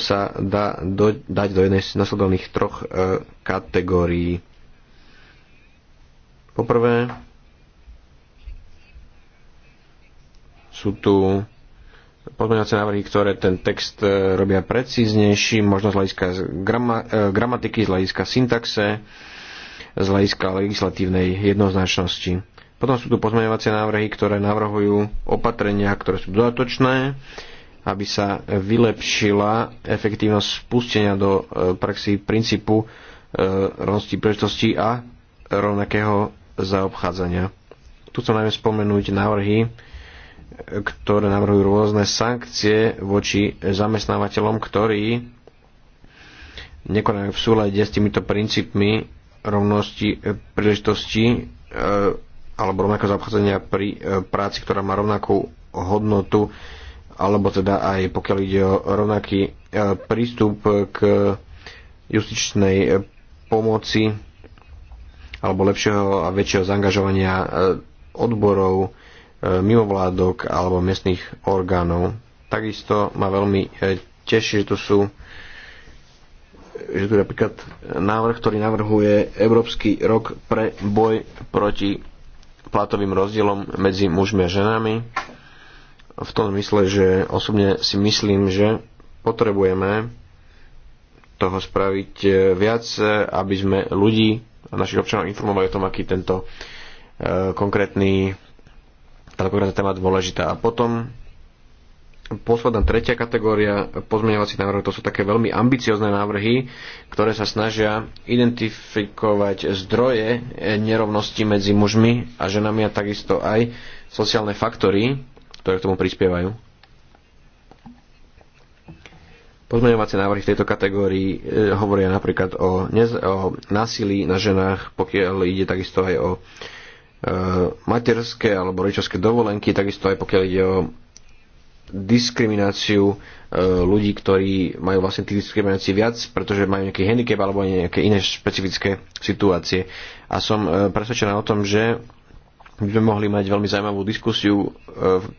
sa dá do, dať do jednej z nasledovných troch e, kategórií. Poprvé, sú tu pozmeňovacie návrhy, ktoré ten text e, robia precíznejší, možno z hľadiska grama, e, gramatiky, z hľadiska syntaxe, z hľadiska legislatívnej jednoznačnosti. Potom sú tu pozmeňovacie návrhy, ktoré navrhujú opatrenia, ktoré sú dodatočné, aby sa vylepšila efektívnosť spustenia do e, praxi princípu rovnosti príležitosti a rovnakého zaobchádzania. Tu chcem najmä spomenúť návrhy, ktoré navrhujú rôzne sankcie voči zamestnávateľom, ktorí nekonajú v súlade s týmito princípmi rovnosti e, príležitosti e, alebo rovnako zaobchádzania pri e, práci, ktorá má rovnakú hodnotu, alebo teda aj pokiaľ ide o rovnaký prístup k justičnej pomoci alebo lepšieho a väčšieho zaangažovania e, odborov, e, mimovládok alebo miestnych orgánov. Takisto ma veľmi e, teší, že tu sú že tu napríklad návrh, ktorý navrhuje Európsky rok pre boj proti platovým rozdielom medzi mužmi a ženami. V tom mysle, že osobne si myslím, že potrebujeme toho spraviť viac, aby sme ľudí a našich občanov informovať o tom, aký tento e, konkrétny táto konkrétna téma dôležitá. A potom posledná tretia kategória pozmeňovacích návrhov, to sú také veľmi ambiciozne návrhy, ktoré sa snažia identifikovať zdroje e, nerovnosti medzi mužmi a ženami a takisto aj sociálne faktory, ktoré k tomu prispievajú. Pozmeňovacie návrhy v tejto kategórii e, hovoria napríklad o, nez, o násilí na ženách, pokiaľ ide takisto aj o e, materské alebo rodičovské dovolenky, takisto aj pokiaľ ide o diskrimináciu e, ľudí, ktorí majú vlastne tých diskriminácií viac, pretože majú nejaký handicap alebo nejaké iné špecifické situácie. A som e, presvedčená o tom, že by sme mohli mať veľmi zaujímavú diskusiu e,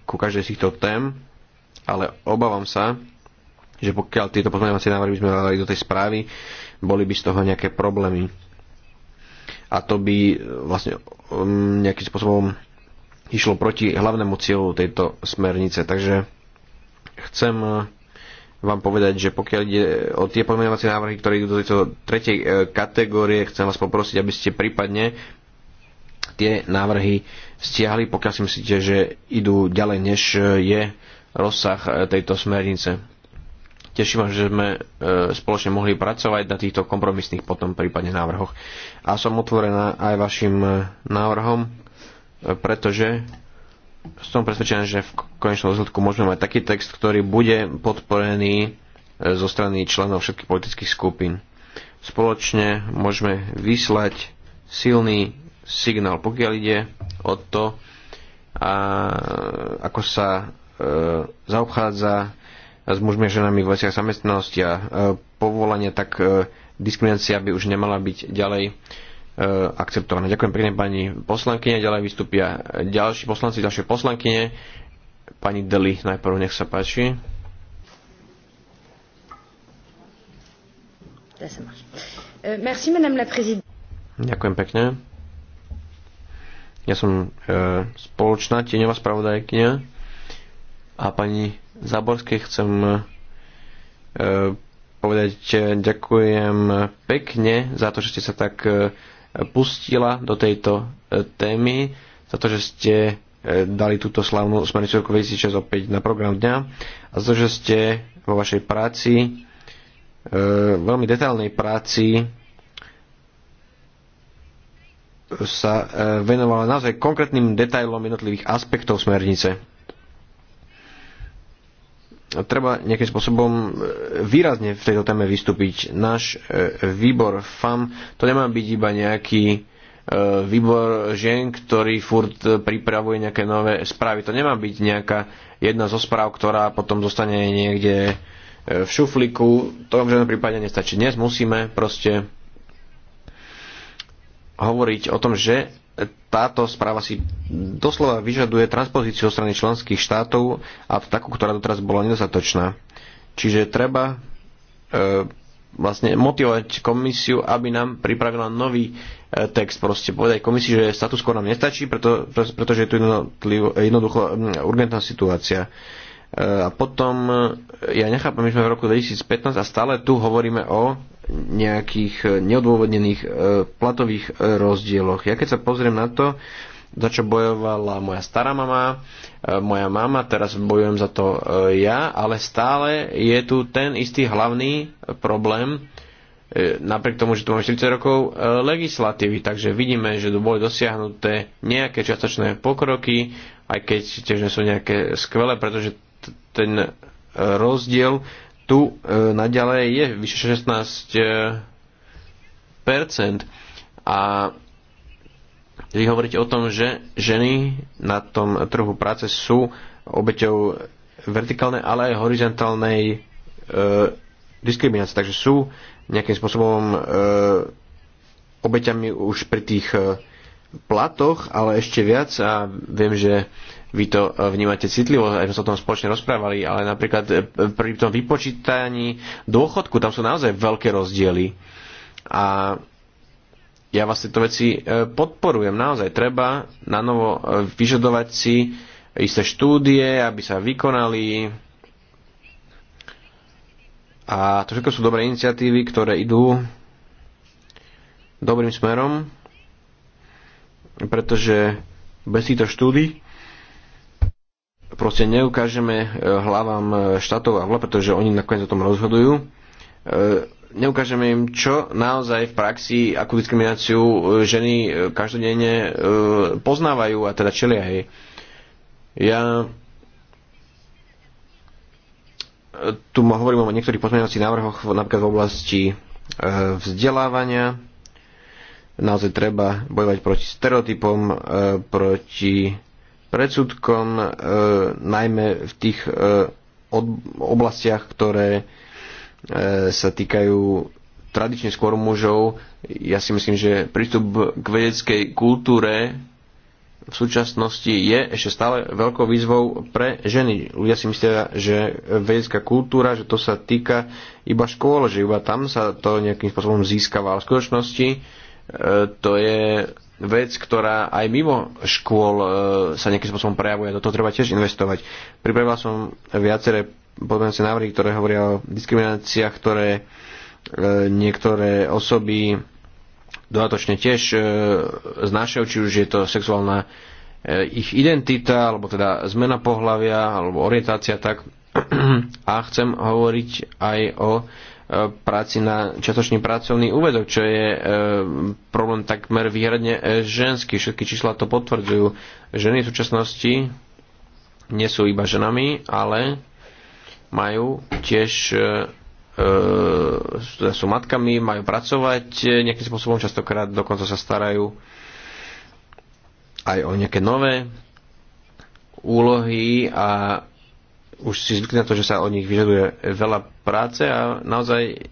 ku každej z týchto tém, ale obávam sa, že pokiaľ tieto pozmeňovacie návrhy by sme dali do tej správy, boli by z toho nejaké problémy. A to by e, vlastne um, nejakým spôsobom išlo proti hlavnému cieľu tejto smernice. Takže chcem e, vám povedať, že pokiaľ ide o tie pozmeňovacie návrhy, ktoré idú do tejto tretej e, kategórie, chcem vás poprosiť, aby ste prípadne tie návrhy stiahli, pokiaľ si myslíte, že idú ďalej, než je rozsah tejto smernice Teším ma, že sme e, spoločne mohli pracovať na týchto kompromisných potom prípadne návrhoch. A som otvorená aj vašim e, návrhom, e, pretože som presvedčený, že v konečnom rozhodku môžeme mať taký text, ktorý bude podporený zo strany členov všetkých politických skupín. Spoločne môžeme vyslať silný signál, pokiaľ ide o to, a, ako sa e, zaobchádza s mužmi a ženami v veciach zamestnanosti a e, povolania, tak e, diskriminácia by už nemala byť ďalej e, akceptovaná. Ďakujem pekne pani poslankyne, ďalej vystúpia ďalší poslanci, ďalšie poslankyne. Pani Deli, najprv nech sa páči. Merci, madame la Ďakujem pekne. Ja som e, spoločná tieňová spravodajkynia a pani Záborskej chcem e, povedať e, ďakujem pekne za to, že ste sa tak e, pustila do tejto témy, za to, že ste dali túto slavnú smernicu roku 2006 opäť na program dňa a za to, že ste vo vašej práci, veľmi detailnej práci, sa venovala naozaj konkrétnym detailom jednotlivých aspektov smernice treba nejakým spôsobom e, výrazne v tejto téme vystúpiť. Náš e, výbor FAM to nemá byť iba nejaký e, výbor žien, ktorý furt pripravuje nejaké nové správy. To nemá byť nejaká jedna zo správ, ktorá potom zostane niekde v šufliku. To v žiadnom prípade nestačí. Dnes musíme proste hovoriť o tom, že táto správa si doslova vyžaduje transpozíciu strany členských štátov a takú, ktorá doteraz bola nedostatočná. Čiže treba e, vlastne motivovať komisiu, aby nám pripravila nový e, text. Proste povedať komisii, že status quo nám nestačí, preto, preto, pretože je tu jednoducho urgentná situácia. E, a potom e, ja nechápam, my sme v roku 2015 a stále tu hovoríme o nejakých eh, neodôvodnených eh, platových eh, rozdieloch. Ja keď sa pozriem na to, za čo bojovala moja stará mama, moja mama, teraz bojujem za to ja, ale stále je tu ten istý hlavný problém, napriek tomu, že tu máme 40 rokov legislatívy, takže vidíme, že tu boli dosiahnuté nejaké čiastočné pokroky, aj keď tiež nie sú nejaké skvelé, pretože ten rozdiel tu e, naďalej je vyše 16 e, percent. A vy hovoríte o tom, že ženy na tom trhu práce sú obeťou vertikálnej, ale aj horizontálnej e, diskriminácie. Takže sú nejakým spôsobom e, obeťami už pri tých e, platoch, ale ešte viac a viem, že vy to eh, vnímate citlivo, aj sme sa o tom spoločne rozprávali, ale napríklad eh, pri tom vypočítaní dôchodku, tam sú naozaj veľké rozdiely. A ja vás vlastne tieto veci eh, podporujem. Naozaj treba na novo vyžadovať si isté štúdie, aby sa vykonali. A to všetko sú dobré iniciatívy, ktoré idú dobrým smerom, pretože bez týchto štúdy proste neukážeme e, hlavám e, štátov a vlád, pretože oni nakoniec o tom rozhodujú, e, neukážeme im, čo naozaj v praxi, akú diskrimináciu ženy každodenne poznávajú a teda čelia jej. Ja tu hovorím o niektorých pozmeňovacích návrhoch, napríklad v oblasti vzdelávania. Naozaj treba bojovať proti stereotypom, proti predsudkom, e, najmä v tých e, od, oblastiach, ktoré e, sa týkajú tradične skôr mužov. Ja si myslím, že prístup k vedeckej kultúre v súčasnosti je ešte stále veľkou výzvou pre ženy. Ľudia si myslia, že vedecká kultúra, že to sa týka iba škôl, že iba tam sa to nejakým spôsobom získava. Ale v skutočnosti e, to je vec, ktorá aj mimo škôl e, sa nejakým spôsobom prejavuje. Do toho treba tiež investovať. Pripravila som viaceré podmienujúce návrhy, ktoré hovoria o diskrimináciách, ktoré e, niektoré osoby dodatočne tiež e, znášajú, či už je to sexuálna e, ich identita, alebo teda zmena pohľavia, alebo orientácia, tak. (clears throat) A chcem hovoriť aj o práci na čiastočný pracovný úvedok, čo je e, problém takmer výhradne e, ženský. Všetky čísla to potvrdzujú. Ženy v súčasnosti nie sú iba ženami, ale majú tiež e, e sú matkami, majú pracovať nejakým spôsobom, častokrát dokonca sa starajú aj o nejaké nové úlohy a už si zvykli na to, že sa o nich vyžaduje veľa práce a naozaj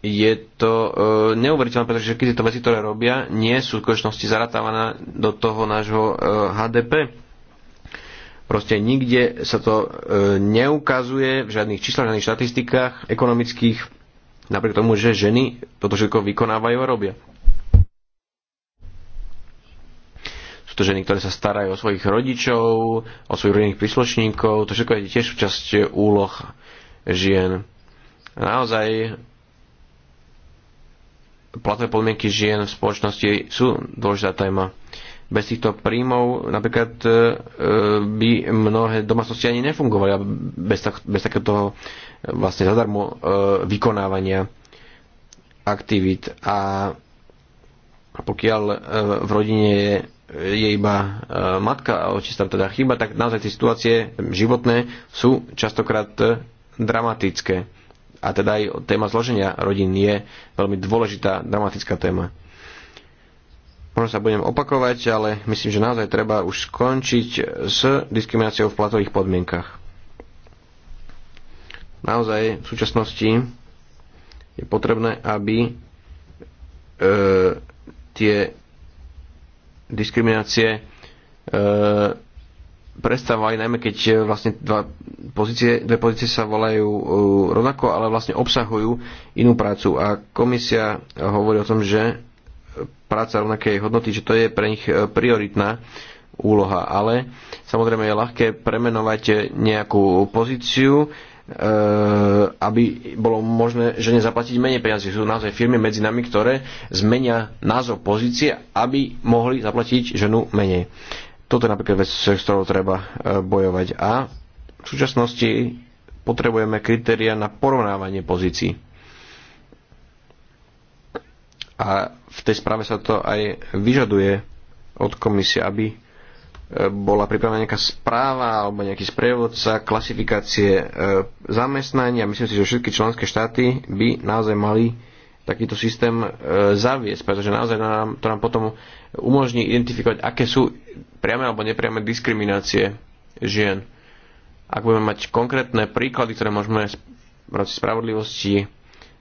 je to e, neuveriteľné, pretože všetky tieto veci, ktoré robia, nie sú v skutočnosti zaratávané do toho nášho e, HDP. Proste nikde sa to e, neukazuje v žiadnych číslach, žiadnych štatistikách ekonomických, napriek tomu, že ženy toto všetko vykonávajú a robia. to ženy, ktoré sa starajú o svojich rodičov, o svojich rodinných príslušníkov, to všetko je tiež časť úloh žien. Naozaj platové podmienky žien v spoločnosti sú dôležitá téma. Bez týchto príjmov napríklad e, by mnohé domácnosti ani nefungovali bez, tak, bez takéto e, vlastne zadarmo e, vykonávania aktivít. A pokiaľ v rodine je je iba e, matka, a či tam teda chýba, tak naozaj tie situácie životné sú častokrát e, dramatické. A teda aj téma zloženia rodín je veľmi dôležitá, dramatická téma. Možno sa budem opakovať, ale myslím, že naozaj treba už skončiť s diskrimináciou v platových podmienkach. Naozaj v súčasnosti je potrebné, aby e, tie diskriminácie e, prestávali, najmä keď e, vlastne dva pozície, dve pozície sa volajú e, rovnako, ale vlastne obsahujú inú prácu. A komisia hovorí o tom, že práca rovnakej hodnoty, že to je pre nich prioritná úloha. Ale samozrejme je ľahké premenovať nejakú pozíciu, Eh, aby bolo možné žene zaplatiť menej peniazy. Sú naozaj firmy medzi nami, ktoré zmenia názov pozície, aby mohli zaplatiť ženu menej. Toto je napríklad vec, s ktorou treba eh, bojovať. A v súčasnosti potrebujeme kritéria na porovnávanie pozícií. A v tej správe sa to aj vyžaduje od komisie, aby bola pripravená nejaká správa alebo nejaký sprievodca klasifikácie e, zamestnania. Myslím si, že všetky členské štáty by naozaj mali takýto systém e, zaviesť, pretože naozaj nám, to nám potom umožní identifikovať, aké sú priame alebo nepriame diskriminácie žien. Ak budeme mať konkrétne príklady, ktoré môžeme v rámci spravodlivosti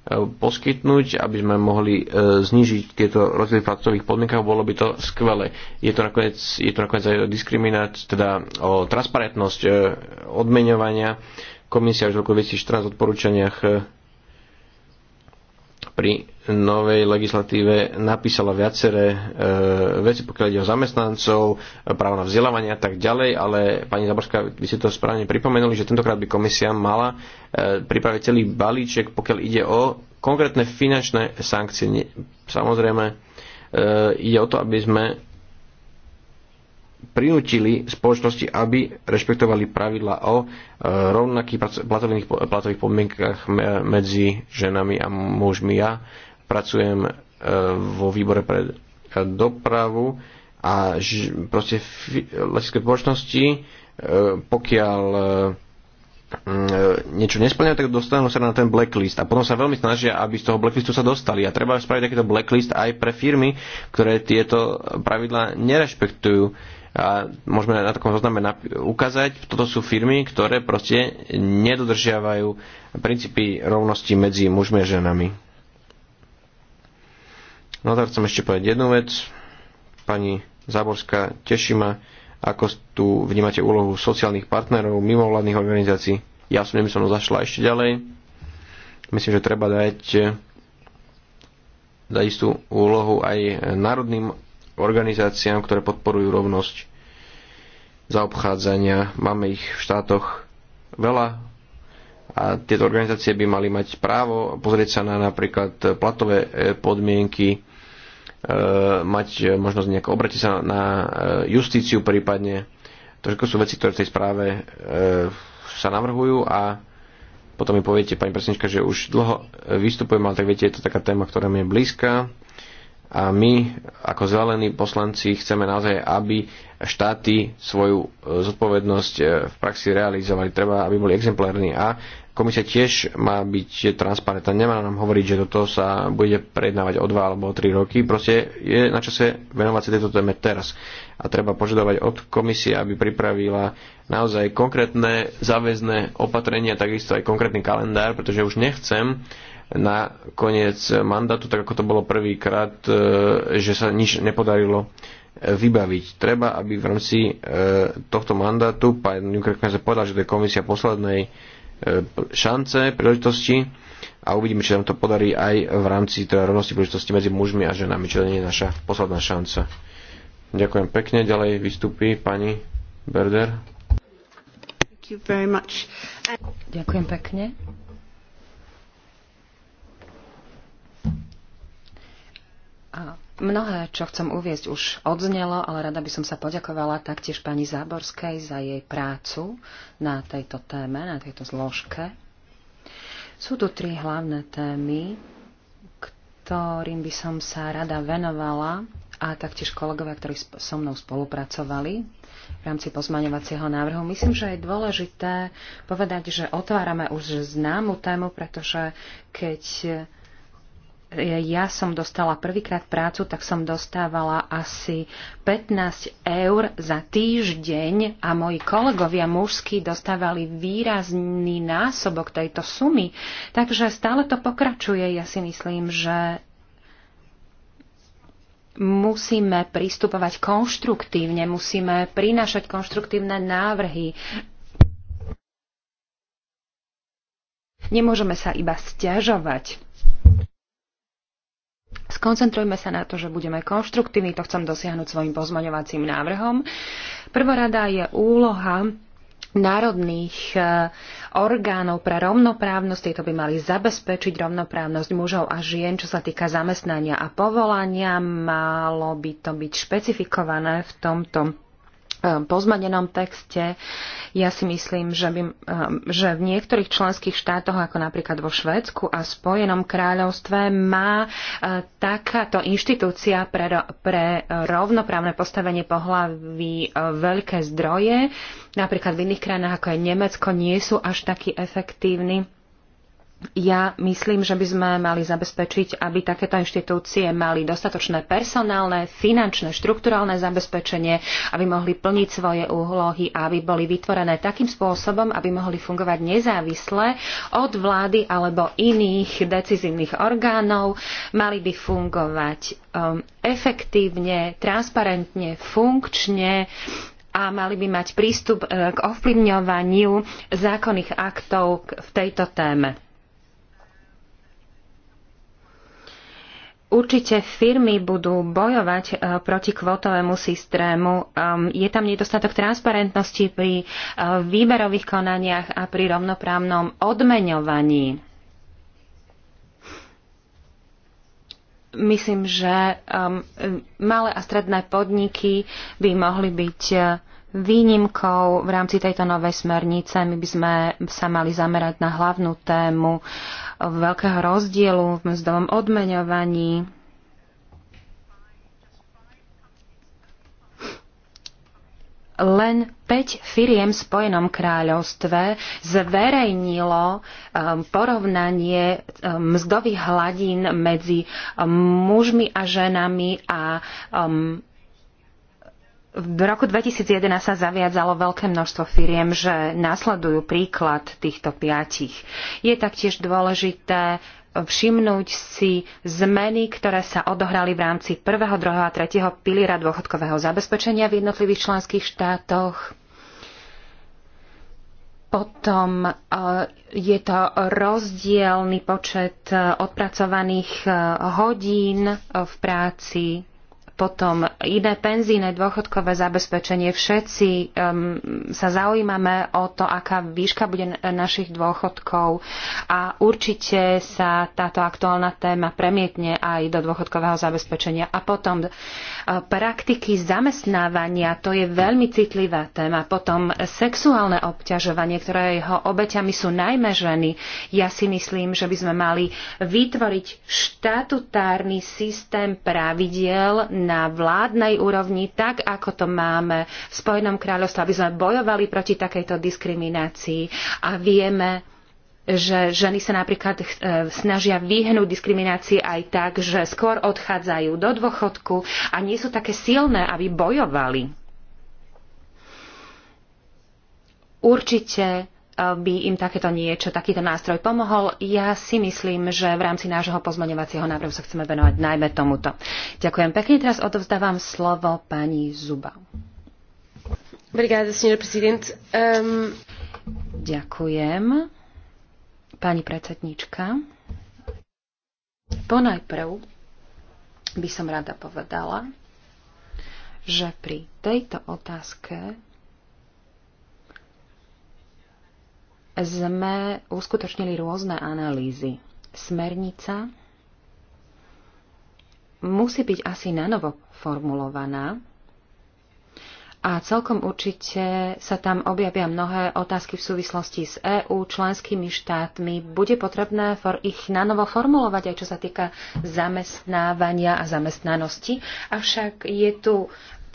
Eh, poskytnúť, aby sme mohli eh, znižiť tieto rozdiely v pracových podmienkach, bolo by to skvelé. Je to nakoniec, je to nakoniec aj o diskriminácii, teda o transparentnosť eh, odmeňovania. Komisia už v roku 2014 odporúčaniach pri novej legislatíve napísala viaceré e, veci, pokiaľ ide o zamestnancov, právo na vzdelávanie a tak ďalej, ale pani Zaborská, vy ste to správne pripomenuli, že tentokrát by komisia mala e, pripraviť celý balíček, pokiaľ ide o konkrétne finančné sankcie. Nie, samozrejme, e, ide o to, aby sme prinútili spoločnosti, aby rešpektovali pravidla o e, rovnakých platových podmienkach medzi ženami a mužmi. Ja pracujem e, vo výbore pre dopravu a proste proste letecké spoločnosti, e, pokiaľ e, niečo nesplňajú, tak dostanú sa na ten blacklist a potom sa veľmi snažia, aby z toho blacklistu sa dostali a treba spraviť takýto blacklist aj pre firmy, ktoré tieto pravidlá nerešpektujú a môžeme na takom zozname ukázať, toto sú firmy, ktoré proste nedodržiavajú princípy rovnosti medzi mužmi a ženami. No tak chcem ešte povedať jednu vec. Pani Záborská, teší ma, ako tu vnímate úlohu sociálnych partnerov, mimovládnych organizácií. Ja som by som zašla ešte ďalej. Myslím, že treba dať, dať istú úlohu aj národným organizáciám, ktoré podporujú rovnosť zaobchádzania. Máme ich v štátoch veľa a tieto organizácie by mali mať právo pozrieť sa na napríklad platové podmienky E, mať možnosť nejako obratiť sa na e, justíciu prípadne. To všetko sú veci, ktoré v tej správe e, sa navrhujú a potom mi poviete, pani presnička, že už dlho vystupujem, ale tak viete, je to taká téma, ktorá mi je blízka a my ako zelení poslanci chceme naozaj, aby štáty svoju e, zodpovednosť e, v praxi realizovali. Treba, aby boli exemplárni a komisia tiež má byť transparentná. Nemá nám hovoriť, že toto sa bude prejednávať o dva alebo o tri roky. Proste je na čase venovať sa tejto téme teraz. A treba požadovať od komisie, aby pripravila naozaj konkrétne záväzné opatrenia, takisto aj konkrétny kalendár, pretože už nechcem, na koniec mandátu, tak ako to bolo prvýkrát, e, že sa nič nepodarilo vybaviť. Treba, aby v rámci e, tohto mandátu pán Juncker sa povedal, že to je komisia poslednej e, šance, príležitosti a uvidíme, či nám to podarí aj v rámci teda rovnosti príležitosti medzi mužmi a ženami, čo nie je naša posledná šanca. Ďakujem pekne. Ďalej vystupí pani Berder. Ďakujem pekne. A Mnohé, čo chcem uviezť, už odznelo, ale rada by som sa poďakovala taktiež pani Záborskej za jej prácu na tejto téme, na tejto zložke. Sú tu tri hlavné témy, ktorým by som sa rada venovala a taktiež kolegovia, ktorí so mnou spolupracovali v rámci pozmaňovacieho návrhu. Myslím, že je dôležité povedať, že otvárame už známu tému, pretože keď ja som dostala prvýkrát prácu, tak som dostávala asi 15 eur za týždeň a moji kolegovia mužskí dostávali výrazný násobok tejto sumy. Takže stále to pokračuje. Ja si myslím, že musíme pristupovať konštruktívne, musíme prinášať konštruktívne návrhy. Nemôžeme sa iba stiažovať Skoncentrujme sa na to, že budeme konštruktívni, to chcem dosiahnuť svojim pozmaňovacím návrhom. Prvorada je úloha národných e, orgánov pre rovnoprávnosť, tieto by mali zabezpečiť rovnoprávnosť mužov a žien, čo sa týka zamestnania a povolania. Malo by to byť špecifikované v tomto pozmenenom texte. Ja si myslím, že, by, že v niektorých členských štátoch, ako napríklad vo Švédsku a Spojenom kráľovstve, má e, takáto inštitúcia pre, pre rovnoprávne postavenie pohlaví e, veľké zdroje. Napríklad v iných krajinách, ako je Nemecko, nie sú až taký efektívni ja myslím, že by sme mali zabezpečiť, aby takéto inštitúcie mali dostatočné personálne, finančné, štrukturálne zabezpečenie, aby mohli plniť svoje úlohy a aby boli vytvorené takým spôsobom, aby mohli fungovať nezávisle od vlády alebo iných decizívnych orgánov. Mali by fungovať um, efektívne, transparentne, funkčne, a mali by mať prístup eh, k ovplyvňovaniu zákonných aktov v tejto téme. Určite firmy budú bojovať e, proti kvotovému systému. Je tam nedostatok transparentnosti pri e, výberových konaniach a pri rovnoprávnom odmeňovaní. Myslím, že malé a stredné podniky by mohli byť e, výnimkou v rámci tejto novej smernice. My by sme sa mali zamerať na hlavnú tému veľkého rozdielu v mzdovom odmeňovaní. Len 5 firiem v Spojenom kráľovstve zverejnilo um, porovnanie um, mzdových hladín medzi um, mužmi a ženami a v roku 2011 sa zaviadzalo veľké množstvo firiem, že následujú príklad týchto piatich. Je taktiež dôležité všimnúť si zmeny, ktoré sa odohrali v rámci prvého, druhého a tretieho piliera dôchodkového zabezpečenia v jednotlivých členských štátoch. Potom e, je to rozdielny počet e, odpracovaných e, hodín v práci potom iné penzíne, dôchodkové zabezpečenie. Všetci um, sa zaujímame o to, aká výška bude našich dôchodkov a určite sa táto aktuálna téma premietne aj do dôchodkového zabezpečenia. A potom uh, praktiky zamestnávania, to je veľmi citlivá téma. Potom sexuálne obťažovanie, ktoré jeho obeťami sú najmä ženy. Ja si myslím, že by sme mali vytvoriť štatutárny systém pravidiel na vládnej úrovni, tak ako to máme v Spojenom kráľovstve, aby sme bojovali proti takejto diskriminácii a vieme, že ženy sa napríklad e, snažia vyhnúť diskriminácii aj tak, že skôr odchádzajú do dôchodku a nie sú také silné, aby bojovali. Určite by im takéto niečo, takýto nástroj pomohol. Ja si myslím, že v rámci nášho pozmaňovacieho návrhu sa chceme venovať najmä tomuto. Ďakujem pekne. Teraz odovzdávam slovo pani Zuba. Obrigada, senhor Um... Ďakujem. Pani predsedníčka. Ponajprv by som rada povedala, že pri tejto otázke sme uskutočnili rôzne analýzy. Smernica musí byť asi nanovo formulovaná a celkom určite sa tam objavia mnohé otázky v súvislosti s EÚ, členskými štátmi. Bude potrebné for ich nanovo formulovať aj čo sa týka zamestnávania a zamestnanosti. Avšak je tu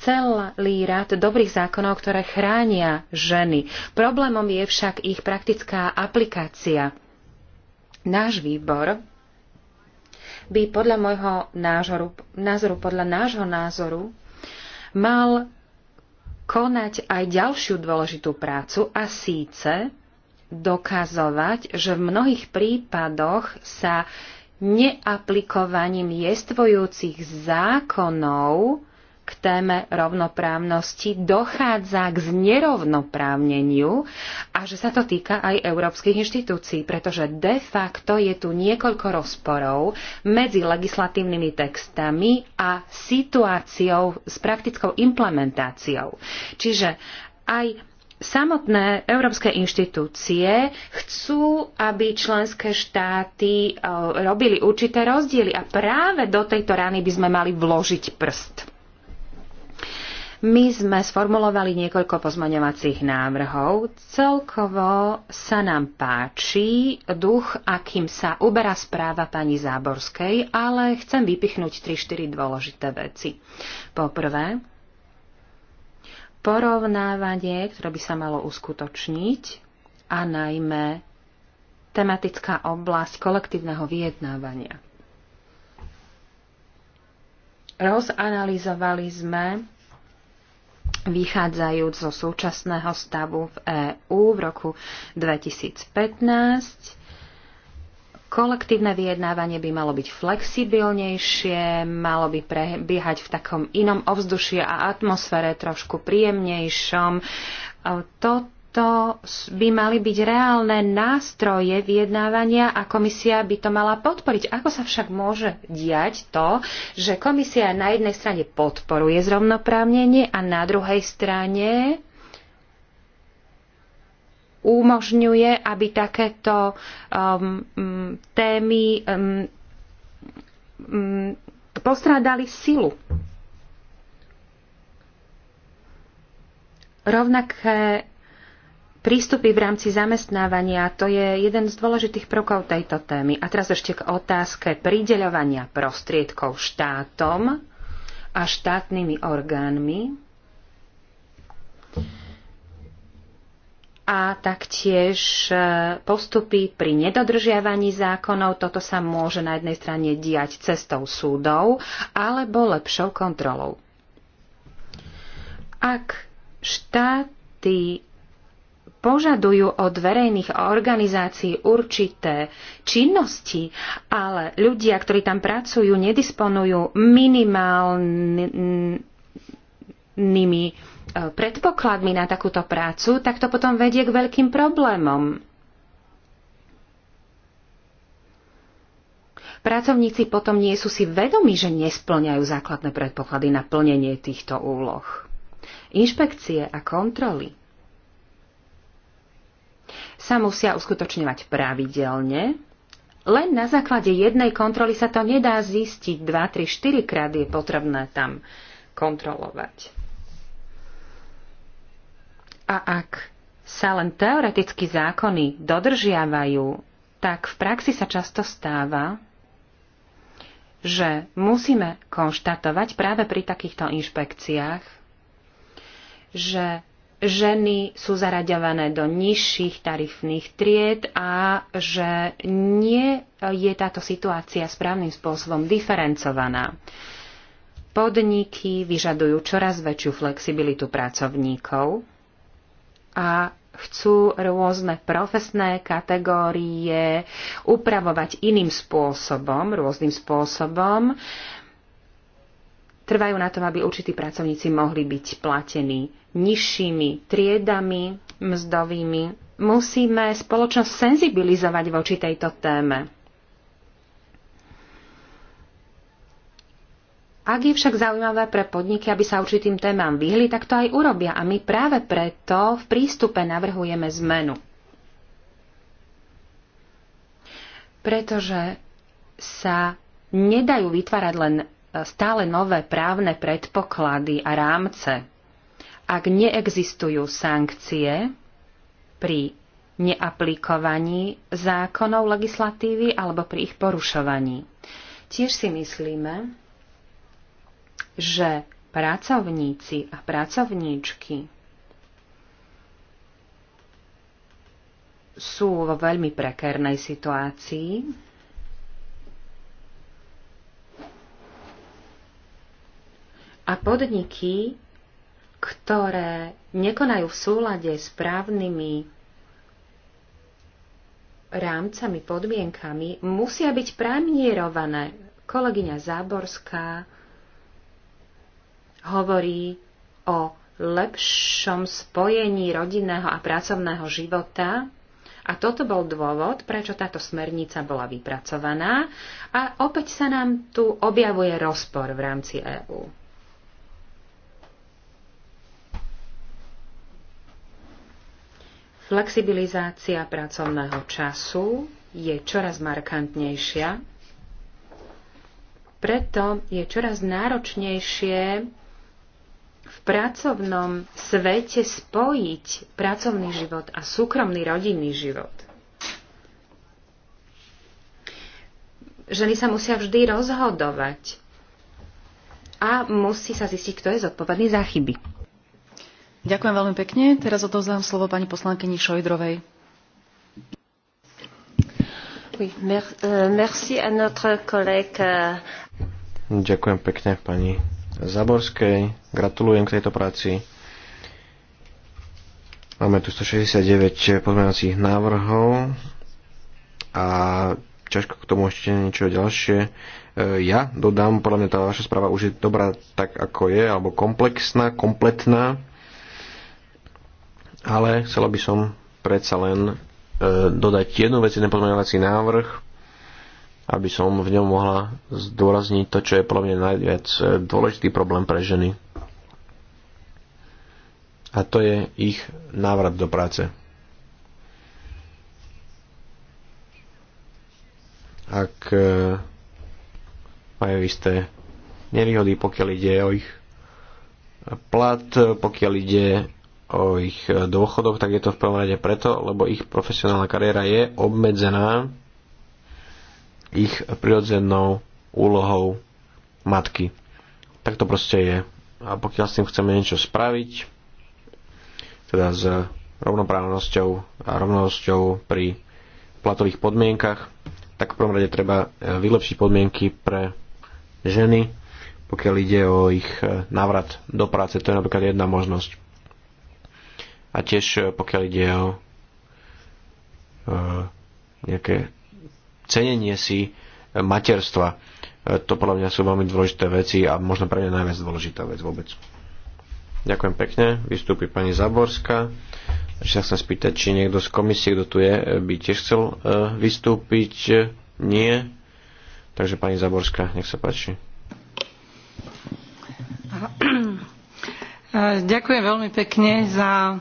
celý rad dobrých zákonov, ktoré chránia ženy. Problémom je však ich praktická aplikácia. Náš výbor by podľa môjho názoru, názoru podľa nášho názoru, mal konať aj ďalšiu dôležitú prácu a síce dokazovať, že v mnohých prípadoch sa neaplikovaním jestvojúcich zákonov k téme rovnoprávnosti dochádza k znerovnoprávneniu a že sa to týka aj európskych inštitúcií, pretože de facto je tu niekoľko rozporov medzi legislatívnymi textami a situáciou s praktickou implementáciou. Čiže aj samotné európske inštitúcie chcú, aby členské štáty e, robili určité rozdiely a práve do tejto rány by sme mali vložiť prst. My sme sformulovali niekoľko pozmaňovacích návrhov. Celkovo sa nám páči duch, akým sa uberá správa pani Záborskej, ale chcem vypichnúť 3-4 dôležité veci. Poprvé, porovnávanie, ktoré by sa malo uskutočniť a najmä tematická oblasť kolektívneho vyjednávania. Rozanalizovali sme vychádzajúc zo súčasného stavu v EÚ v roku 2015. Kolektívne vyjednávanie by malo byť flexibilnejšie, malo by prebiehať v takom inom ovzduši a atmosfére, trošku príjemnejšom. To to by mali byť reálne nástroje vyjednávania a komisia by to mala podporiť. Ako sa však môže diať to, že komisia na jednej strane podporuje zrovnoprávnenie a na druhej strane umožňuje, aby takéto um, mm, témy um, um, postrádali silu. Rovnaké prístupy v rámci zamestnávania, to je jeden z dôležitých prvkov tejto témy. A teraz ešte k otázke prideľovania prostriedkov štátom a štátnymi orgánmi. A taktiež e, postupy pri nedodržiavaní zákonov, toto sa môže na jednej strane diať cestou súdov alebo lepšou kontrolou. Ak štáty požadujú od verejných organizácií určité činnosti, ale ľudia, ktorí tam pracujú, nedisponujú minimálnymi e, predpokladmi na takúto prácu, tak to potom vedie k veľkým problémom. Pracovníci potom nie sú si vedomi, že nesplňajú základné predpoklady na plnenie týchto úloh. Inšpekcie a kontroly sa musia uskutočňovať pravidelne. Len na základe jednej kontroly sa to nedá zistiť. 2, 3, 4 krát je potrebné tam kontrolovať. A ak sa len teoreticky zákony dodržiavajú, tak v praxi sa často stáva, že musíme konštatovať práve pri takýchto inšpekciách, že ženy sú zaraďované do nižších tarifných tried a že nie je táto situácia správnym spôsobom diferencovaná. Podniky vyžadujú čoraz väčšiu flexibilitu pracovníkov a chcú rôzne profesné kategórie upravovať iným spôsobom, rôznym spôsobom. Trvajú na tom, aby určití pracovníci mohli byť platení nižšími triedami mzdovými. Musíme spoločnosť senzibilizovať voči tejto téme. Ak je však zaujímavé pre podniky, aby sa určitým témam vyhli, tak to aj urobia a my práve preto v prístupe navrhujeme zmenu. Pretože sa nedajú vytvárať len e, stále nové právne predpoklady a rámce ak neexistujú sankcie pri neaplikovaní zákonov legislatívy alebo pri ich porušovaní. Tiež si myslíme, že pracovníci a pracovníčky sú vo veľmi prekérnej situácii. A podniky ktoré nekonajú v súlade s právnymi rámcami, podmienkami, musia byť premierované. Kolegyňa Záborská hovorí o lepšom spojení rodinného a pracovného života. A toto bol dôvod, prečo táto smernica bola vypracovaná. A opäť sa nám tu objavuje rozpor v rámci EÚ. Flexibilizácia pracovného času je čoraz markantnejšia, preto je čoraz náročnejšie v pracovnom svete spojiť pracovný život a súkromný rodinný život. Ženy sa musia vždy rozhodovať a musí sa zistiť, kto je zodpovedný za chyby. Ďakujem veľmi pekne. Teraz odovzdám slovo pani poslankyni Šojdrovej. Oui, mer, euh, merci à notre collègue. Euh. Ďakujem pekne pani Zaborskej. Gratulujem k tejto práci. Máme tu 169 pozmeňovacích návrhov a ťažko k tomu ešte niečo ďalšie. E, ja dodám, podľa mňa tá vaša správa už je dobrá tak, ako je, alebo komplexná, kompletná ale chcel by som predsa len e, dodať jednu vec, jeden pozmeňovací návrh, aby som v ňom mohla zdôrazniť to, čo je podľa mňa najviac e, dôležitý problém pre ženy. A to je ich návrat do práce. Ak e, majú isté nevýhody, pokiaľ ide o ich plat, pokiaľ ide o ich e, dôchodoch, tak je to v prvom rade preto, lebo ich profesionálna kariéra je obmedzená ich prirodzenou úlohou matky. Tak to proste je. A pokiaľ s tým chceme niečo spraviť, teda s rovnoprávnosťou a rovnosťou pri platových podmienkach, tak v prvom rade treba e, vylepšiť podmienky pre ženy, pokiaľ ide o ich e, návrat do práce. To je napríklad jedna možnosť a tiež e, pokiaľ ide o e, nejaké cenenie si e, materstva. To podľa mňa sú veľmi dôležité veci a možno pre mňa najviac dôležitá vec vôbec. Ďakujem pekne. Vystúpi pani Zaborská. Ešte sa chcem spýtať, či niekto z komisie, kto tu je, by tiež chcel vystúpiť. Nie. Takže pani Zaborská, nech sa páči. (clears throat) Ďakujem veľmi pekne za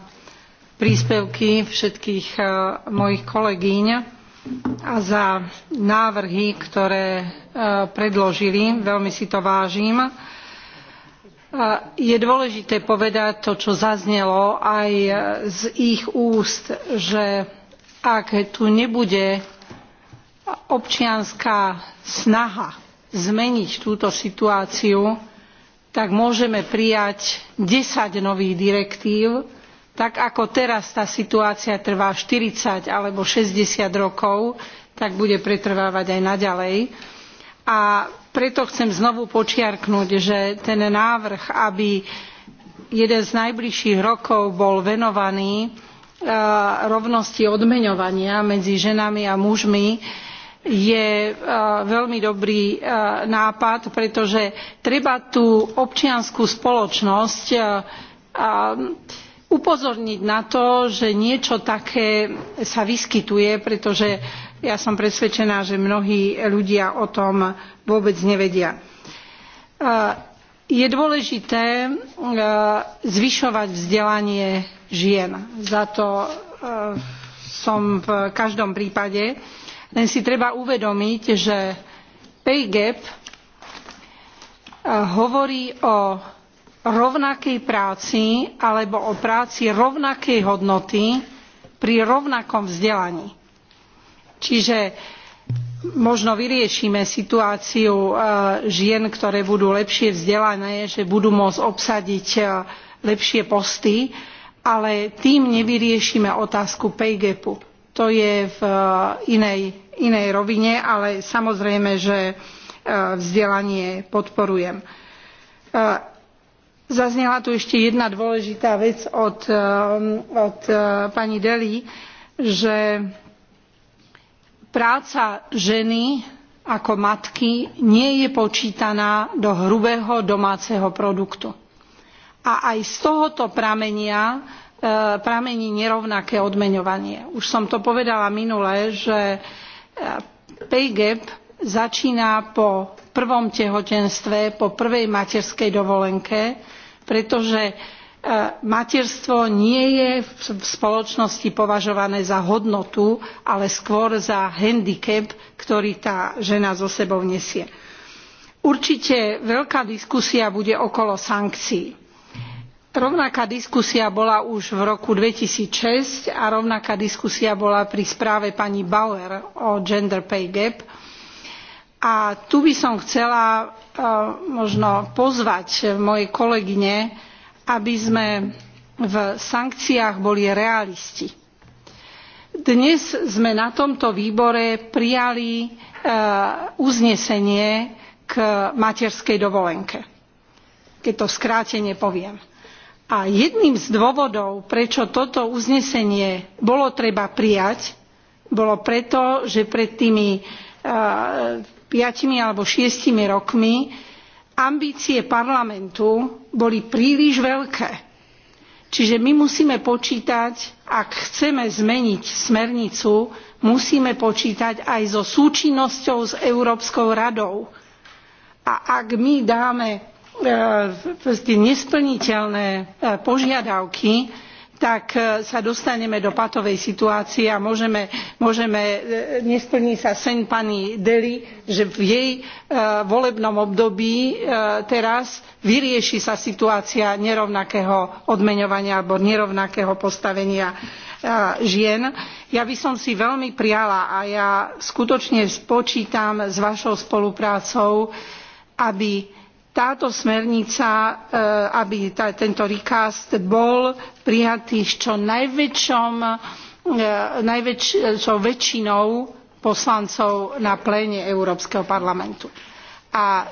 príspevky všetkých e, mojich kolegyň a za návrhy, ktoré e, predložili. Veľmi si to vážim. E, je dôležité povedať to, čo zaznelo aj z ich úst, že ak tu nebude občianska snaha zmeniť túto situáciu tak môžeme prijať 10 nových direktív tak ako teraz tá situácia trvá 40 alebo 60 rokov, tak bude pretrvávať aj naďalej. A preto chcem znovu podčiarknuť že ten návrh, aby jeden z najbližších rokov bol venovaný e, rovnosti odmeňovania medzi ženami a mužmi, je e, veľmi dobrý e, nápad pretože treba tú občiansku spoločnosť upozorniť na to že niečo také sa vyskytuje pretože ja som presvedčená že mnohí ľudia o tom vôbec nevedia. je dôležité eh, zvyšovať vzdelanie žien za to eh, som v každom prípade len si treba uvedomiť že pay gap eh, hovorí o rovnakej práci alebo o práci rovnakej hodnoty pri rovnakom vzdelaní. Čiže možno vyriešime situáciu e, žien ktoré budú lepšie vzdelané že budú môcť obsadiť e, lepšie posty ale tým nevyriešime otázku pay gapu. To je v e, inej, inej rovine, ale samozrejme, že vzdelanie podporujem zaznela tu ešte jedna dôležitá vec od, eh, eh, pani delli že práca ženy ako matky nie je počítaná do hrubého domáceho produktu. A aj z tohoto pramenia eh, pramení nerovnaké odmeňovanie. Už som to povedala minule, že pay gap začína po prvom tehotenstve, po prvej materskej dovolenke pretože e, materstvo nie je v spoločnosti považované za hodnotu ale skôr za handicap ktorý tá žena so sebou nesie. určite veľká diskusia bude okolo sankcií. rovnaká diskusia bola už v roku two thousand and six a rovnaká diskusia bola pri správe pani bauer o gender pay gap a tu by som chcela e, možno pozvať moje kolegyne, aby sme v sankciách boli realisti. Dnes sme na tomto výbore prijali e, uznesenie k materskej dovolenke, keď to skrátene poviem. A jedným z dôvodov, prečo toto uznesenie bolo treba prijať, bolo preto, že pred tými e, piatimi alebo šiestimi rokmi ambície parlamentu boli príliš veľké. Čiže my musíme počítať, ak chceme zmeniť smernicu, musíme počítať aj so súčinnosťou s Európskou radou. A ak my dáme e, nesplniteľné e, požiadavky, tak e, sa dostaneme do patovej situácie a môžeme, e, nesplní sa sen pani Dely, že v jej e, volebnom období teraz vyrieši sa situácia nerovnakého odmeňovania alebo nerovnakého postavenia žien. Ja by som si veľmi priala a ja skutočne spočítam s vašou spoluprácou, aby táto smernica eh, aby tento recast bol prijatý s čo eh, najväčšou väčšinou poslancov na pléne európskeho parlamentu. a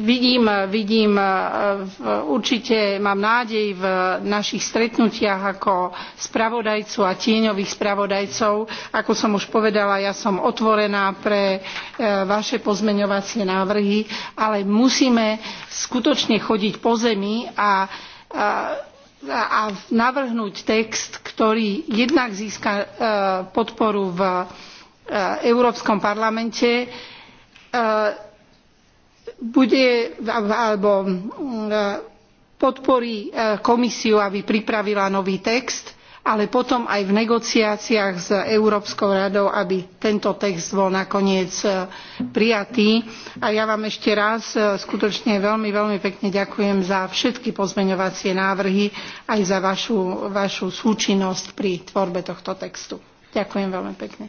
vidím, vidím eh, určite mám nádej v našich stretnutiach ako spravodajcu a tieňových spravodajcov ako som už povedala ja som otvorená pre eh, vaše pozmeňovacie návrhy ale musíme skutočne chodiť po zemi a, a a navrhnúť text, ktorý jednak získa eh, podporu v Európskom parlamente, bude alebo mm, e, podporí e, komisiu aby pripravila nový text ale potom aj v negociáciách s európskou radou aby tento text bol nakoniec e, prijatý a ja vám ešte raz skutočne veľmi veľmi pekne ďakujem za všetky pozmeňovacie návrhy aj za vašu, vašu súčinnosť pri tvorbe tohto textu. ďakujem veľmi pekne.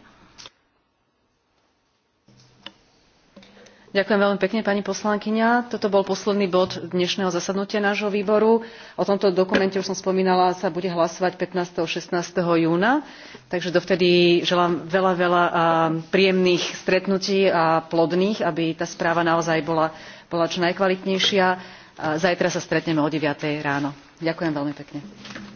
Ďakujem veľmi pekne, pani poslankyňa. Toto bol posledný bod dnešného zasadnutia nášho výboru. O tomto dokumente, už som spomínala, sa bude hlasovať 15. sixteen 16. júna. Takže dovtedy želám veľa, veľa príjemných stretnutí a plodných, aby tá správa naozaj bola, čo najkvalitnejšia. Zajtra sa stretneme o 9. ráno. Ďakujem veľmi pekne.